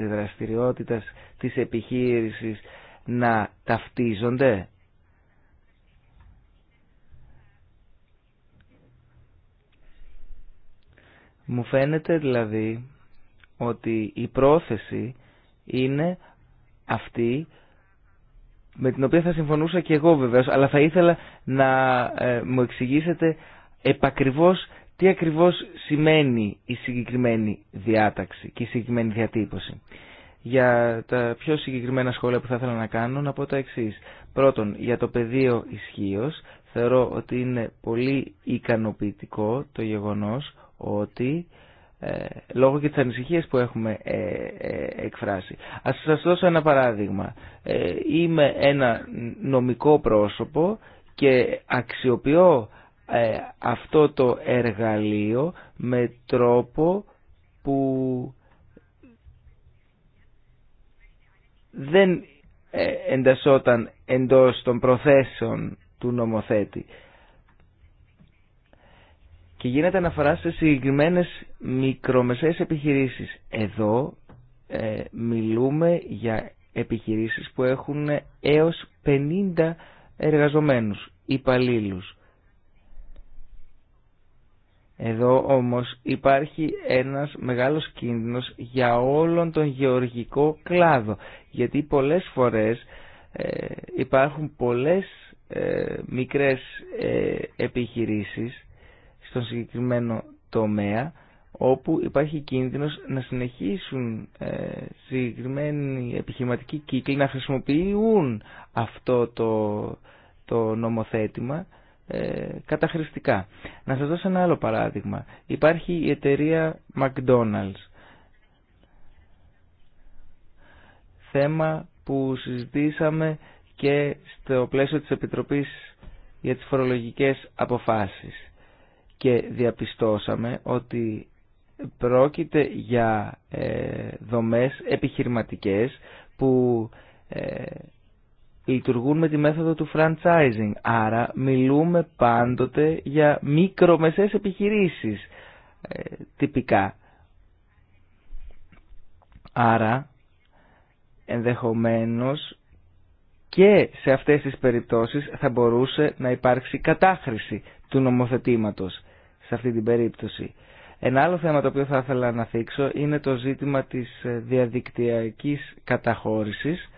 δραστηριότητας της επιχείρησης να ταυτίζονται. Μου φαίνεται δηλαδή ότι η πρόθεση είναι αυτή με την οποία θα συμφωνούσα και εγώ βεβαίως, αλλά θα ήθελα να ε, μου εξηγήσετε επακριβώς τι ακριβώς σημαίνει η συγκεκριμένη διάταξη και η συγκεκριμένη διατύπωση. Για τα πιο συγκεκριμένα σχόλια που θα ήθελα να κάνω, να πω τα εξή. Πρώτον, για το πεδίο ισχύω, θεωρώ ότι είναι πολύ ικανοποιητικό το γεγονός ότι ε, λόγω και της ανησυχίας που έχουμε ε, ε, εκφράσει. Ας σας δώσω ένα παράδειγμα. Είμαι ένα νομικό πρόσωπο και αξιοποιώ αυτό το εργαλείο με τρόπο που δεν εντασσόταν εντός των προθέσεων του νομοθέτη και γίνεται αναφορά σε συγκεκριμένε μικρομεσαίες επιχειρήσεις. Εδώ ε, μιλούμε για επιχειρήσεις που έχουν έως 50 εργαζομένους, υπαλλήλου. Εδώ όμως υπάρχει ένας μεγάλος κίνδυνος για όλον τον γεωργικό κλάδο, γιατί πολλές φορές ε, υπάρχουν πολλές ε, μικρές επιχειρήσεις στον συγκεκριμένο τομέα όπου υπάρχει κίνδυνος να συνεχίσουν ε, συγκεκριμένοι επιχειρηματικοί κύκλοι να χρησιμοποιούν αυτό το, το νομοθέτημα ε, καταχρηστικά. Να σας δώσω ένα άλλο παράδειγμα. Υπάρχει η εταιρεία McDonald's. Θέμα που συζητήσαμε και στο πλαίσιο της Επιτροπής για τις φορολογικές αποφάσεις και διαπιστώσαμε ότι πρόκειται για ε, δομές επιχειρηματικές που ε, λειτουργούν με τη μέθοδο του franchising. Άρα μιλούμε πάντοτε για μικρομεσαίες επιχειρήσεις ε, τυπικά. Άρα ενδεχομένως και σε αυτές τις περιπτώσεις θα μπορούσε να υπάρξει κατάχρηση του νομοθετήματος σε αυτή την περίπτωση. Ένα άλλο θέμα το οποίο θα ήθελα να θίξω είναι το ζήτημα της ε, διαδικτυακής καταχώρησης.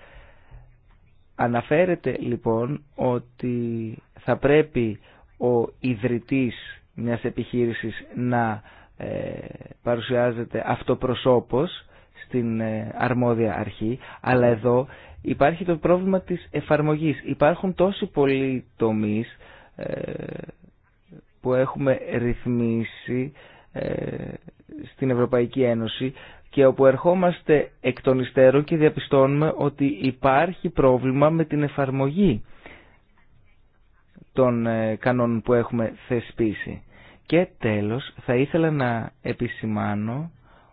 Αναφέρεται λοιπόν ότι θα πρέπει ο ιδρυτής μιας επιχείρησης να ε, παρουσιάζεται αυτοπροσώπος στην ε, αρμόδια αρχή, αλλά εδώ υπάρχει το πρόβλημα της εφαρμογής. Υπάρχουν τόσοι πολλοί τομείς που έχουμε ρυθμίσει ε, στην Ευρωπαϊκή Ένωση και όπου ερχόμαστε εκ των υστέρων και διαπιστώνουμε ότι υπάρχει πρόβλημα με την εφαρμογή των ε, κανόνων που έχουμε θεσπίσει. Και τέλος θα ήθελα να επισημάνω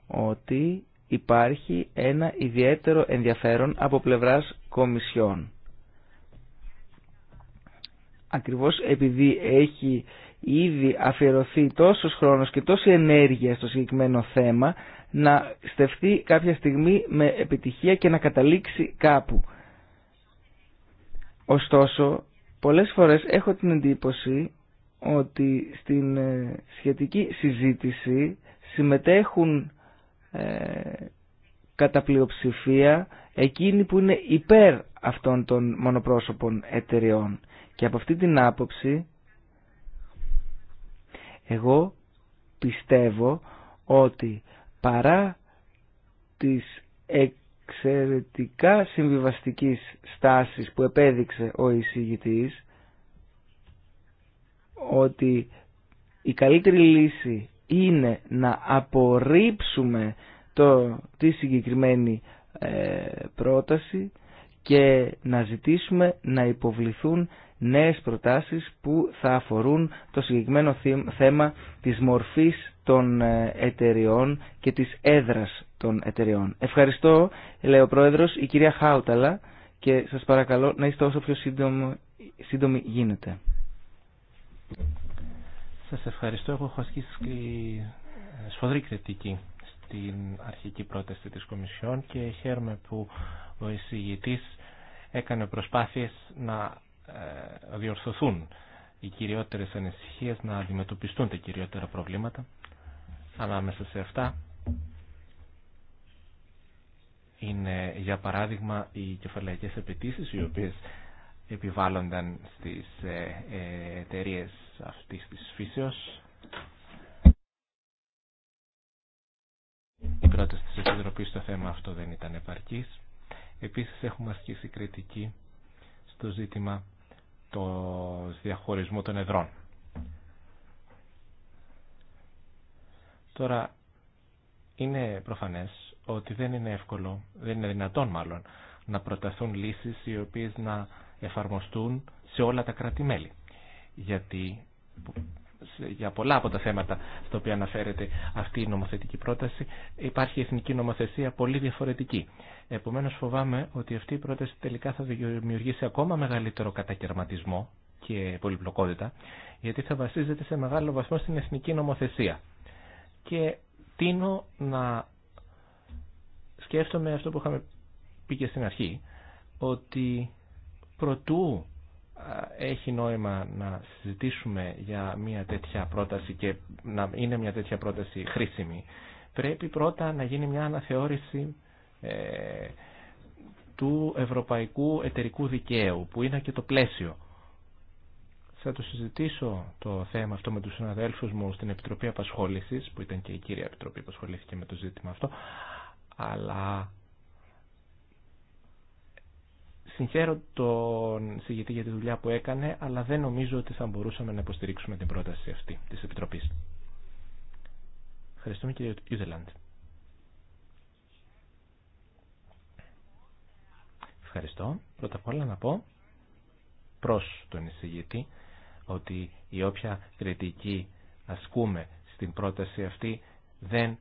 ότι υπάρχει ένα ιδιαίτερο ενδιαφέρον από πλευράς κομισιών. Ακριβώς επειδή έχει ήδη αφιερωθεί τόσος χρόνος και τόση ενέργεια στο συγκεκριμένο θέμα να στεφθεί κάποια στιγμή με επιτυχία και να καταλήξει κάπου. Ωστόσο, πολλές φορές έχω την εντύπωση ότι στην ε, σχετική συζήτηση συμμετέχουν ε, κατά πλειοψηφία εκείνοι που είναι υπέρ αυτών των μονοπρόσωπων εταιρεών. Και από αυτή την άποψη εγώ πιστεύω ότι παρά τις εξαιρετικά συμβιβαστικής στάσεις που επέδειξε ο εισηγητής ότι η καλύτερη λύση είναι να απορρίψουμε το, τη συγκεκριμένη ε, πρόταση και να ζητήσουμε να υποβληθούν νέες προτάσεις που θα αφορούν το συγκεκριμένο θέμα της μορφής των ε, εταιριών και της έδρας των εταιριών. Ευχαριστώ, λέει ο Πρόεδρος, η κυρία Χάουταλα και σας παρακαλώ να είστε όσο πιο σύντομοι γίνεται. Σας ευχαριστώ. Έχω ασκήσει σφοδρή κριτική στην αρχική πρόταση της Κομισιόν και χαίρομαι που ο εισηγητής έκανε προσπάθειες να ε, διορθωθούν οι κυριότερες ανησυχίες, να αντιμετωπιστούν τα κυριότερα προβλήματα. Ανάμεσα σε αυτά είναι για παράδειγμα οι κεφαλαϊκές απαιτήσει, οι οποίες επιβάλλονταν στις ε, ε, εταιρείε αυτής της φύσεως. Η πρόταση της Επιτροπής στο θέμα αυτό δεν ήταν επαρκής. Επίσης έχουμε ασκήσει κριτική στο ζήτημα το διαχωρισμό των εδρών. Τώρα, είναι προφανές ότι δεν είναι εύκολο, δεν είναι δυνατόν μάλλον, να προταθούν λύσεις οι οποίες να εφαρμοστούν σε όλα τα κράτη-μέλη. Γιατί για πολλά από τα θέματα στα οποία αναφέρεται αυτή η νομοθετική πρόταση υπάρχει εθνική νομοθεσία πολύ διαφορετική. Επομένω φοβάμαι ότι αυτή η πρόταση τελικά θα δημιουργήσει ακόμα μεγαλύτερο κατακαιρματισμό και πολυπλοκότητα γιατί θα βασίζεται σε μεγάλο βαθμό στην εθνική νομοθεσία. Και τίνω να σκέφτομαι αυτό που είχαμε πει και στην αρχή ότι προτού ε, έχει νόημα να συζητήσουμε για μια τέτοια πρόταση και να είναι μια τέτοια πρόταση χρήσιμη. Πρέπει πρώτα να γίνει μια αναθεώρηση ε, του ευρωπαϊκού εταιρικού δικαίου που είναι και το πλαίσιο. Θα το συζητήσω το θέμα αυτό με τους συναδέλφους μου στην Επιτροπή Απασχόλησης που ήταν και η κύρια Επιτροπή που ασχολήθηκε με το ζήτημα αυτό αλλά Συγχαίρω τον συγγητή για τη δουλειά που έκανε, αλλά δεν νομίζω ότι θα μπορούσαμε να υποστηρίξουμε την πρόταση αυτή της Επιτροπής. Ευχαριστούμε κύριε Ιούδελαντ. Ευχαριστώ. Πρώτα απ' όλα να πω προς τον εισηγητή ότι η όποια κριτική ασκούμε στην πρόταση αυτή δεν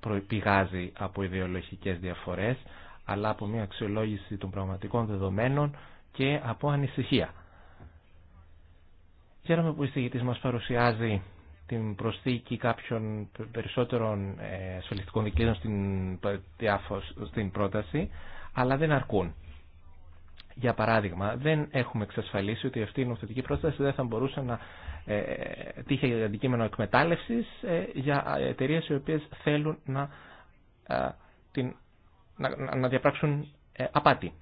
προπηγάζει από ιδεολογικές διαφορές, αλλά από μια αξιολόγηση των πραγματικών δεδομένων και από ανησυχία. Χαίρομαι που η συγητής μας παρουσιάζει την προσθήκη κάποιων περισσότερων ε, ασφαλιστικών δικλείδων στην στην πρόταση, αλλά δεν αρκούν. Για παράδειγμα, δεν έχουμε εξασφαλίσει ότι αυτή η νομοθετική πρόταση δεν θα μπορούσε να ε, τύχει αντικείμενο εκμετάλλευση ε, για εταιρείε οι οποίε θέλουν να την να, να διαπράξουν ε, απάτη.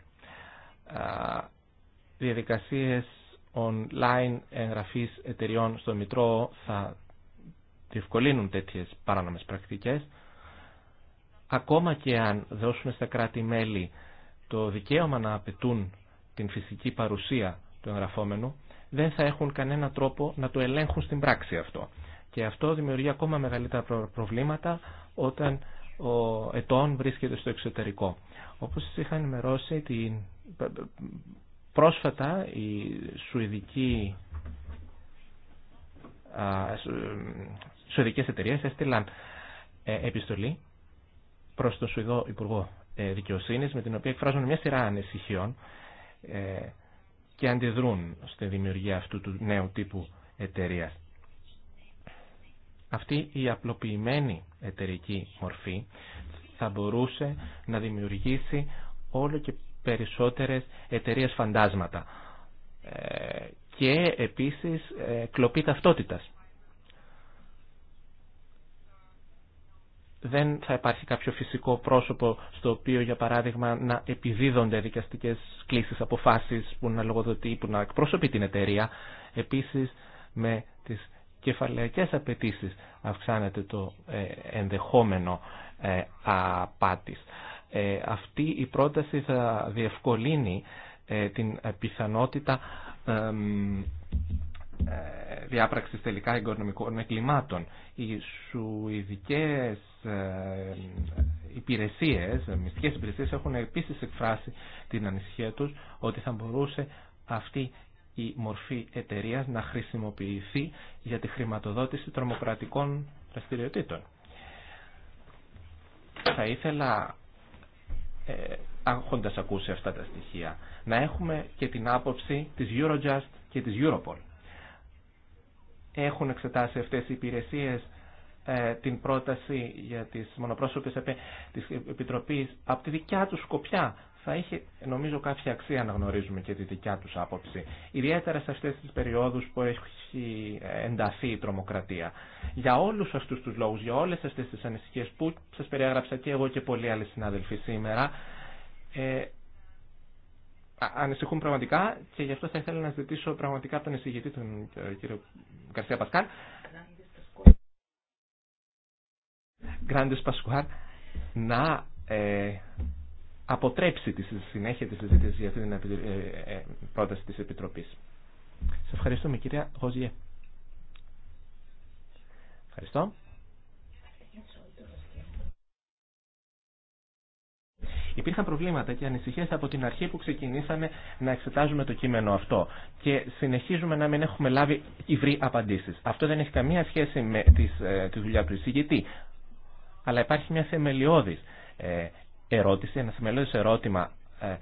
Διαδικασίες online εγγραφής εταιριών στο Μητρό θα διευκολύνουν τέτοιες παράνομες πρακτικές. Ακόμα και αν δώσουμε στα κράτη-μέλη το δικαίωμα να απαιτούν την φυσική παρουσία του εγγραφόμενου, δεν θα έχουν κανένα τρόπο να το ελέγχουν στην πράξη αυτό. Και αυτό δημιουργεί ακόμα μεγαλύτερα προβλήματα όταν ο ετών βρίσκεται στο εξωτερικό. Όπως σας είχα ενημερώσει, την... πρόσφατα η Σουηδική Σουηδικές εταιρείες έστειλαν ε, επιστολή προς τον Σουηδό Υπουργό ε, Δικαιοσύνης με την οποία εκφράζουν μια σειρά ανησυχιών ε, και αντιδρούν στη δημιουργία αυτού του νέου τύπου εταιρείας. Αυτή η απλοποιημένη εταιρική μορφή θα μπορούσε να δημιουργήσει όλο και περισσότερες εταιρείες φαντάσματα ε, και επίσης ε, κλοπή ταυτότητας. δεν θα υπάρχει κάποιο φυσικό πρόσωπο στο οποίο, για παράδειγμα, να επιδίδονται δικαστικές κλήσεις, αποφάσεις που να λογοδοτεί, που να εκπροσωπεί την εταιρεία. Επίσης με τις κεφαλαϊκές απαιτήσει αυξάνεται το ε, ενδεχόμενο ε, απάτης. Ε, αυτή η πρόταση θα διευκολύνει την πιθανότητα διάπραξης τελικά οικονομικών εγκλημάτων. Οι σουηδικές υπηρεσίες, μυστικές υπηρεσίες έχουν επίσης εκφράσει την ανησυχία τους ότι θα μπορούσε αυτή η μορφή εταιρεία να χρησιμοποιηθεί για τη χρηματοδότηση τρομοκρατικών δραστηριοτήτων. Θα ήθελα, ε, ακούσει αυτά τα στοιχεία, να έχουμε και την άποψη της Eurojust και της Europol. Έχουν εξετάσει αυτές οι υπηρεσίες ε, την πρόταση για τις μονοπρόσωπες της Επιτροπής από τη δικιά τους σκοπιά θα είχε νομίζω κάποια αξία να γνωρίζουμε και τη δικιά τους άποψη. Ιδιαίτερα σε αυτές τις περιόδους που έχει ε, ενταθεί η τρομοκρατία. Για όλους αυτούς τους λόγους, για όλες αυτές τις ανησυχίες που σας περιέγραψα και εγώ και πολλοί άλλοι συνάδελφοι σήμερα, ε, ανησυχούν πραγματικά και γι' αυτό θα ήθελα να ζητήσω πραγματικά από τον εισηγητή, τον ε, κύριο Καρσία Πασκάλ, Γκράντες Πασκουάρ, να ε, αποτρέψει τη συνέχεια της συζήτηση για αυτή την ε, ε, ε, πρόταση της Επιτροπής. Σε ευχαριστούμε κυρία Γοζιέ. Ευχαριστώ. Υπήρχαν προβλήματα και ανησυχίες από την αρχή που ξεκινήσαμε να εξετάζουμε το κείμενο αυτό και συνεχίζουμε να μην έχουμε λάβει υβρή απαντήσεις. Αυτό δεν έχει καμία σχέση με τη δουλειά του εισηγητή, αλλά υπάρχει μια θεμελιώδης ερώτηση, ένα θεμελιώδες ερώτημα ε,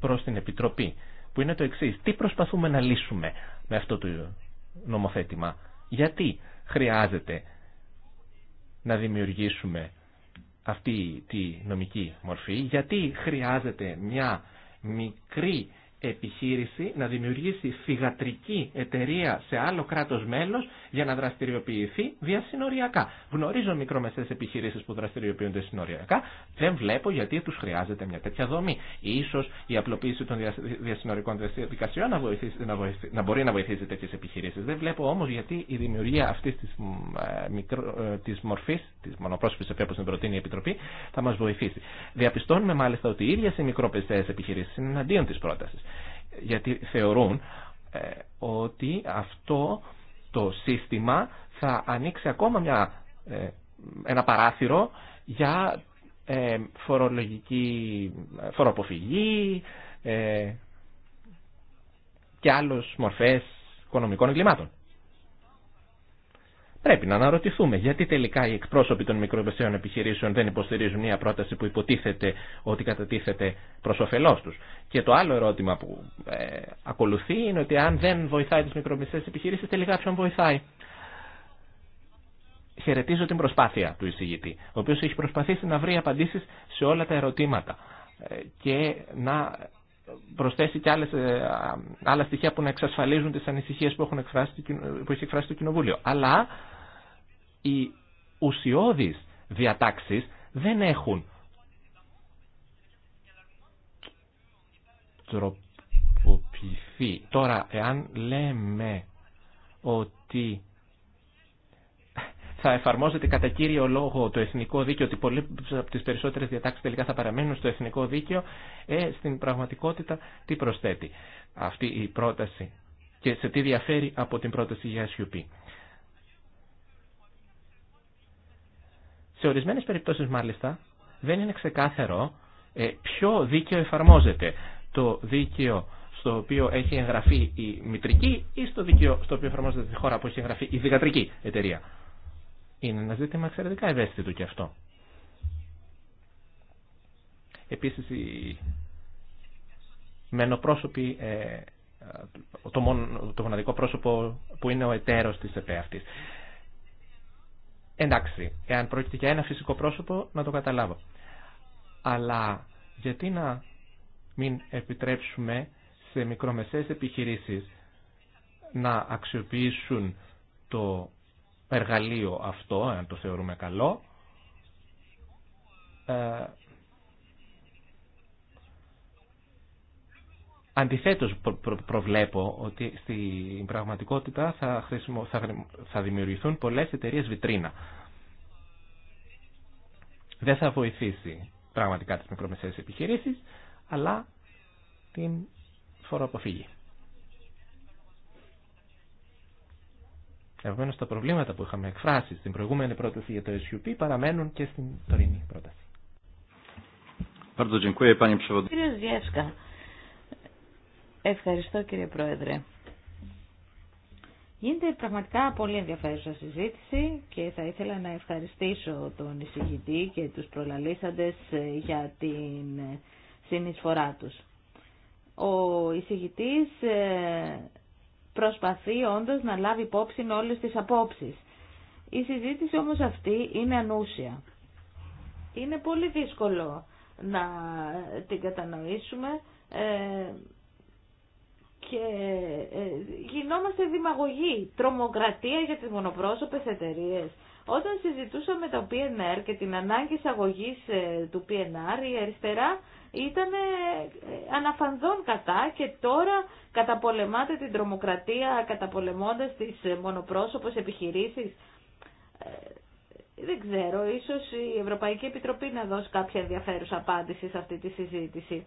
προς την Επιτροπή, που είναι το εξής. Τι προσπαθούμε να λύσουμε με αυτό το νομοθέτημα. Γιατί χρειάζεται να δημιουργήσουμε αυτή τη νομική μορφή, γιατί χρειάζεται μια μικρή επιχείρηση να δημιουργήσει θηγατρική εταιρεία σε άλλο κράτος μέλος για να δραστηριοποιηθεί διασυνοριακά. Γνωρίζω μικρομεσαίες επιχειρήσεις που δραστηριοποιούνται συνοριακά, δεν βλέπω γιατί τους χρειάζεται μια τέτοια δομή. Ίσως η απλοποίηση των διασυνορικών διαδικασιών να, να, να μπορεί να βοηθήσει τέτοιες επιχειρήσεις. Δεν βλέπω όμως γιατί η δημιουργία αυτής της, ε, μικρο, ε, της μορφής, της μονοπρόσωπης την προτείνει η Επιτροπή, θα μας βοηθήσει. Διαπιστώνουμε μάλιστα ότι οι ίδιες οι μικρομεσαίες επιχειρήσεις είναι εναντίον της πρότασης γιατί θεωρούν ε, ότι αυτό το σύστημα θα ανοίξει ακόμα μια, ε, ένα παράθυρο για ε, φορολογική φοροποφυγή και άλλες μορφές οικονομικών εγκλημάτων. Πρέπει να αναρωτηθούμε γιατί τελικά οι εκπρόσωποι των μικρομεσαίων επιχειρήσεων δεν υποστηρίζουν μια πρόταση που υποτίθεται ότι κατατίθεται προ όφελό του. Και το άλλο ερώτημα που ε, ακολουθεί είναι ότι αν δεν βοηθάει τι μικρομεσαίε επιχειρήσει, τελικά ποιον βοηθάει. Χαιρετίζω την προσπάθεια του εισηγητή, ο οποίο έχει προσπαθήσει να βρει απαντήσει σε όλα τα ερωτήματα ε, και να προσθέσει και άλλες, ε, άλλα στοιχεία που να εξασφαλίζουν τις ανησυχίες που, έχουν εκφράσει, που έχει εκφράσει το Κοινοβούλιο. Αλλά οι ουσιώδεις διατάξεις δεν έχουν τροποποιηθεί. Τώρα, εάν λέμε ότι θα εφαρμόζεται κατά κύριο λόγο το εθνικό δίκαιο, ότι πολλέ από τι περισσότερε διατάξει τελικά θα παραμένουν στο εθνικό δίκαιο, ε, στην πραγματικότητα τι προσθέτει αυτή η πρόταση και σε τι διαφέρει από την πρόταση για SUP. Σε ορισμένε περιπτώσει μάλιστα δεν είναι ξεκάθαρο ε, ποιο δίκαιο εφαρμόζεται. Το δίκαιο στο οποίο έχει εγγραφεί η μητρική ή στο δίκαιο στο οποίο εφαρμόζεται τη χώρα που έχει εγγραφεί η δικατρική εταιρεία. Είναι ένα ζήτημα εξαιρετικά ευαίσθητο και αυτό. Επίσης οι μενοπρόσωποι, ε, το, μοναδικό πρόσωπο που εχει εγγραφει η δικατρικη εταιρεια ειναι ενα ζητημα εξαιρετικα ευαισθητο και αυτο επισης οι το μοναδικο προσωπο που ειναι ο εταίρος της ΕΠΕ αυτής εντάξει, εάν πρόκειται για ένα φυσικό πρόσωπο, να το καταλάβω. Αλλά γιατί να μην επιτρέψουμε σε μικρομεσαίες επιχειρήσεις να αξιοποιήσουν το εργαλείο αυτό, αν το θεωρούμε καλό, ε, Αντιθέτως προβλέπω ότι στην πραγματικότητα θα, θα, δημιουργηθούν πολλές εταιρείε βιτρίνα. Δεν θα βοηθήσει πραγματικά τις μικρομεσαίες επιχειρήσεις, αλλά την φοροαποφυγή. Επομένω, τα προβλήματα που είχαμε εκφράσει στην προηγούμενη πρόταση για το SUP παραμένουν και στην τωρινή πρόταση. Κύριε Ευχαριστώ κύριε Πρόεδρε. Γίνεται πραγματικά πολύ ενδιαφέρουσα συζήτηση και θα ήθελα να ευχαριστήσω τον εισηγητή και τους προλαλήσαντες ε, για την ε, συνεισφορά τους. Ο εισηγητής ε, προσπαθεί όντως να λάβει υπόψη όλες τις απόψεις. Η συζήτηση όμως αυτή είναι ανούσια. Είναι πολύ δύσκολο να την κατανοήσουμε και ε, γινόμαστε δημαγωγοί, τρομοκρατία για τις μονοπρόσωπες εταιρείε. Όταν συζητούσαμε το PNR και την ανάγκη εισαγωγή ε, του PNR, η αριστερά ήταν ε, αναφανδόν κατά και τώρα καταπολεμάτε την τρομοκρατία καταπολεμώντας τις μονοπρόσωπες επιχειρήσεις. Δεν ξέρω, ίσως η Ευρωπαϊκή Επιτροπή να δώσει κάποια ενδιαφέρουσα απάντηση σε αυτή τη συζήτηση.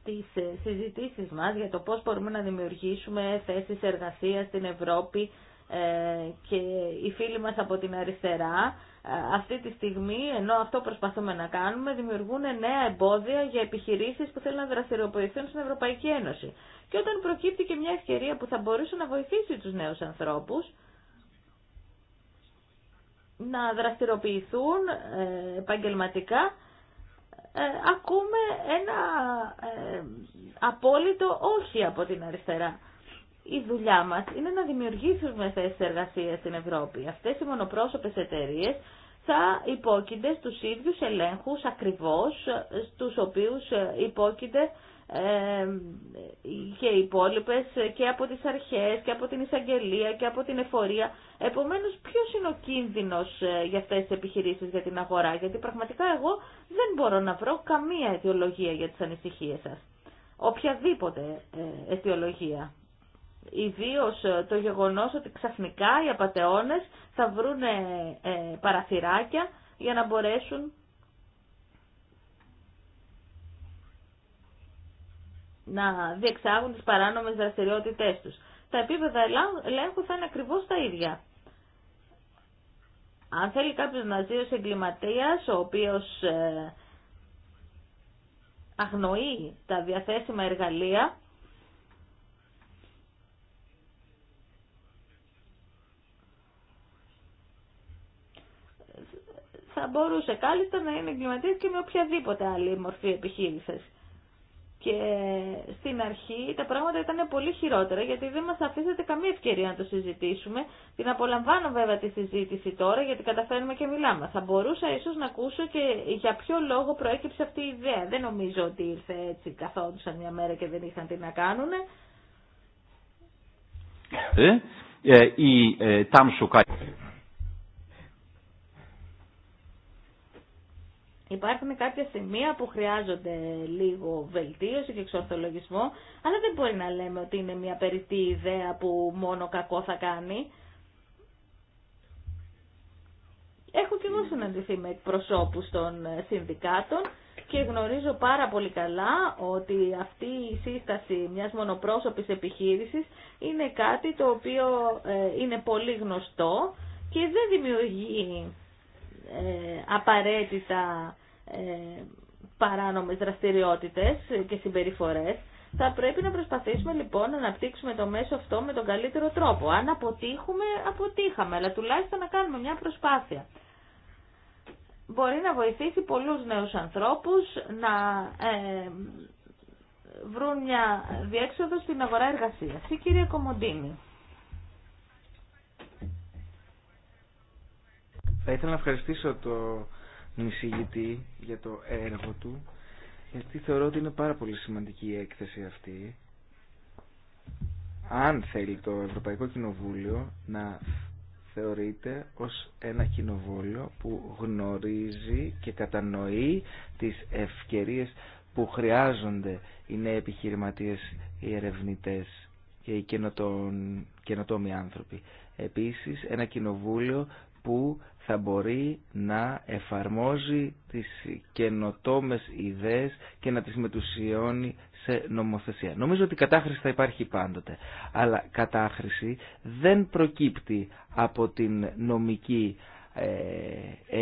στις ε, συζητήσεις μας για το πώς μπορούμε να δημιουργήσουμε θέσεις εργασίας στην Ευρώπη ε, και οι φίλοι μας από την αριστερά ε, αυτή τη στιγμή, ενώ αυτό προσπαθούμε να κάνουμε, δημιουργούν νέα εμπόδια για επιχειρήσεις που θέλουν να δραστηριοποιηθούν στην Ευρωπαϊκή Ένωση. Και όταν προκύπτει και μια ευκαιρία που θα μπορούσε να βοηθήσει τους νέους ανθρώπους, να δραστηριοποιηθούν επαγγελματικά ε, ακούμε ένα ε, απόλυτο όχι από την αριστερά. Η δουλειά μας είναι να δημιουργήσουμε θέσεις εργασίας στην Ευρώπη. Αυτές οι μονοπρόσωπες εταιρείες θα υπόκεινται στους ίδιους ελέγχους ακριβώς ε, στους οποίους υπόκεινται και οι υπόλοιπε και από τις αρχές και από την εισαγγελία και από την εφορία. Επομένως ποιος είναι ο κίνδυνος ε, για αυτές τις επιχειρήσεις για την αγορά γιατί πραγματικά εγώ δεν μπορώ να βρω καμία αιτιολογία για τις ανησυχίες σας. Οποιαδήποτε ε, αιτιολογία. Ιδίω ε, το γεγονός ότι ξαφνικά οι απαταιώνες θα βρούνε παραθυράκια για να μπορέσουν να διεξάγουν τις παράνομες δραστηριότητές τους. Τα επίπεδα ελέγχου θα είναι ακριβώς τα ίδια. Αν θέλει κάποιος να ζει ως εγκληματίας, ο οποίος ε, αγνοεί τα διαθέσιμα εργαλεία, θα μπορούσε κάλλιστα να είναι εγκληματίας και με οποιαδήποτε άλλη μορφή επιχείρησης. Και στην αρχή τα πράγματα ήταν πολύ χειρότερα γιατί δεν μας αφήσατε καμία ευκαιρία να το συζητήσουμε. Την απολαμβάνω βέβαια τη συζήτηση τώρα γιατί καταφέρνουμε και μιλάμε. Θα μπορούσα ίσως να ακούσω και για ποιο λόγο προέκυψε αυτή η ιδέα. Δεν νομίζω ότι ήρθε έτσι καθόντουσαν μια μέρα και δεν είχαν τι να κάνουν. Ε, ε, ε, Υπάρχουν κάποια σημεία που χρειάζονται λίγο βελτίωση και εξορθολογισμό, αλλά δεν μπορεί να λέμε ότι είναι μια περιττή ιδέα που μόνο κακό θα κάνει. Έχω και εγώ συναντηθεί με εκπροσώπους των συνδικάτων και γνωρίζω πάρα πολύ καλά ότι αυτή η σύσταση μιας μονοπρόσωπης επιχείρησης είναι κάτι το οποίο ε, είναι πολύ γνωστό και δεν δημιουργεί ε, απαραίτητα ε, παράνομες δραστηριότητες και συμπεριφορές. Θα πρέπει να προσπαθήσουμε λοιπόν να αναπτύξουμε το μέσο αυτό με τον καλύτερο τρόπο. Αν αποτύχουμε, αποτύχαμε, αλλά τουλάχιστον να κάνουμε μια προσπάθεια. Μπορεί να βοηθήσει πολλούς νέους ανθρώπους να ε, βρουν μια διέξοδο στην αγορά εργασίας. Η κυρία Κομοντίνη. Θα ήθελα να ευχαριστήσω το εισηγητή για το έργο του, γιατί θεωρώ ότι είναι πάρα πολύ σημαντική η έκθεση αυτή. Αν θέλει το Ευρωπαϊκό Κοινοβούλιο να θεωρείται ως ένα κοινοβούλιο που γνωρίζει και κατανοεί τις ευκαιρίες που χρειάζονται οι νέοι επιχειρηματίες, οι ερευνητές και οι καινοτόμοι άνθρωποι. Επίσης, ένα κοινοβούλιο που θα μπορεί να εφαρμόζει τις καινοτόμες ιδέες και να τις μετουσιώνει σε νομοθεσία. Νομίζω ότι η κατάχρηση θα υπάρχει πάντοτε, αλλά κατάχρηση δεν προκύπτει από την νομική ε,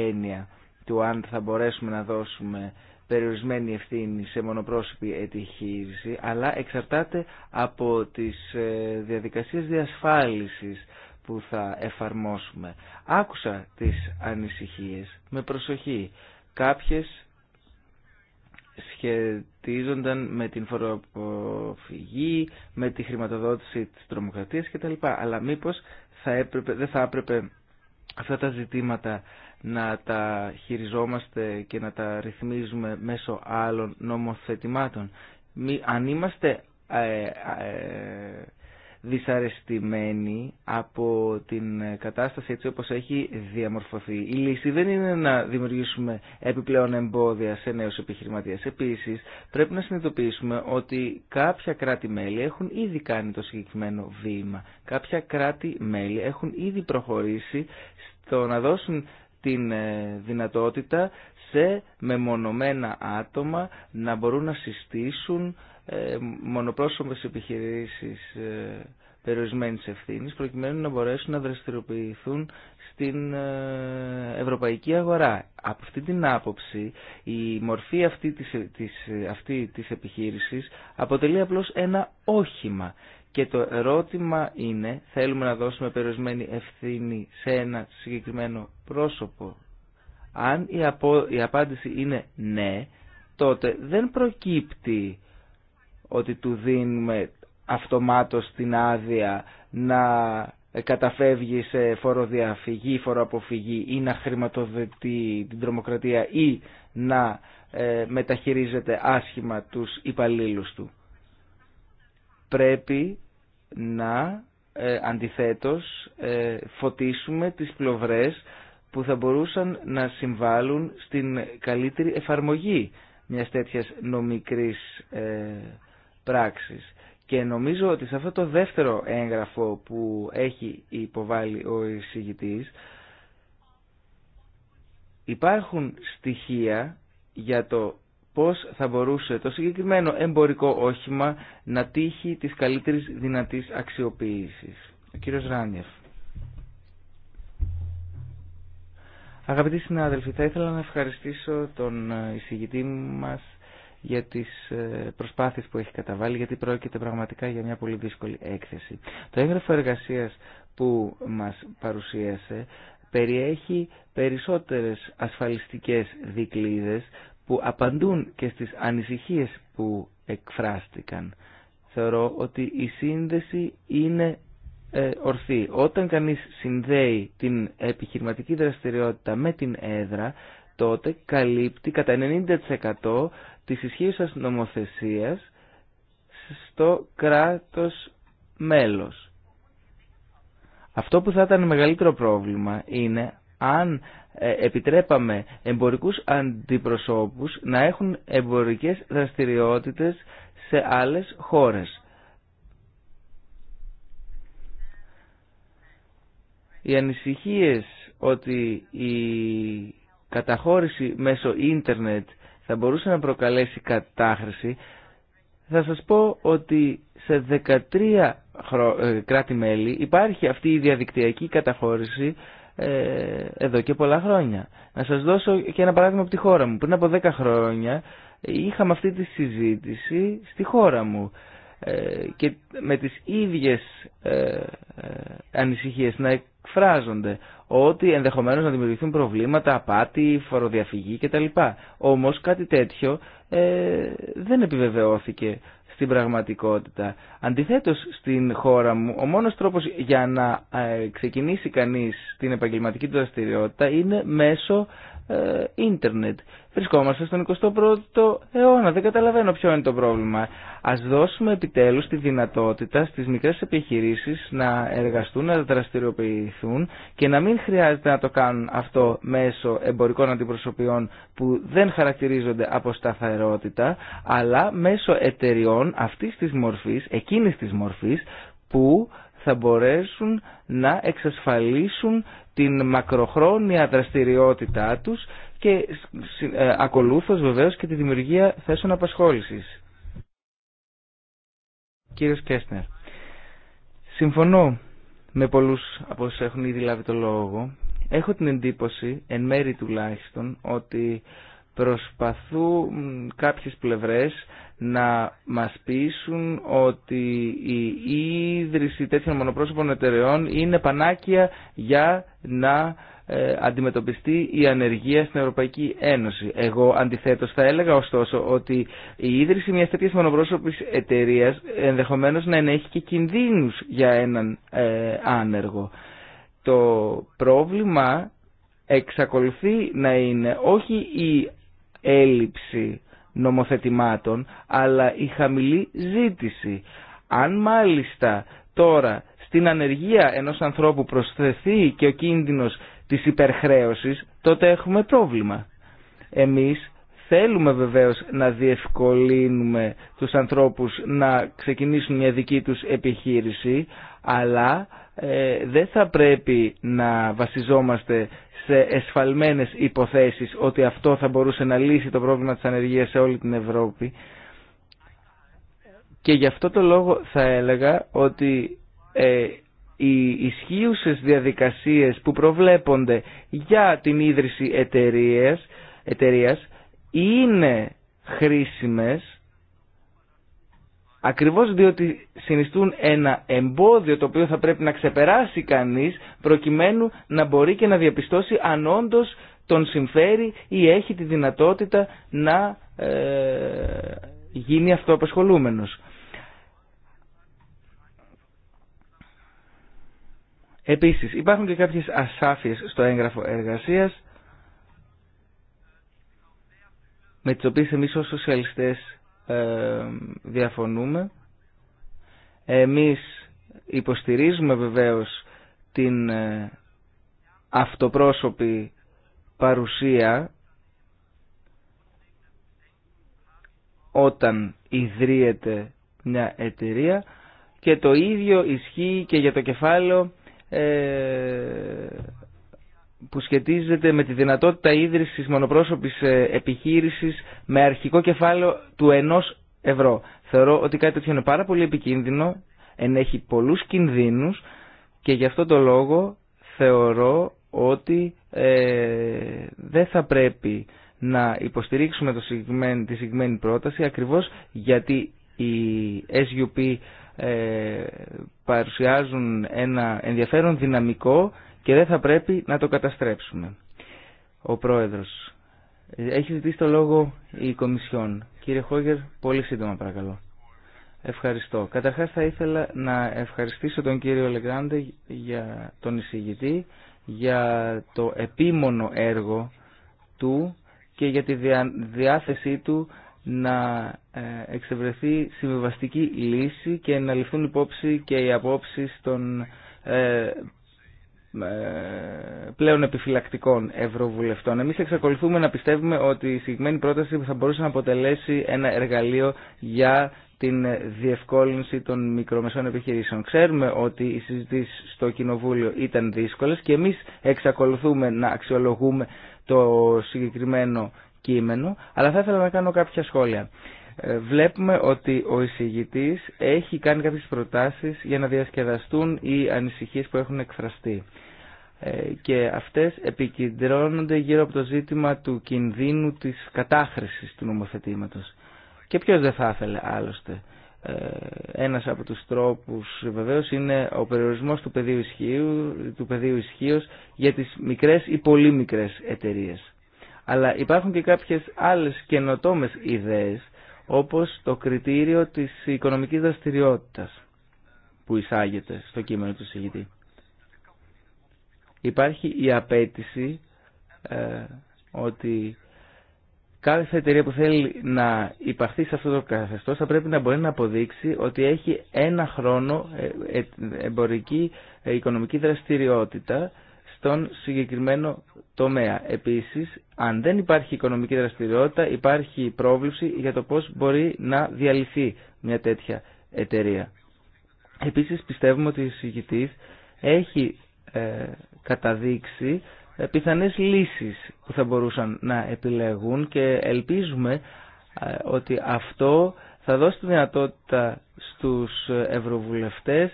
έννοια του αν θα μπορέσουμε να δώσουμε περιορισμένη ευθύνη σε μονοπρόσωπη επιχείρηση, αλλά εξαρτάται από τις ε, διαδικασίες διασφάλισης που θα εφαρμόσουμε. Άκουσα τις ανησυχίες με προσοχή. Κάποιες σχετίζονταν με την φοροαποφυγή, με τη χρηματοδότηση της τρομοκρατίας κτλ. Αλλά μήπως θα έπρεπε, δεν θα έπρεπε αυτά τα ζητήματα να τα χειριζόμαστε και να τα ρυθμίζουμε μέσω άλλων νομοθετημάτων. Μη, αν είμαστε ε, ε, δυσαρεστημένοι από την κατάσταση έτσι όπως έχει διαμορφωθεί. Η λύση δεν είναι να δημιουργήσουμε επιπλέον εμπόδια σε νέους επιχειρηματίες. Επίσης, πρέπει να συνειδητοποιήσουμε ότι κάποια κράτη-μέλη έχουν ήδη κάνει το συγκεκριμένο βήμα. Κάποια κράτη-μέλη έχουν ήδη προχωρήσει στο να δώσουν την ε, δυνατότητα σε μεμονωμένα άτομα να μπορούν να συστήσουν ε, μονοπρόσωπες επιχειρήσεις ε, περιορισμένης ευθύνης προκειμένου να μπορέσουν να δραστηριοποιηθούν στην ε, ευρωπαϊκή αγορά. Από αυτή την άποψη η μορφή αυτή της, της, αυτή της επιχείρησης αποτελεί απλώς ένα όχημα και το ερώτημα είναι θέλουμε να δώσουμε περιορισμένη ευθύνη σε ένα συγκεκριμένο πρόσωπο. Αν η, απο, η απάντηση είναι ναι τότε δεν προκύπτει ότι του δίνουμε αυτομάτως την άδεια να καταφεύγει σε φοροδιαφυγή, φοροαποφυγή ή να χρηματοδοτεί την τρομοκρατία ή να ε, μεταχειρίζεται άσχημα τους υπαλλήλους του. Πρέπει να ε, αντιθέτως ε, φωτίσουμε τις πλευρές που θα μπορούσαν να συμβάλλουν στην καλύτερη εφαρμογή μιας τέτοιας νομικρής ε, πράξεις. Και νομίζω ότι σε αυτό το δεύτερο έγγραφο που έχει υποβάλει ο εισηγητής υπάρχουν στοιχεία για το πώς θα μπορούσε το συγκεκριμένο εμπορικό όχημα να τύχει της καλύτερης δυνατής αξιοποίησης. Ο κύριος Ράνιεφ. Αγαπητοί συνάδελφοι, θα ήθελα να ευχαριστήσω τον εισηγητή μας για τις ε, προσπάθειες που έχει καταβάλει γιατί πρόκειται πραγματικά για μια πολύ δύσκολη έκθεση. Το έγγραφο εργασίας που μας παρουσίασε περιέχει περισσότερες ασφαλιστικές δικλείδε που απαντούν και στι ανησυχίε που εκφράστηκαν. Θεωρώ ότι η σύνδεση είναι ε, ορθή. Όταν κανείς συνδέει την επιχειρηματική δραστηριότητα με την έδρα, τότε καλύπτει κατά 90% της ισχύουσας νομοθεσίας στο κράτος μέλος. Αυτό που θα ήταν μεγαλύτερο πρόβλημα είναι αν ε, επιτρέπαμε εμπορικούς αντιπροσώπους να έχουν εμπορικές δραστηριότητες σε άλλες χώρες. Οι ανησυχίες ότι η καταχώρηση μέσω ίντερνετ θα μπορούσε να προκαλέσει κατάχρηση, θα σας πω ότι σε 13 ε, κράτη-μέλη υπάρχει αυτή η διαδικτυακή καταχώρηση ε, εδώ και πολλά χρόνια. Να σας δώσω και ένα παράδειγμα από τη χώρα μου. Πριν από 10 χρόνια είχαμε αυτή τη συζήτηση στη χώρα μου ε, και με τις ίδιες ανησυχίες να εκφράζονται ότι ενδεχομένως να δημιουργηθούν προβλήματα, απάτη, φοροδιαφυγή κτλ. Όμως κάτι τέτοιο ε, δεν επιβεβαιώθηκε στην πραγματικότητα. Αντιθέτως στην χώρα μου ο μόνος τρόπος για να ε, ξεκινήσει κανείς την επαγγελματική του δραστηριότητα είναι μέσω ε, ίντερνετ. Βρισκόμαστε στον 21ο αιώνα, δεν καταλαβαίνω ποιο είναι το πρόβλημα. Ας δώσουμε επιτέλους τη δυνατότητα στις μικρές επιχειρήσεις να εργαστούν, να δραστηριοποιηθούν και να μην χρειάζεται να το κάνουν αυτό μέσω εμπορικών αντιπροσωπιών που δεν χαρακτηρίζονται από σταθερότητα, αλλά μέσω εταιριών αυτής της μορφής, εκείνης της μορφής, που θα μπορέσουν να εξασφαλίσουν την μακροχρόνια δραστηριότητά τους και ε, ακολούθως βεβαίως και τη δημιουργία θέσεων απασχόλησης. Κύριος Κέσνερ, συμφωνώ με πολλούς από όσους έχουν ήδη λάβει το λόγο. Έχω την εντύπωση, εν μέρη τουλάχιστον, ότι προσπαθούν κάποιες πλευρές να μας πείσουν ότι η ίδρυση τέτοιων μονοπρόσωπων εταιρεών είναι πανάκια για να ε, αντιμετωπιστεί η ανεργία στην Ευρωπαϊκή Ένωση. Εγώ αντιθέτως θα έλεγα ωστόσο ότι η ίδρυση μιας τέτοιας μονοπρόσωπης εταιρείας ενδεχομένως να ενέχει και κινδύνους για έναν ε, άνεργο. Το πρόβλημα εξακολουθεί να είναι όχι η έλλειψη νομοθετημάτων, αλλά η χαμηλή ζήτηση. Αν μάλιστα τώρα στην ανεργία ενός ανθρώπου προσθεθεί και ο κίνδυνος της υπερχρέωσης, τότε έχουμε πρόβλημα. Εμείς θέλουμε βεβαίως να διευκολύνουμε τους ανθρώπους να ξεκινήσουν μια δική τους επιχείρηση, αλλά ε, δεν θα πρέπει να βασιζόμαστε σε εσφαλμένες υποθέσεις ότι αυτό θα μπορούσε να λύσει το πρόβλημα της ανεργίας σε όλη την Ευρώπη. Και γι' αυτό το λόγο θα έλεγα ότι ε, οι ισχύουσες διαδικασίες που προβλέπονται για την ίδρυση εταιρείας, εταιρείας είναι χρήσιμες Ακριβώς διότι συνιστούν ένα εμπόδιο το οποίο θα πρέπει να ξεπεράσει κανείς προκειμένου να μπορεί και να διαπιστώσει αν όντω τον συμφέρει ή έχει τη δυνατότητα να ε, γίνει αυτοαπασχολούμενος. Επίσης υπάρχουν και κάποιες ασάφειες στο έγγραφο εργασίας με τις οποίες εμείς ως σοσιαλιστές ε, διαφωνούμε. Εμείς υποστηρίζουμε βεβαίως την ε, αυτοπρόσωπη παρουσία όταν ιδρύεται μια εταιρεία και το ίδιο ισχύει και για το κεφάλαιο ε, που σχετίζεται με τη δυνατότητα ίδρυσης μονοπρόσωπης ε, επιχείρησης με αρχικό κεφάλαιο του 1 ευρώ. Θεωρώ ότι κάτι τέτοιο είναι πάρα πολύ επικίνδυνο, ενέχει πολλούς κινδύνους και γι' αυτό το λόγο θεωρώ ότι ε, δεν θα πρέπει να υποστηρίξουμε το συγκεκριμένη, τη συγκεκριμένη πρόταση ακριβώς γιατί οι SUP ε, παρουσιάζουν ένα ενδιαφέρον δυναμικό και δεν θα πρέπει να το καταστρέψουμε. Ο Πρόεδρος. Έχει ζητήσει το λόγο η Κομισιόν. Κύριε Χόγκερ, πολύ σύντομα παρακαλώ. Ευχαριστώ. Καταρχάς θα ήθελα να ευχαριστήσω τον κύριο Λεγκράντε για τον εισηγητή, για το επίμονο έργο του και για τη διάθεσή του να ε, εξευρεθεί συμβιβαστική λύση και να ληφθούν υπόψη και οι απόψεις των ε, ε, πλέον επιφυλακτικών ευρωβουλευτών. Εμείς εξακολουθούμε να πιστεύουμε ότι η συγκεκριμένη πρόταση θα μπορούσε να αποτελέσει ένα εργαλείο για την διευκόλυνση των μικρομεσών επιχειρήσεων. Ξέρουμε ότι οι συζητήσεις στο Κοινοβούλιο ήταν δύσκολες και εμείς εξακολουθούμε να αξιολογούμε το συγκεκριμένο κείμενο, αλλά θα ήθελα να κάνω κάποια σχόλια. Ε, βλέπουμε ότι ο εισηγητής έχει κάνει κάποιες προτάσεις για να διασκεδαστούν οι ανησυχίες που έχουν εκφραστεί. Ε, και αυτές επικεντρώνονται γύρω από το ζήτημα του κινδύνου της κατάχρησης του νομοθετήματος. Και ποιος δεν θα ήθελε άλλωστε. Ε, ένας από τους τρόπους βεβαίως είναι ο περιορισμός του πεδίου ισχύου, του πεδίου για τις μικρές ή πολύ μικρές εταιρείες. Αλλά υπάρχουν και κάποιες άλλες καινοτόμες ιδέες όπως το κριτήριο της οικονομικής δραστηριότητας που εισάγεται στο κείμενο του συγητή. Υπάρχει η απέτηση ε, ότι κάθε εταιρεία που θέλει να υπαχθεί σε αυτό το καθεστώ θα πρέπει να μπορεί να αποδείξει ότι έχει ένα χρόνο ε, ε, εμπορική οικονομική δραστηριότητα στον συγκεκριμένο τομέα. Επίσης, αν δεν υπάρχει οικονομική δραστηριότητα, υπάρχει πρόβληση για το πώς μπορεί να διαλυθεί μια τέτοια εταιρεία. Επίσης, πιστεύουμε ότι η συγκητής έχει ε, καταδείξει ε, πιθανές λύσεις που θα μπορούσαν να επιλεγούν και ελπίζουμε ε, ότι αυτό θα δώσει τη δυνατότητα στους ευρωβουλευτές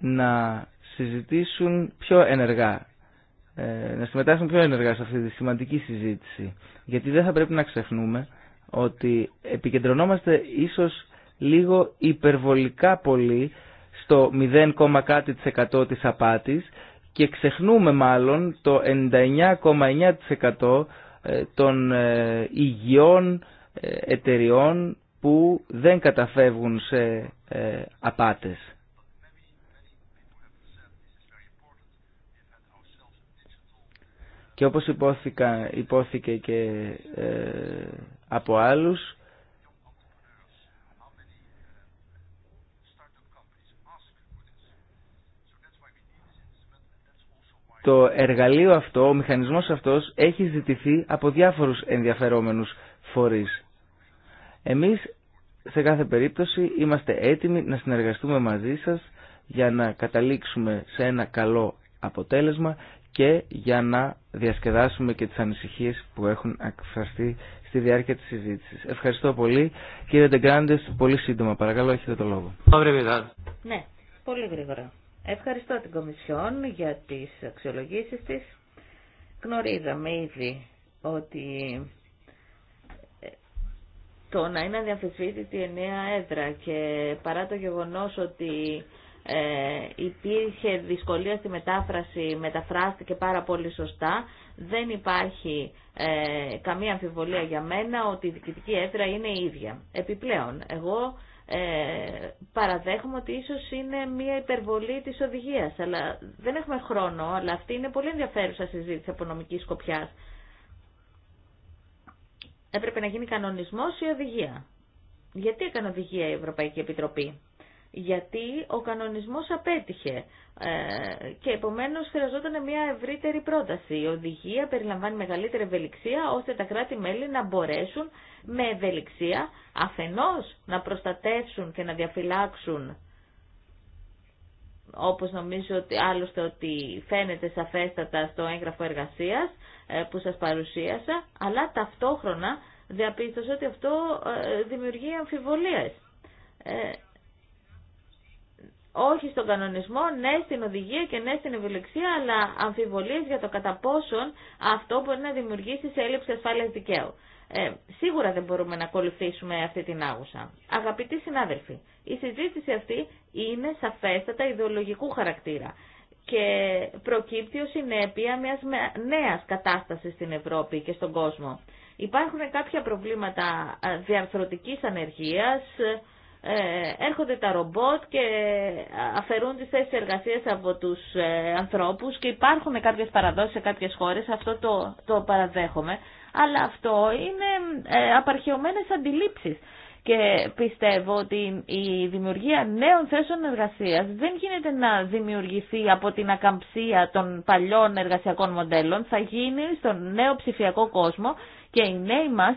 να συζητήσουν πιο ενεργά, ε, να συμμετάσχουν πιο ενεργά σε αυτή τη σημαντική συζήτηση. Γιατί δεν θα πρέπει να ξεχνούμε ότι επικεντρωνόμαστε ίσως λίγο υπερβολικά πολύ στο 0, κάτι της της απάτης και ξεχνούμε μάλλον το 99,9% ε, των ε, υγιών εταιριών που δεν καταφεύγουν σε απάτες. Και όπως υπόθηκα, υπόθηκε και ε, από άλλους, το εργαλείο αυτό, ο μηχανισμός αυτός έχει ζητηθεί από διάφορους ενδιαφερόμενους φορείς. Εμείς σε κάθε περίπτωση είμαστε έτοιμοι να συνεργαστούμε μαζί σας για να καταλήξουμε σε ένα καλό αποτέλεσμα και για να διασκεδάσουμε και τις ανησυχίες που έχουν εκφραστεί στη διάρκεια της συζήτησης. Ευχαριστώ πολύ. Κύριε Ντεγκράντες, πολύ σύντομα. Παρακαλώ, έχετε το λόγο. Ναι, πολύ γρήγορα. Ευχαριστώ την Κομισιόν για τις αξιολογήσεις της. Γνωρίζαμε ήδη ότι ε, το να είναι η νέα έδρα και παρά το γεγονός ότι ε, υπήρχε δυσκολία στη μετάφραση, μεταφράστηκε πάρα πολύ σωστά. Δεν υπάρχει ε, καμία αμφιβολία για μένα ότι η διοικητική έδρα είναι η ίδια. Επιπλέον, εγώ ε, παραδέχομαι ότι ίσως είναι μια υπερβολή της οδηγίας, αλλά δεν έχουμε χρόνο, αλλά αυτή είναι πολύ ενδιαφέρουσα συζήτηση από νομική σκοπιάς. Έπρεπε να γίνει κανονισμός ή οδηγία. Γιατί έκανε οδηγία η Ευρωπαϊκή Επιτροπή γιατί ο κανονισμός απέτυχε ε, και επομένως χρειαζόταν μια ευρύτερη πρόταση. Η οδηγία περιλαμβάνει μεγαλύτερη ευελιξία ώστε τα κράτη-μέλη να μπορέσουν με ευελιξία αφενός να προστατεύσουν και να διαφυλάξουν όπως νομίζω ότι άλλωστε ότι φαίνεται σαφέστατα στο έγγραφο εργασίας ε, που σας παρουσίασα, αλλά ταυτόχρονα διαπίστωσα ότι αυτό ε, δημιουργεί αμφιβολίες όχι στον κανονισμό, ναι στην οδηγία και ναι στην ευελιξία, αλλά αμφιβολίες για το κατά πόσον αυτό μπορεί να δημιουργήσει σε έλλειψη ασφάλειας δικαίου. Ε, σίγουρα δεν μπορούμε να ακολουθήσουμε αυτή την άγουσα. Αγαπητοί συνάδελφοι, η συζήτηση αυτή είναι σαφέστατα ιδεολογικού χαρακτήρα και προκύπτει ως συνέπεια μιας νέας κατάστασης στην Ευρώπη και στον κόσμο. Υπάρχουν κάποια προβλήματα ε, διαρθρωτικής ανεργίας, ε, έρχονται τα ρομπότ και αφαιρούν τις θέσεις εργασίας από τους ε, ανθρώπους και υπάρχουν κάποιες παραδόσεις σε κάποιες χώρες, αυτό το, το παραδέχομαι, αλλά αυτό είναι ε, απαρχαιωμένες αντιλήψεις. Και πιστεύω ότι η δημιουργία νέων θέσεων εργασίας δεν γίνεται να δημιουργηθεί από την ακαμψία των παλιών εργασιακών μοντέλων, θα γίνει στον νέο ψηφιακό κόσμο και οι νέοι μας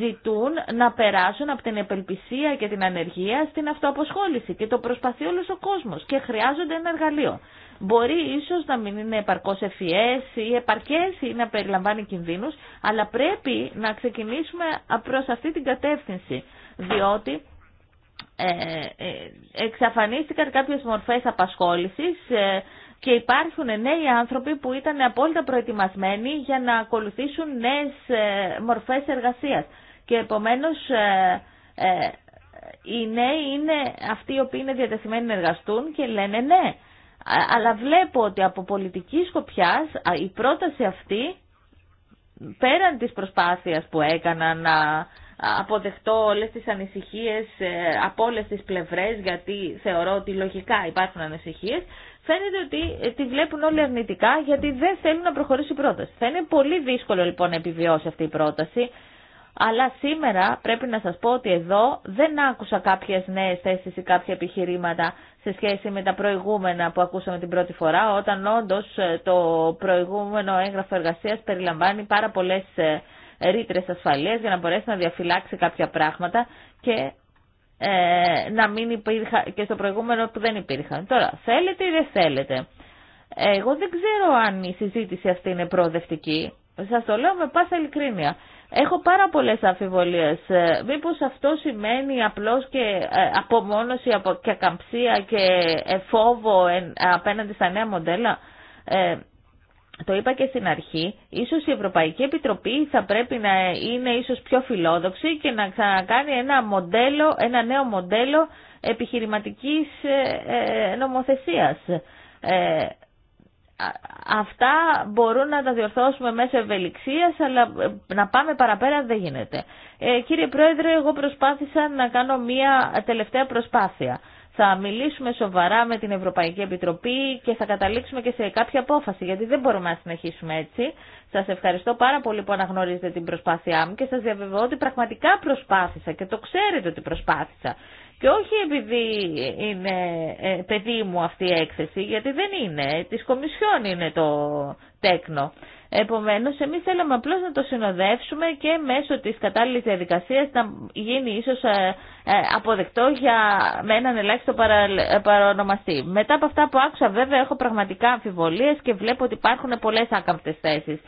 ζητούν να περάσουν από την επελπισία και την ανεργία στην αυτοαποσχόληση και το προσπαθεί όλος ο κόσμος και χρειάζονται ένα εργαλείο. Μπορεί ίσως να μην είναι επαρκώς ευφυές ή επαρκές ή να περιλαμβάνει κινδύνους, αλλά πρέπει να ξεκινήσουμε προς αυτή την κατεύθυνση, διότι ε, ε, εξαφανίστηκαν κάποιες μορφές απασχόλησης ε, και υπάρχουν νέοι άνθρωποι που ήταν απόλυτα προετοιμασμένοι για να ακολουθήσουν νέες ε, μορφές εργασίας. Και επομένως ε, ε, οι νέοι είναι αυτοί οι οποίοι είναι διατεθειμένοι να εργαστούν και λένε ναι. Αλλά βλέπω ότι από πολιτική σκοπιά η πρόταση αυτή, πέραν της προσπάθειας που έκανα να αποδεχτώ όλες τις ανησυχίες από όλες τις πλευρές, γιατί θεωρώ ότι λογικά υπάρχουν ανησυχίες, φαίνεται ότι τη βλέπουν όλοι αρνητικά γιατί δεν θέλουν να προχωρήσει η πρόταση. Θα είναι πολύ δύσκολο λοιπόν να επιβιώσει αυτή η πρόταση. Αλλά σήμερα πρέπει να σας πω ότι εδώ δεν άκουσα κάποιες νέες θέσεις ή κάποια επιχειρήματα σε σχέση με τα προηγούμενα που ακούσαμε την πρώτη φορά, όταν όντως ε, το προηγούμενο έγγραφο εργασίας περιλαμβάνει πάρα πολλές ε, ρήτρες ασφαλείας για να μπορέσει να διαφυλάξει κάποια πράγματα και ε, να μην υπήρχαν και στο προηγούμενο που δεν υπήρχαν. Τώρα, θέλετε ή δεν θέλετε. Εγώ δεν ξέρω αν η συζήτηση αυτή είναι προοδευτική. Σας το λέω με πάσα ειλικρίνεια. Έχω πάρα πολλές αμφιβολίες. Ε, μήπως αυτό σημαίνει απλώς και ε, απομόνωση και ακαμψία και ε, φόβο απέναντι στα νέα μοντέλα το είπα και στην αρχή, ίσως η Ευρωπαϊκή Επιτροπή θα πρέπει να είναι ίσως πιο φιλόδοξη και να κάνει ένα, μοντέλο, ένα νέο μοντέλο επιχειρηματικής ε, ε, νομοθεσίας. Ε, αυτά μπορούν να τα διορθώσουμε μέσω ευελιξίας, αλλά να πάμε παραπέρα δεν γίνεται. κύριε Πρόεδρε, εγώ προσπάθησα να κάνω μία τελευταία προσπάθεια θα μιλήσουμε σοβαρά με την Ευρωπαϊκή Επιτροπή και θα καταλήξουμε και σε κάποια απόφαση, γιατί δεν μπορούμε να συνεχίσουμε έτσι. Σας ευχαριστώ πάρα πολύ που αναγνωρίζετε την προσπάθειά μου και σας διαβεβαιώ ότι πραγματικά προσπάθησα και το ξέρετε ότι προσπάθησα. Και όχι επειδή είναι ε, παιδί μου αυτή η έκθεση, γιατί δεν είναι, Τη Κομισιόν είναι το τέκνο. Επομένως, εμείς θέλαμε απλώς να το συνοδεύσουμε και μέσω της κατάλληλης διαδικασίας να γίνει ίσως ε, ε, αποδεκτό για, με έναν ελάχιστο παρονομαστή. Μετά από αυτά που άκουσα βέβαια έχω πραγματικά αμφιβολίες και βλέπω ότι υπάρχουν πολλές άκαμπτες θέσεις.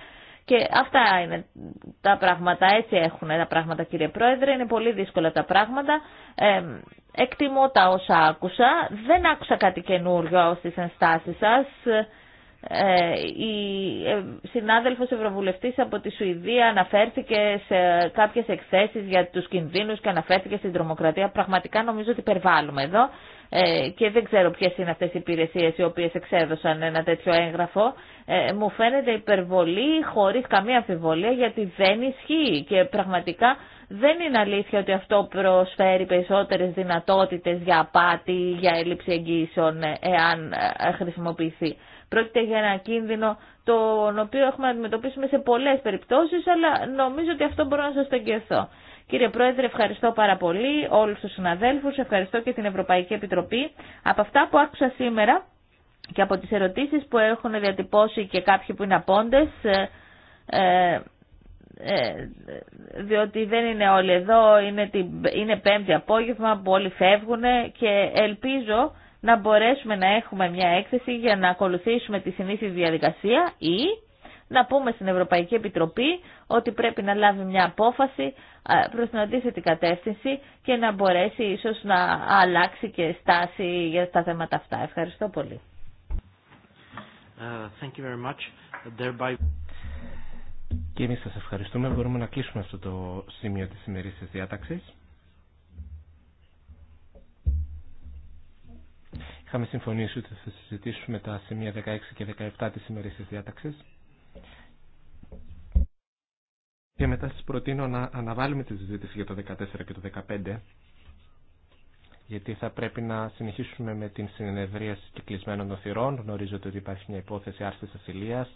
Και αυτά είναι τα πράγματα, έτσι έχουν τα πράγματα κύριε Πρόεδρε, είναι πολύ δύσκολα τα πράγματα. Ε, εκτιμώ τα όσα άκουσα, δεν άκουσα κάτι καινούριο στις ενστάσεις σας. Ε, η ε, συνάδελφος Ευρωβουλευτής από τη Σουηδία αναφέρθηκε σε κάποιες εκθέσεις για τους κινδύνους και αναφέρθηκε στην τρομοκρατία. Πραγματικά νομίζω ότι υπερβάλλουμε εδώ ε, και δεν ξέρω ποιες είναι αυτές οι υπηρεσίες οι οποίες εξέδωσαν ένα τέτοιο έγγραφο. μου φαίνεται υπερβολή χωρίς καμία αμφιβολία γιατί δεν ισχύει και πραγματικά δεν είναι αλήθεια ότι αυτό προσφέρει περισσότερες δυνατότητες για απάτη, για έλλειψη εγγύησεων εάν χρησιμοποιηθεί. Πρόκειται για ένα κίνδυνο τον οποίο έχουμε να αντιμετωπίσουμε σε πολλές περιπτώσεις, αλλά νομίζω ότι αυτό μπορώ να σας το εγγυηθώ. Κύριε Πρόεδρε, ευχαριστώ πάρα πολύ όλους τους συναδέλφους, ευχαριστώ και την Ευρωπαϊκή Επιτροπή. Από αυτά που άκουσα σήμερα και από τις ερωτήσεις που έχουν διατυπώσει και κάποιοι που είναι απόντες, ε, ε, ε, διότι δεν είναι όλοι εδώ, είναι, είναι πέμπτη απόγευμα που όλοι φεύγουν και ελπίζω να μπορέσουμε να έχουμε μια έκθεση για να ακολουθήσουμε τη συνήθιση διαδικασία ή να πούμε στην Ευρωπαϊκή Επιτροπή ότι πρέπει να λάβει μια απόφαση προς την αντίθετη κατεύθυνση και να μπορέσει ίσως να αλλάξει και στάση για τα θέματα αυτά. Ευχαριστώ πολύ. Ε, thank you Και εμείς σας ευχαριστούμε. Μπορούμε να κλείσουμε αυτό το σημείο της σημερινής διάταξης. Είχαμε συμφωνήσει ότι θα συζητήσουμε τα σημεία 16 και 17 της της διάταξης. Και μετά σας προτείνω να αναβάλουμε τη συζήτηση για το 14 και το 15, γιατί θα πρέπει να συνεχίσουμε με την συνεδρία κυκλισμένων των θυρών. ότι υπάρχει μια υπόθεση άρσης ασυλίας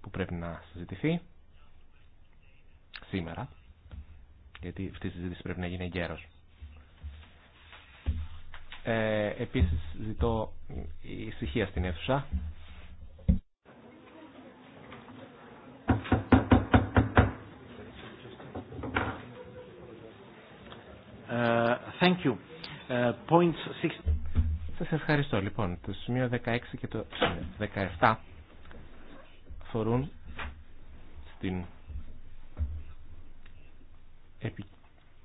που πρέπει να συζητηθεί σήμερα, γιατί αυτή η συζήτηση πρέπει να γίνει γέρος. Ε, επίσης ζητώ ησυχία στην αίθουσα. Uh, thank you. Uh, Σας ευχαριστώ. Λοιπόν, το σημείο 16 και το 17 Φορούν στην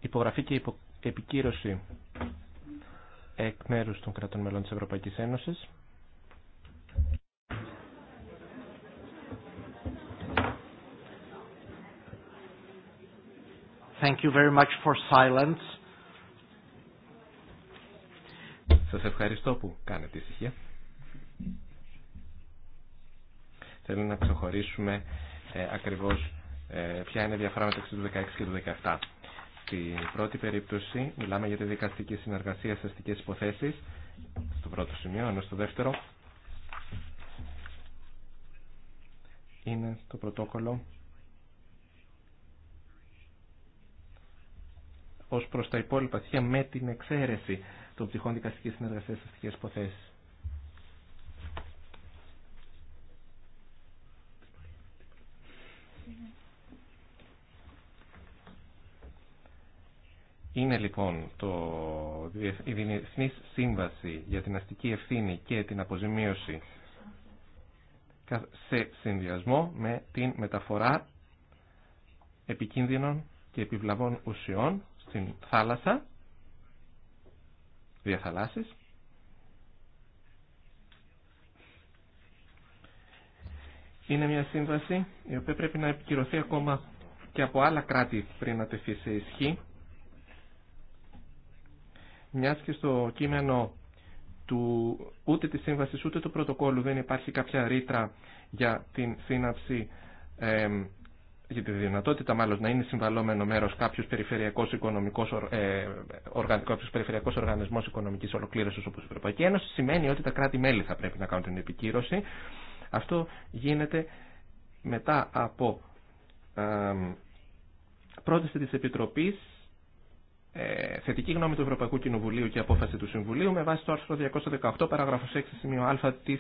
υπογραφή και επικύρωση εκ μέρου των κρατών μελών τη Ευρωπαϊκή Ένωση. Thank you very much for silence. Σας ευχαριστώ που κάνετε ησυχία. Θέλω να ξεχωρίσουμε ε, ακριβώς ε, ποια είναι η διαφορά μεταξύ του 16 και του 17. Στην πρώτη περίπτωση μιλάμε για τη δικαστική συνεργασία σε αστικέ υποθέσεις, στο πρώτο σημείο, ενώ στο δεύτερο είναι το πρωτόκολλο ως προ τα υπόλοιπα στοιχεία με την εξαίρεση των πτυχών δικαστική συνεργασίας σε αστικέ υποθέσεις. Είναι λοιπόν το, η Διεθνής Σύμβαση για την Αστική Ευθύνη και την Αποζημίωση σε συνδυασμό με την μεταφορά επικίνδυνων και επιβλαβών ουσιών στην θάλασσα, διαθαλάσσης. Είναι μια σύμβαση η οποία πρέπει να επικυρωθεί ακόμα και από άλλα κράτη πριν να τεθεί σε ισχύ μια και στο κείμενο του ούτε τη σύμβαση ούτε του πρωτοκόλου δεν υπάρχει κάποια ρήτρα για την σύναψη για τη δυνατότητα μάλλον να είναι συμβαλόμενο μέρος κάποιο περιφερειακό οικονομικός, ε, οργαν, κάποιος οργανισμός οικονομικής ολοκλήρωσης όπως η Ευρωπαϊκή Ένωση σημαίνει ότι τα κράτη-μέλη θα πρέπει να κάνουν την επικύρωση. Αυτό γίνεται μετά από ε, πρόταση της Επιτροπής ε, θετική γνώμη του Ευρωπαϊκού Κοινοβουλίου και απόφαση του Συμβουλίου με βάση το άρθρο 218 παράγραφος 6 σημείο α της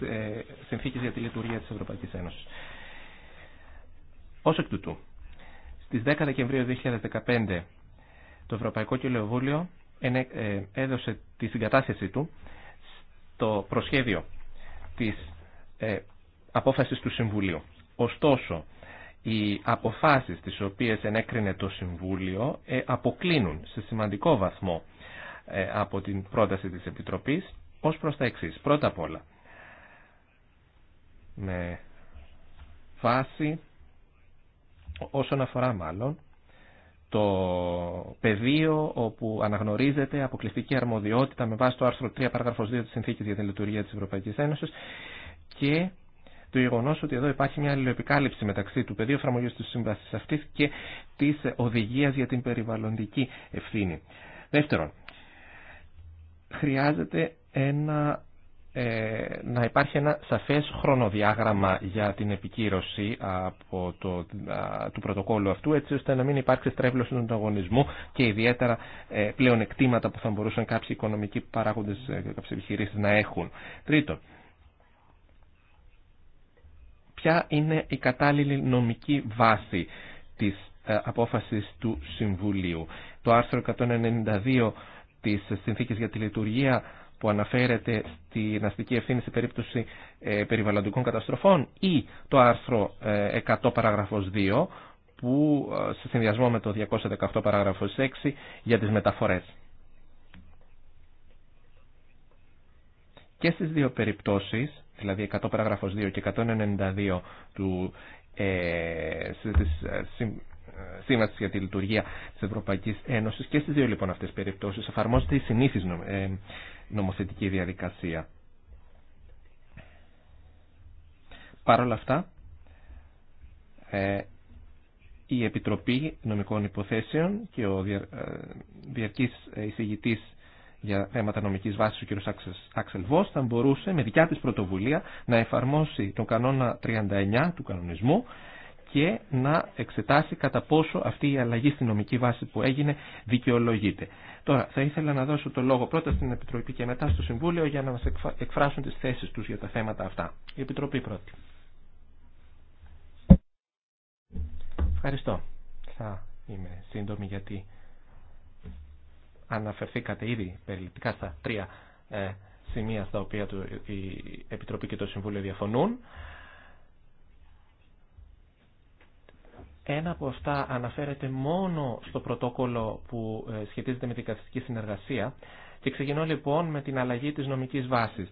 ε, Συνθήκης για τη Λειτουργία της Ευρωπαϊκής Ένωσης. Ως εκ τούτου, στις 10 Δεκεμβρίου 2015 το Ευρωπαϊκό Κοινοβούλιο ε, έδωσε τη συγκατάθεσή του στο προσχέδιο της ε, απόφασης του Συμβουλίου. Ωστόσο, οι αποφάσεις τις οποίες ενέκρινε το Συμβούλιο ε, αποκλίνουν σε σημαντικό βαθμό ε, από την πρόταση της Επιτροπής ως προς τα εξής. Πρώτα απ' όλα, με βάση όσον αφορά μάλλον το πεδίο όπου αναγνωρίζεται αποκλειστική αρμοδιότητα με βάση το άρθρο 3 παράγραφος 2 της Συνθήκης για τη Λειτουργία της Ευρωπαϊκής Ένωσης και το γεγονό ότι εδώ υπάρχει μια αλληλοεπικάλυψη μεταξύ του πεδίου εφαρμογή τη σύμβαση αυτή και τη οδηγία για την περιβαλλοντική ευθύνη. Δεύτερον, χρειάζεται ένα ε, να υπάρχει ένα σαφές χρονοδιάγραμμα για την επικύρωση από το, του πρωτοκόλλου αυτού έτσι ώστε να μην υπάρξει στρέβλωση του ανταγωνισμού και ιδιαίτερα ε, πλέον εκτίματα που θα μπορούσαν κάποιοι οικονομικοί παράγοντες, και ε, κάποιες επιχειρήσεις να έχουν. Τρίτον, ποια είναι η κατάλληλη νομική βάση της ε, απόφασης του Συμβουλίου. Το άρθρο 192 της Συνθήκης για τη Λειτουργία που αναφέρεται στην αστική ευθύνη σε περίπτωση ε, περιβαλλοντικών καταστροφών ή το άρθρο 100 ε, παράγραφος 2 που σε συνδυασμό με το 218 παράγραφος 6 για τις μεταφορές. Και στις δύο περιπτώσεις δηλαδή 100 παράγραφος 2 και 192 του ε, ε, ε Σύμβαση για τη Λειτουργία της Ευρωπαϊκής Ένωσης και στις δύο λοιπόν αυτές περιπτώσεις περιπτώσει εφαρμόζεται η συνήθι ε, νομοθετική διαδικασία. Παρ' όλα αυτά, η Επιτροπή Νομικών Υποθέσεων και ο διαρκής εισηγητής για θέματα νομικής βάσης ο κ. Άξελ Βος θα μπορούσε με δικιά της πρωτοβουλία να εφαρμόσει τον κανόνα 39 του κανονισμού και να εξετάσει κατά πόσο αυτή η αλλαγή στη νομική βάση που έγινε δικαιολογείται. Τώρα θα ήθελα να δώσω το λόγο πρώτα στην Επιτροπή και μετά στο Συμβούλιο για να μας εκφράσουν τις θέσεις τους για τα θέματα αυτά. Η Επιτροπή πρώτη. Ευχαριστώ. Θα είμαι σύντομη γιατί αναφερθήκατε ήδη περιληπτικά στα τρία ε, σημεία στα οποία η Επιτροπή και το Συμβούλιο διαφωνούν. Ένα από αυτά αναφέρεται μόνο στο πρωτόκολλο που ε, σχετίζεται με την καθιστική συνεργασία και ξεκινώ λοιπόν με την αλλαγή της νομικής βάσης.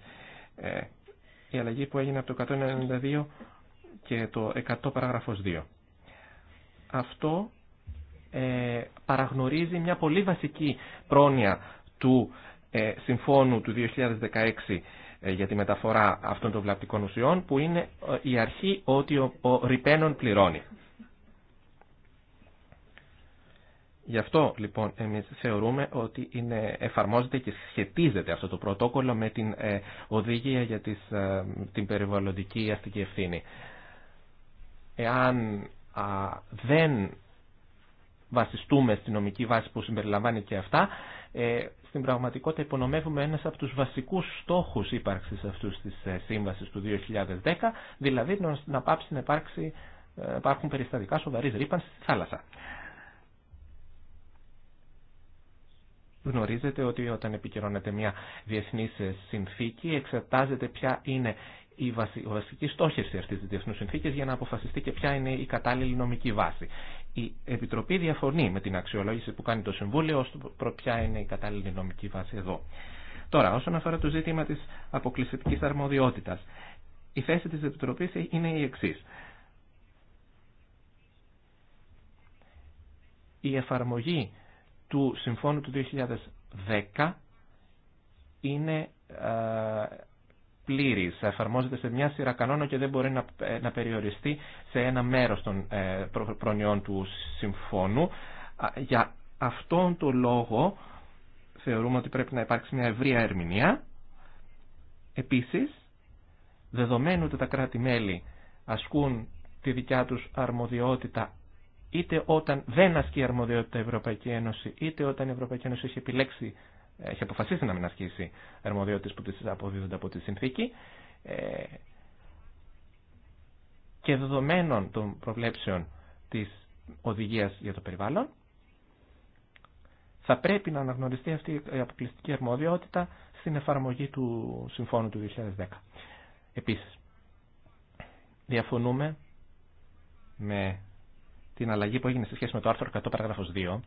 Ε, η αλλαγή που έγινε από το 192 και το 100 παράγραφος 2. Αυτό ε, παραγνωρίζει μια πολύ βασική πρόνοια του ε, συμφώνου του 2016 ε, για τη μεταφορά αυτών των βλαπτικών ουσιών που είναι η αρχή ότι ο, ο ρηπαίνων πληρώνει. Γι' αυτό λοιπόν εμείς θεωρούμε ότι είναι, εφαρμόζεται και σχετίζεται αυτό το πρωτόκολλο με την οδηγία για τις, την περιβαλλοντική αστική ευθύνη. Εάν δεν βασιστούμε στη νομική βάση που συμπεριλαμβάνει και αυτά, ε, στην πραγματικότητα υπονομεύουμε ένας από τους βασικούς στόχους ύπαρξης αυτούς της ε, σύμβασης του 2010, δηλαδή να πάψει να υπάρξει, ε, υπάρχουν περιστατικά σοβαρή ρήπανση στη θάλασσα. Γνωρίζετε ότι όταν επικαιρώνεται μια διεθνή συνθήκη εξετάζεται ποια είναι η βασική στόχευση αυτή τη διεθνού συνθήκη για να αποφασιστεί και ποια είναι η κατάλληλη νομική βάση η Επιτροπή διαφωνεί με την αξιολόγηση που κάνει το Συμβούλιο ως το ποια είναι η κατάλληλη νομική βάση εδώ. Τώρα, όσον αφορά το ζήτημα της αποκλειστικής αρμοδιότητας, η θέση της Επιτροπής είναι η εξής. Η εφαρμογή του Συμφώνου του 2010 είναι ε, πλήρης, εφαρμόζεται σε μια σειρά κανόνων και δεν μπορεί να, ε, να περιοριστεί σε ένα μέρος των ε, προνοιών του συμφώνου. Για αυτόν τον λόγο θεωρούμε ότι πρέπει να υπάρξει μια ευρεία ερμηνεία. Επίσης, δεδομένου ότι τα κράτη-μέλη ασκούν τη δικιά τους αρμοδιότητα είτε όταν δεν ασκεί αρμοδιότητα η Ευρωπαϊκή Ένωση, είτε όταν η Ευρωπαϊκή Ένωση έχει επιλέξει έχει αποφασίσει να μην ασκήσει αρμοδιότητες που τις αποδίδονται από τη συνθήκη ε, και δεδομένων των προβλέψεων της οδηγίας για το περιβάλλον θα πρέπει να αναγνωριστεί αυτή η αποκλειστική αρμοδιότητα στην εφαρμογή του Συμφώνου του 2010. Επίσης, διαφωνούμε με την αλλαγή που έγινε σε σχέση με το άρθρο 100 παράγραφος 2,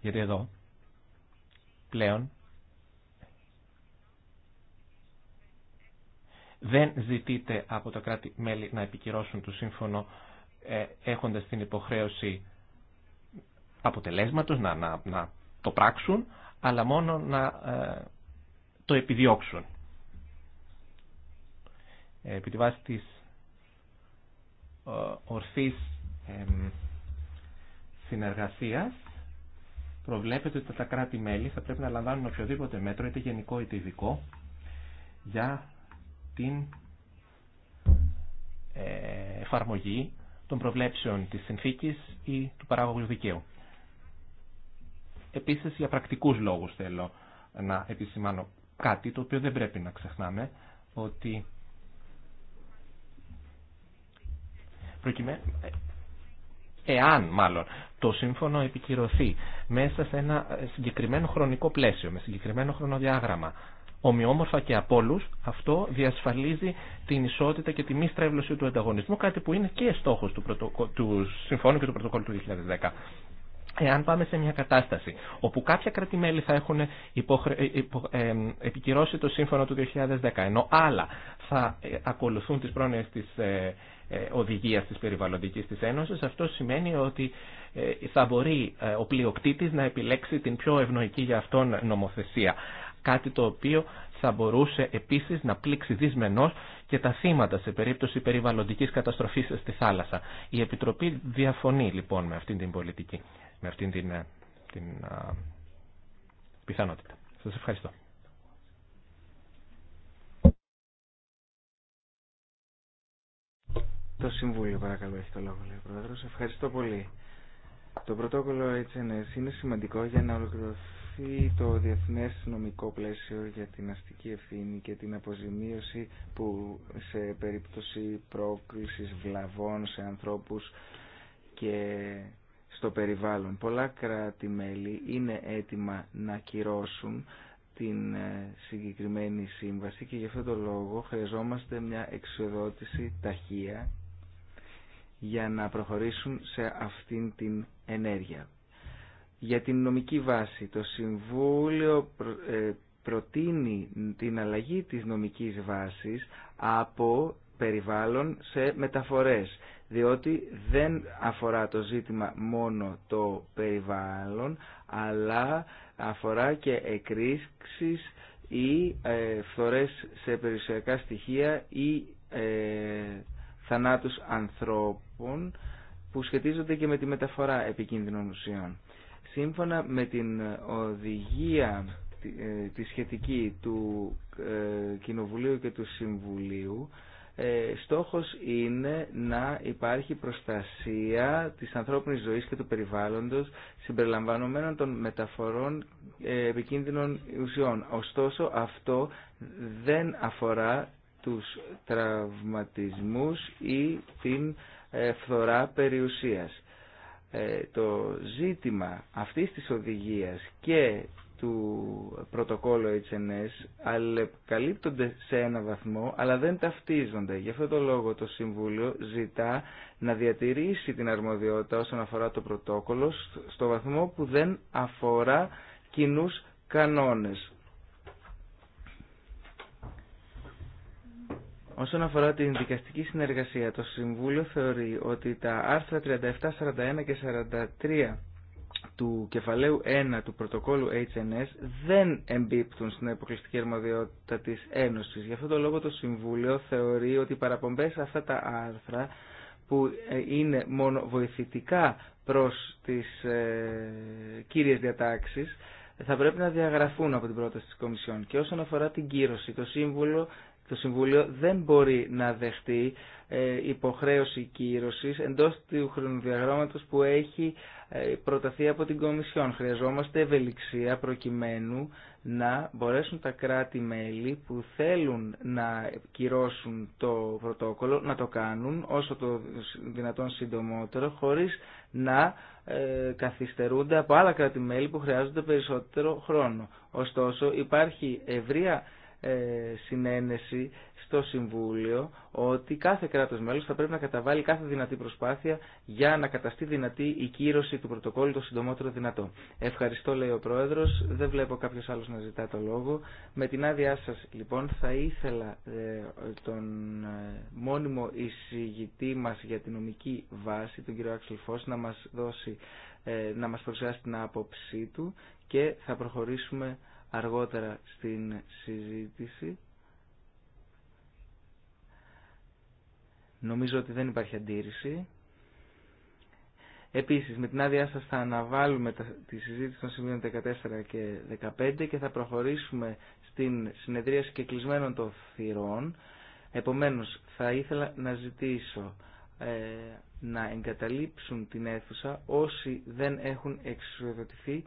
γιατί εδώ πλέον Δεν ζητείται από τα κράτη-μέλη να επικυρώσουν το σύμφωνο ε, έχοντας την υποχρέωση αποτελέσματος να, να, το πράξουν, αλλά μόνο να ε, το επιδιώξουν. Ε, επί τη βάση της ε, ορθής συνεργασίας προβλέπεται ότι τα κράτη-μέλη θα πρέπει να λαμβάνουν οποιοδήποτε μέτρο, είτε γενικό είτε ειδικό, για την ε, εφαρμογή των προβλέψεων της συνθήκης ή του παράγωγου δικαίου. Επίσης, για πρακτικούς λόγους θέλω να επισημάνω κάτι το οποίο δεν πρέπει να ξεχνάμε, ότι προκειμένου, ε, εάν μάλλον το σύμφωνο επικυρωθεί μέσα σε ένα συγκεκριμένο χρονικό πλαίσιο, με συγκεκριμένο χρονοδιάγραμμα, ομοιόμορφα και από όλου, αυτό διασφαλίζει την ισότητα και τη μη στρέβλωση του ανταγωνισμού, κάτι που είναι και στόχο του, του Συμφώνου και του Πρωτοκόλλου του 2010. Εάν πάμε σε μια κατάσταση όπου κάποια κρατημέλη θα έχουν επικυρώσει το σύμφωνο του 2010, ενώ άλλα θα ε, ακολουθούν τις πρόνοιες της ε... ε... οδηγίας της περιβαλλοντικής της Ένωσης, αυτό σημαίνει ότι ε, θα μπορεί ε, ο πλειοκτήτης να επιλέξει την πιο ευνοϊκή για αυτόν νομοθεσία κάτι το οποίο θα μπορούσε επίσης να πλήξει δυσμενώς και τα θύματα σε περίπτωση περιβαλλοντικής καταστροφής στη θάλασσα. Η Επιτροπή διαφωνεί λοιπόν με αυτήν την πολιτική, με αυτήν την, ε, την α, πιθανότητα. Σας ευχαριστώ. Το Συμβούλιο, παρακαλώ, έχει το λόγο, λέει ο Πρόεδρος. Ευχαριστώ πολύ. Το πρωτόκολλο HNS είναι σημαντικό για να ολοκληρωθεί το διεθνές νομικό πλαίσιο για την αστική ευθύνη και την αποζημίωση που σε περίπτωση πρόκλησης βλαβών σε ανθρώπους και στο περιβάλλον. Πολλά κράτη-μέλη είναι έτοιμα να κυρώσουν την ε, συγκεκριμένη σύμβαση και γι' αυτό το λόγο χρειαζόμαστε μια εξοδότηση ταχεία για να προχωρήσουν σε αυτήν την ενέργεια. Για την νομική βάση, το Συμβούλιο ε, προτείνει την αλλαγή της νομικής βάσης από περιβάλλον σε μεταφορές, διότι δεν αφορά το ζήτημα μόνο το περιβάλλον, αλλά αφορά και εκρήξεις ή ε, φθορές σε περιουσιακά στοιχεία ή ε, θανάτους ανθρώπων που σχετίζονται και με τη μεταφορά επικίνδυνων ουσιών σύμφωνα με την ε, οδηγία ε, τη σχετική του ε, Κοινοβουλίου και του Συμβουλίου στόχος είναι να υπάρχει προστασία της ανθρώπινης ζωής και του περιβάλλοντος συμπεριλαμβανομένων των μεταφορών επικίνδυνων ουσιών. Ωστόσο αυτό δεν αφορά τους τραυματισμούς ή την φθορά περιουσίας. Ε, το ζήτημα αυτής της οδηγίας και του πρωτοκόλλου HNS καλύπτονται σε ένα βαθμό αλλά δεν ταυτίζονται. Γι' αυτό το λόγο το Συμβούλιο ζητά να διατηρήσει την αρμοδιότητα όσον αφορά το πρωτόκολλο στο βαθμό που δεν αφορά κοινούς κανόνες. Όσον αφορά την δικαστική συνεργασία, το Συμβούλιο θεωρεί ότι τα άρθρα 37, 41 και 43 του κεφαλαίου 1 του πρωτοκόλου HNS δεν εμπίπτουν στην αποκλειστική αρμοδιότητα της Ένωσης. Γι' αυτό το λόγο το Συμβούλιο θεωρεί ότι οι παραπομπές σε αυτά τα άρθρα που ε, είναι μόνο βοηθητικά προς τις ε, κύριες διατάξεις θα πρέπει να διαγραφούν από την πρόταση της Κομισιόν. Και όσον αφορά την κύρωση, το Σύμβουλο το Συμβούλιο δεν μπορεί να δεχτεί ε, υποχρέωση κύρωσης εντός του χρονοδιαγράμματος που έχει ε, προταθεί από την Κομισιόν. Χρειαζόμαστε ευελιξία προκειμένου να μπορέσουν τα κράτη-μέλη που θέλουν να κυρώσουν το πρωτόκολλο να το κάνουν όσο το δυνατόν συντομότερο χωρίς να ε, καθυστερούνται από άλλα κράτη-μέλη που χρειάζονται περισσότερο χρόνο. Ωστόσο υπάρχει ευρεία ε, συνένεση στο Συμβούλιο ότι κάθε κράτος μέλος θα πρέπει να καταβάλει κάθε δυνατή προσπάθεια για να καταστεί δυνατή η κύρωση του πρωτοκόλλου το συντομότερο δυνατό. Ευχαριστώ λέει ο Πρόεδρος, δεν βλέπω κάποιος άλλος να ζητά το λόγο. Με την άδειά σας λοιπόν θα ήθελα ε, τον ε, μόνιμο εισηγητή μας για την νομική βάση, τον κύριο Άξελ να μας δώσει να μας παρουσιάσει την άποψή του και θα προχωρήσουμε αργότερα στην συζήτηση. Νομίζω ότι δεν υπάρχει αντίρρηση. Επίσης, με την άδειά σας θα αναβάλουμε τη συζήτηση των σημείων 14 και 15 και θα προχωρήσουμε στην συνεδρίαση και κλεισμένων των θυρών. Επομένως, θα ήθελα να ζητήσω ε, να εγκαταλείψουν την αίθουσα όσοι δεν έχουν εξουσιοδοτηθεί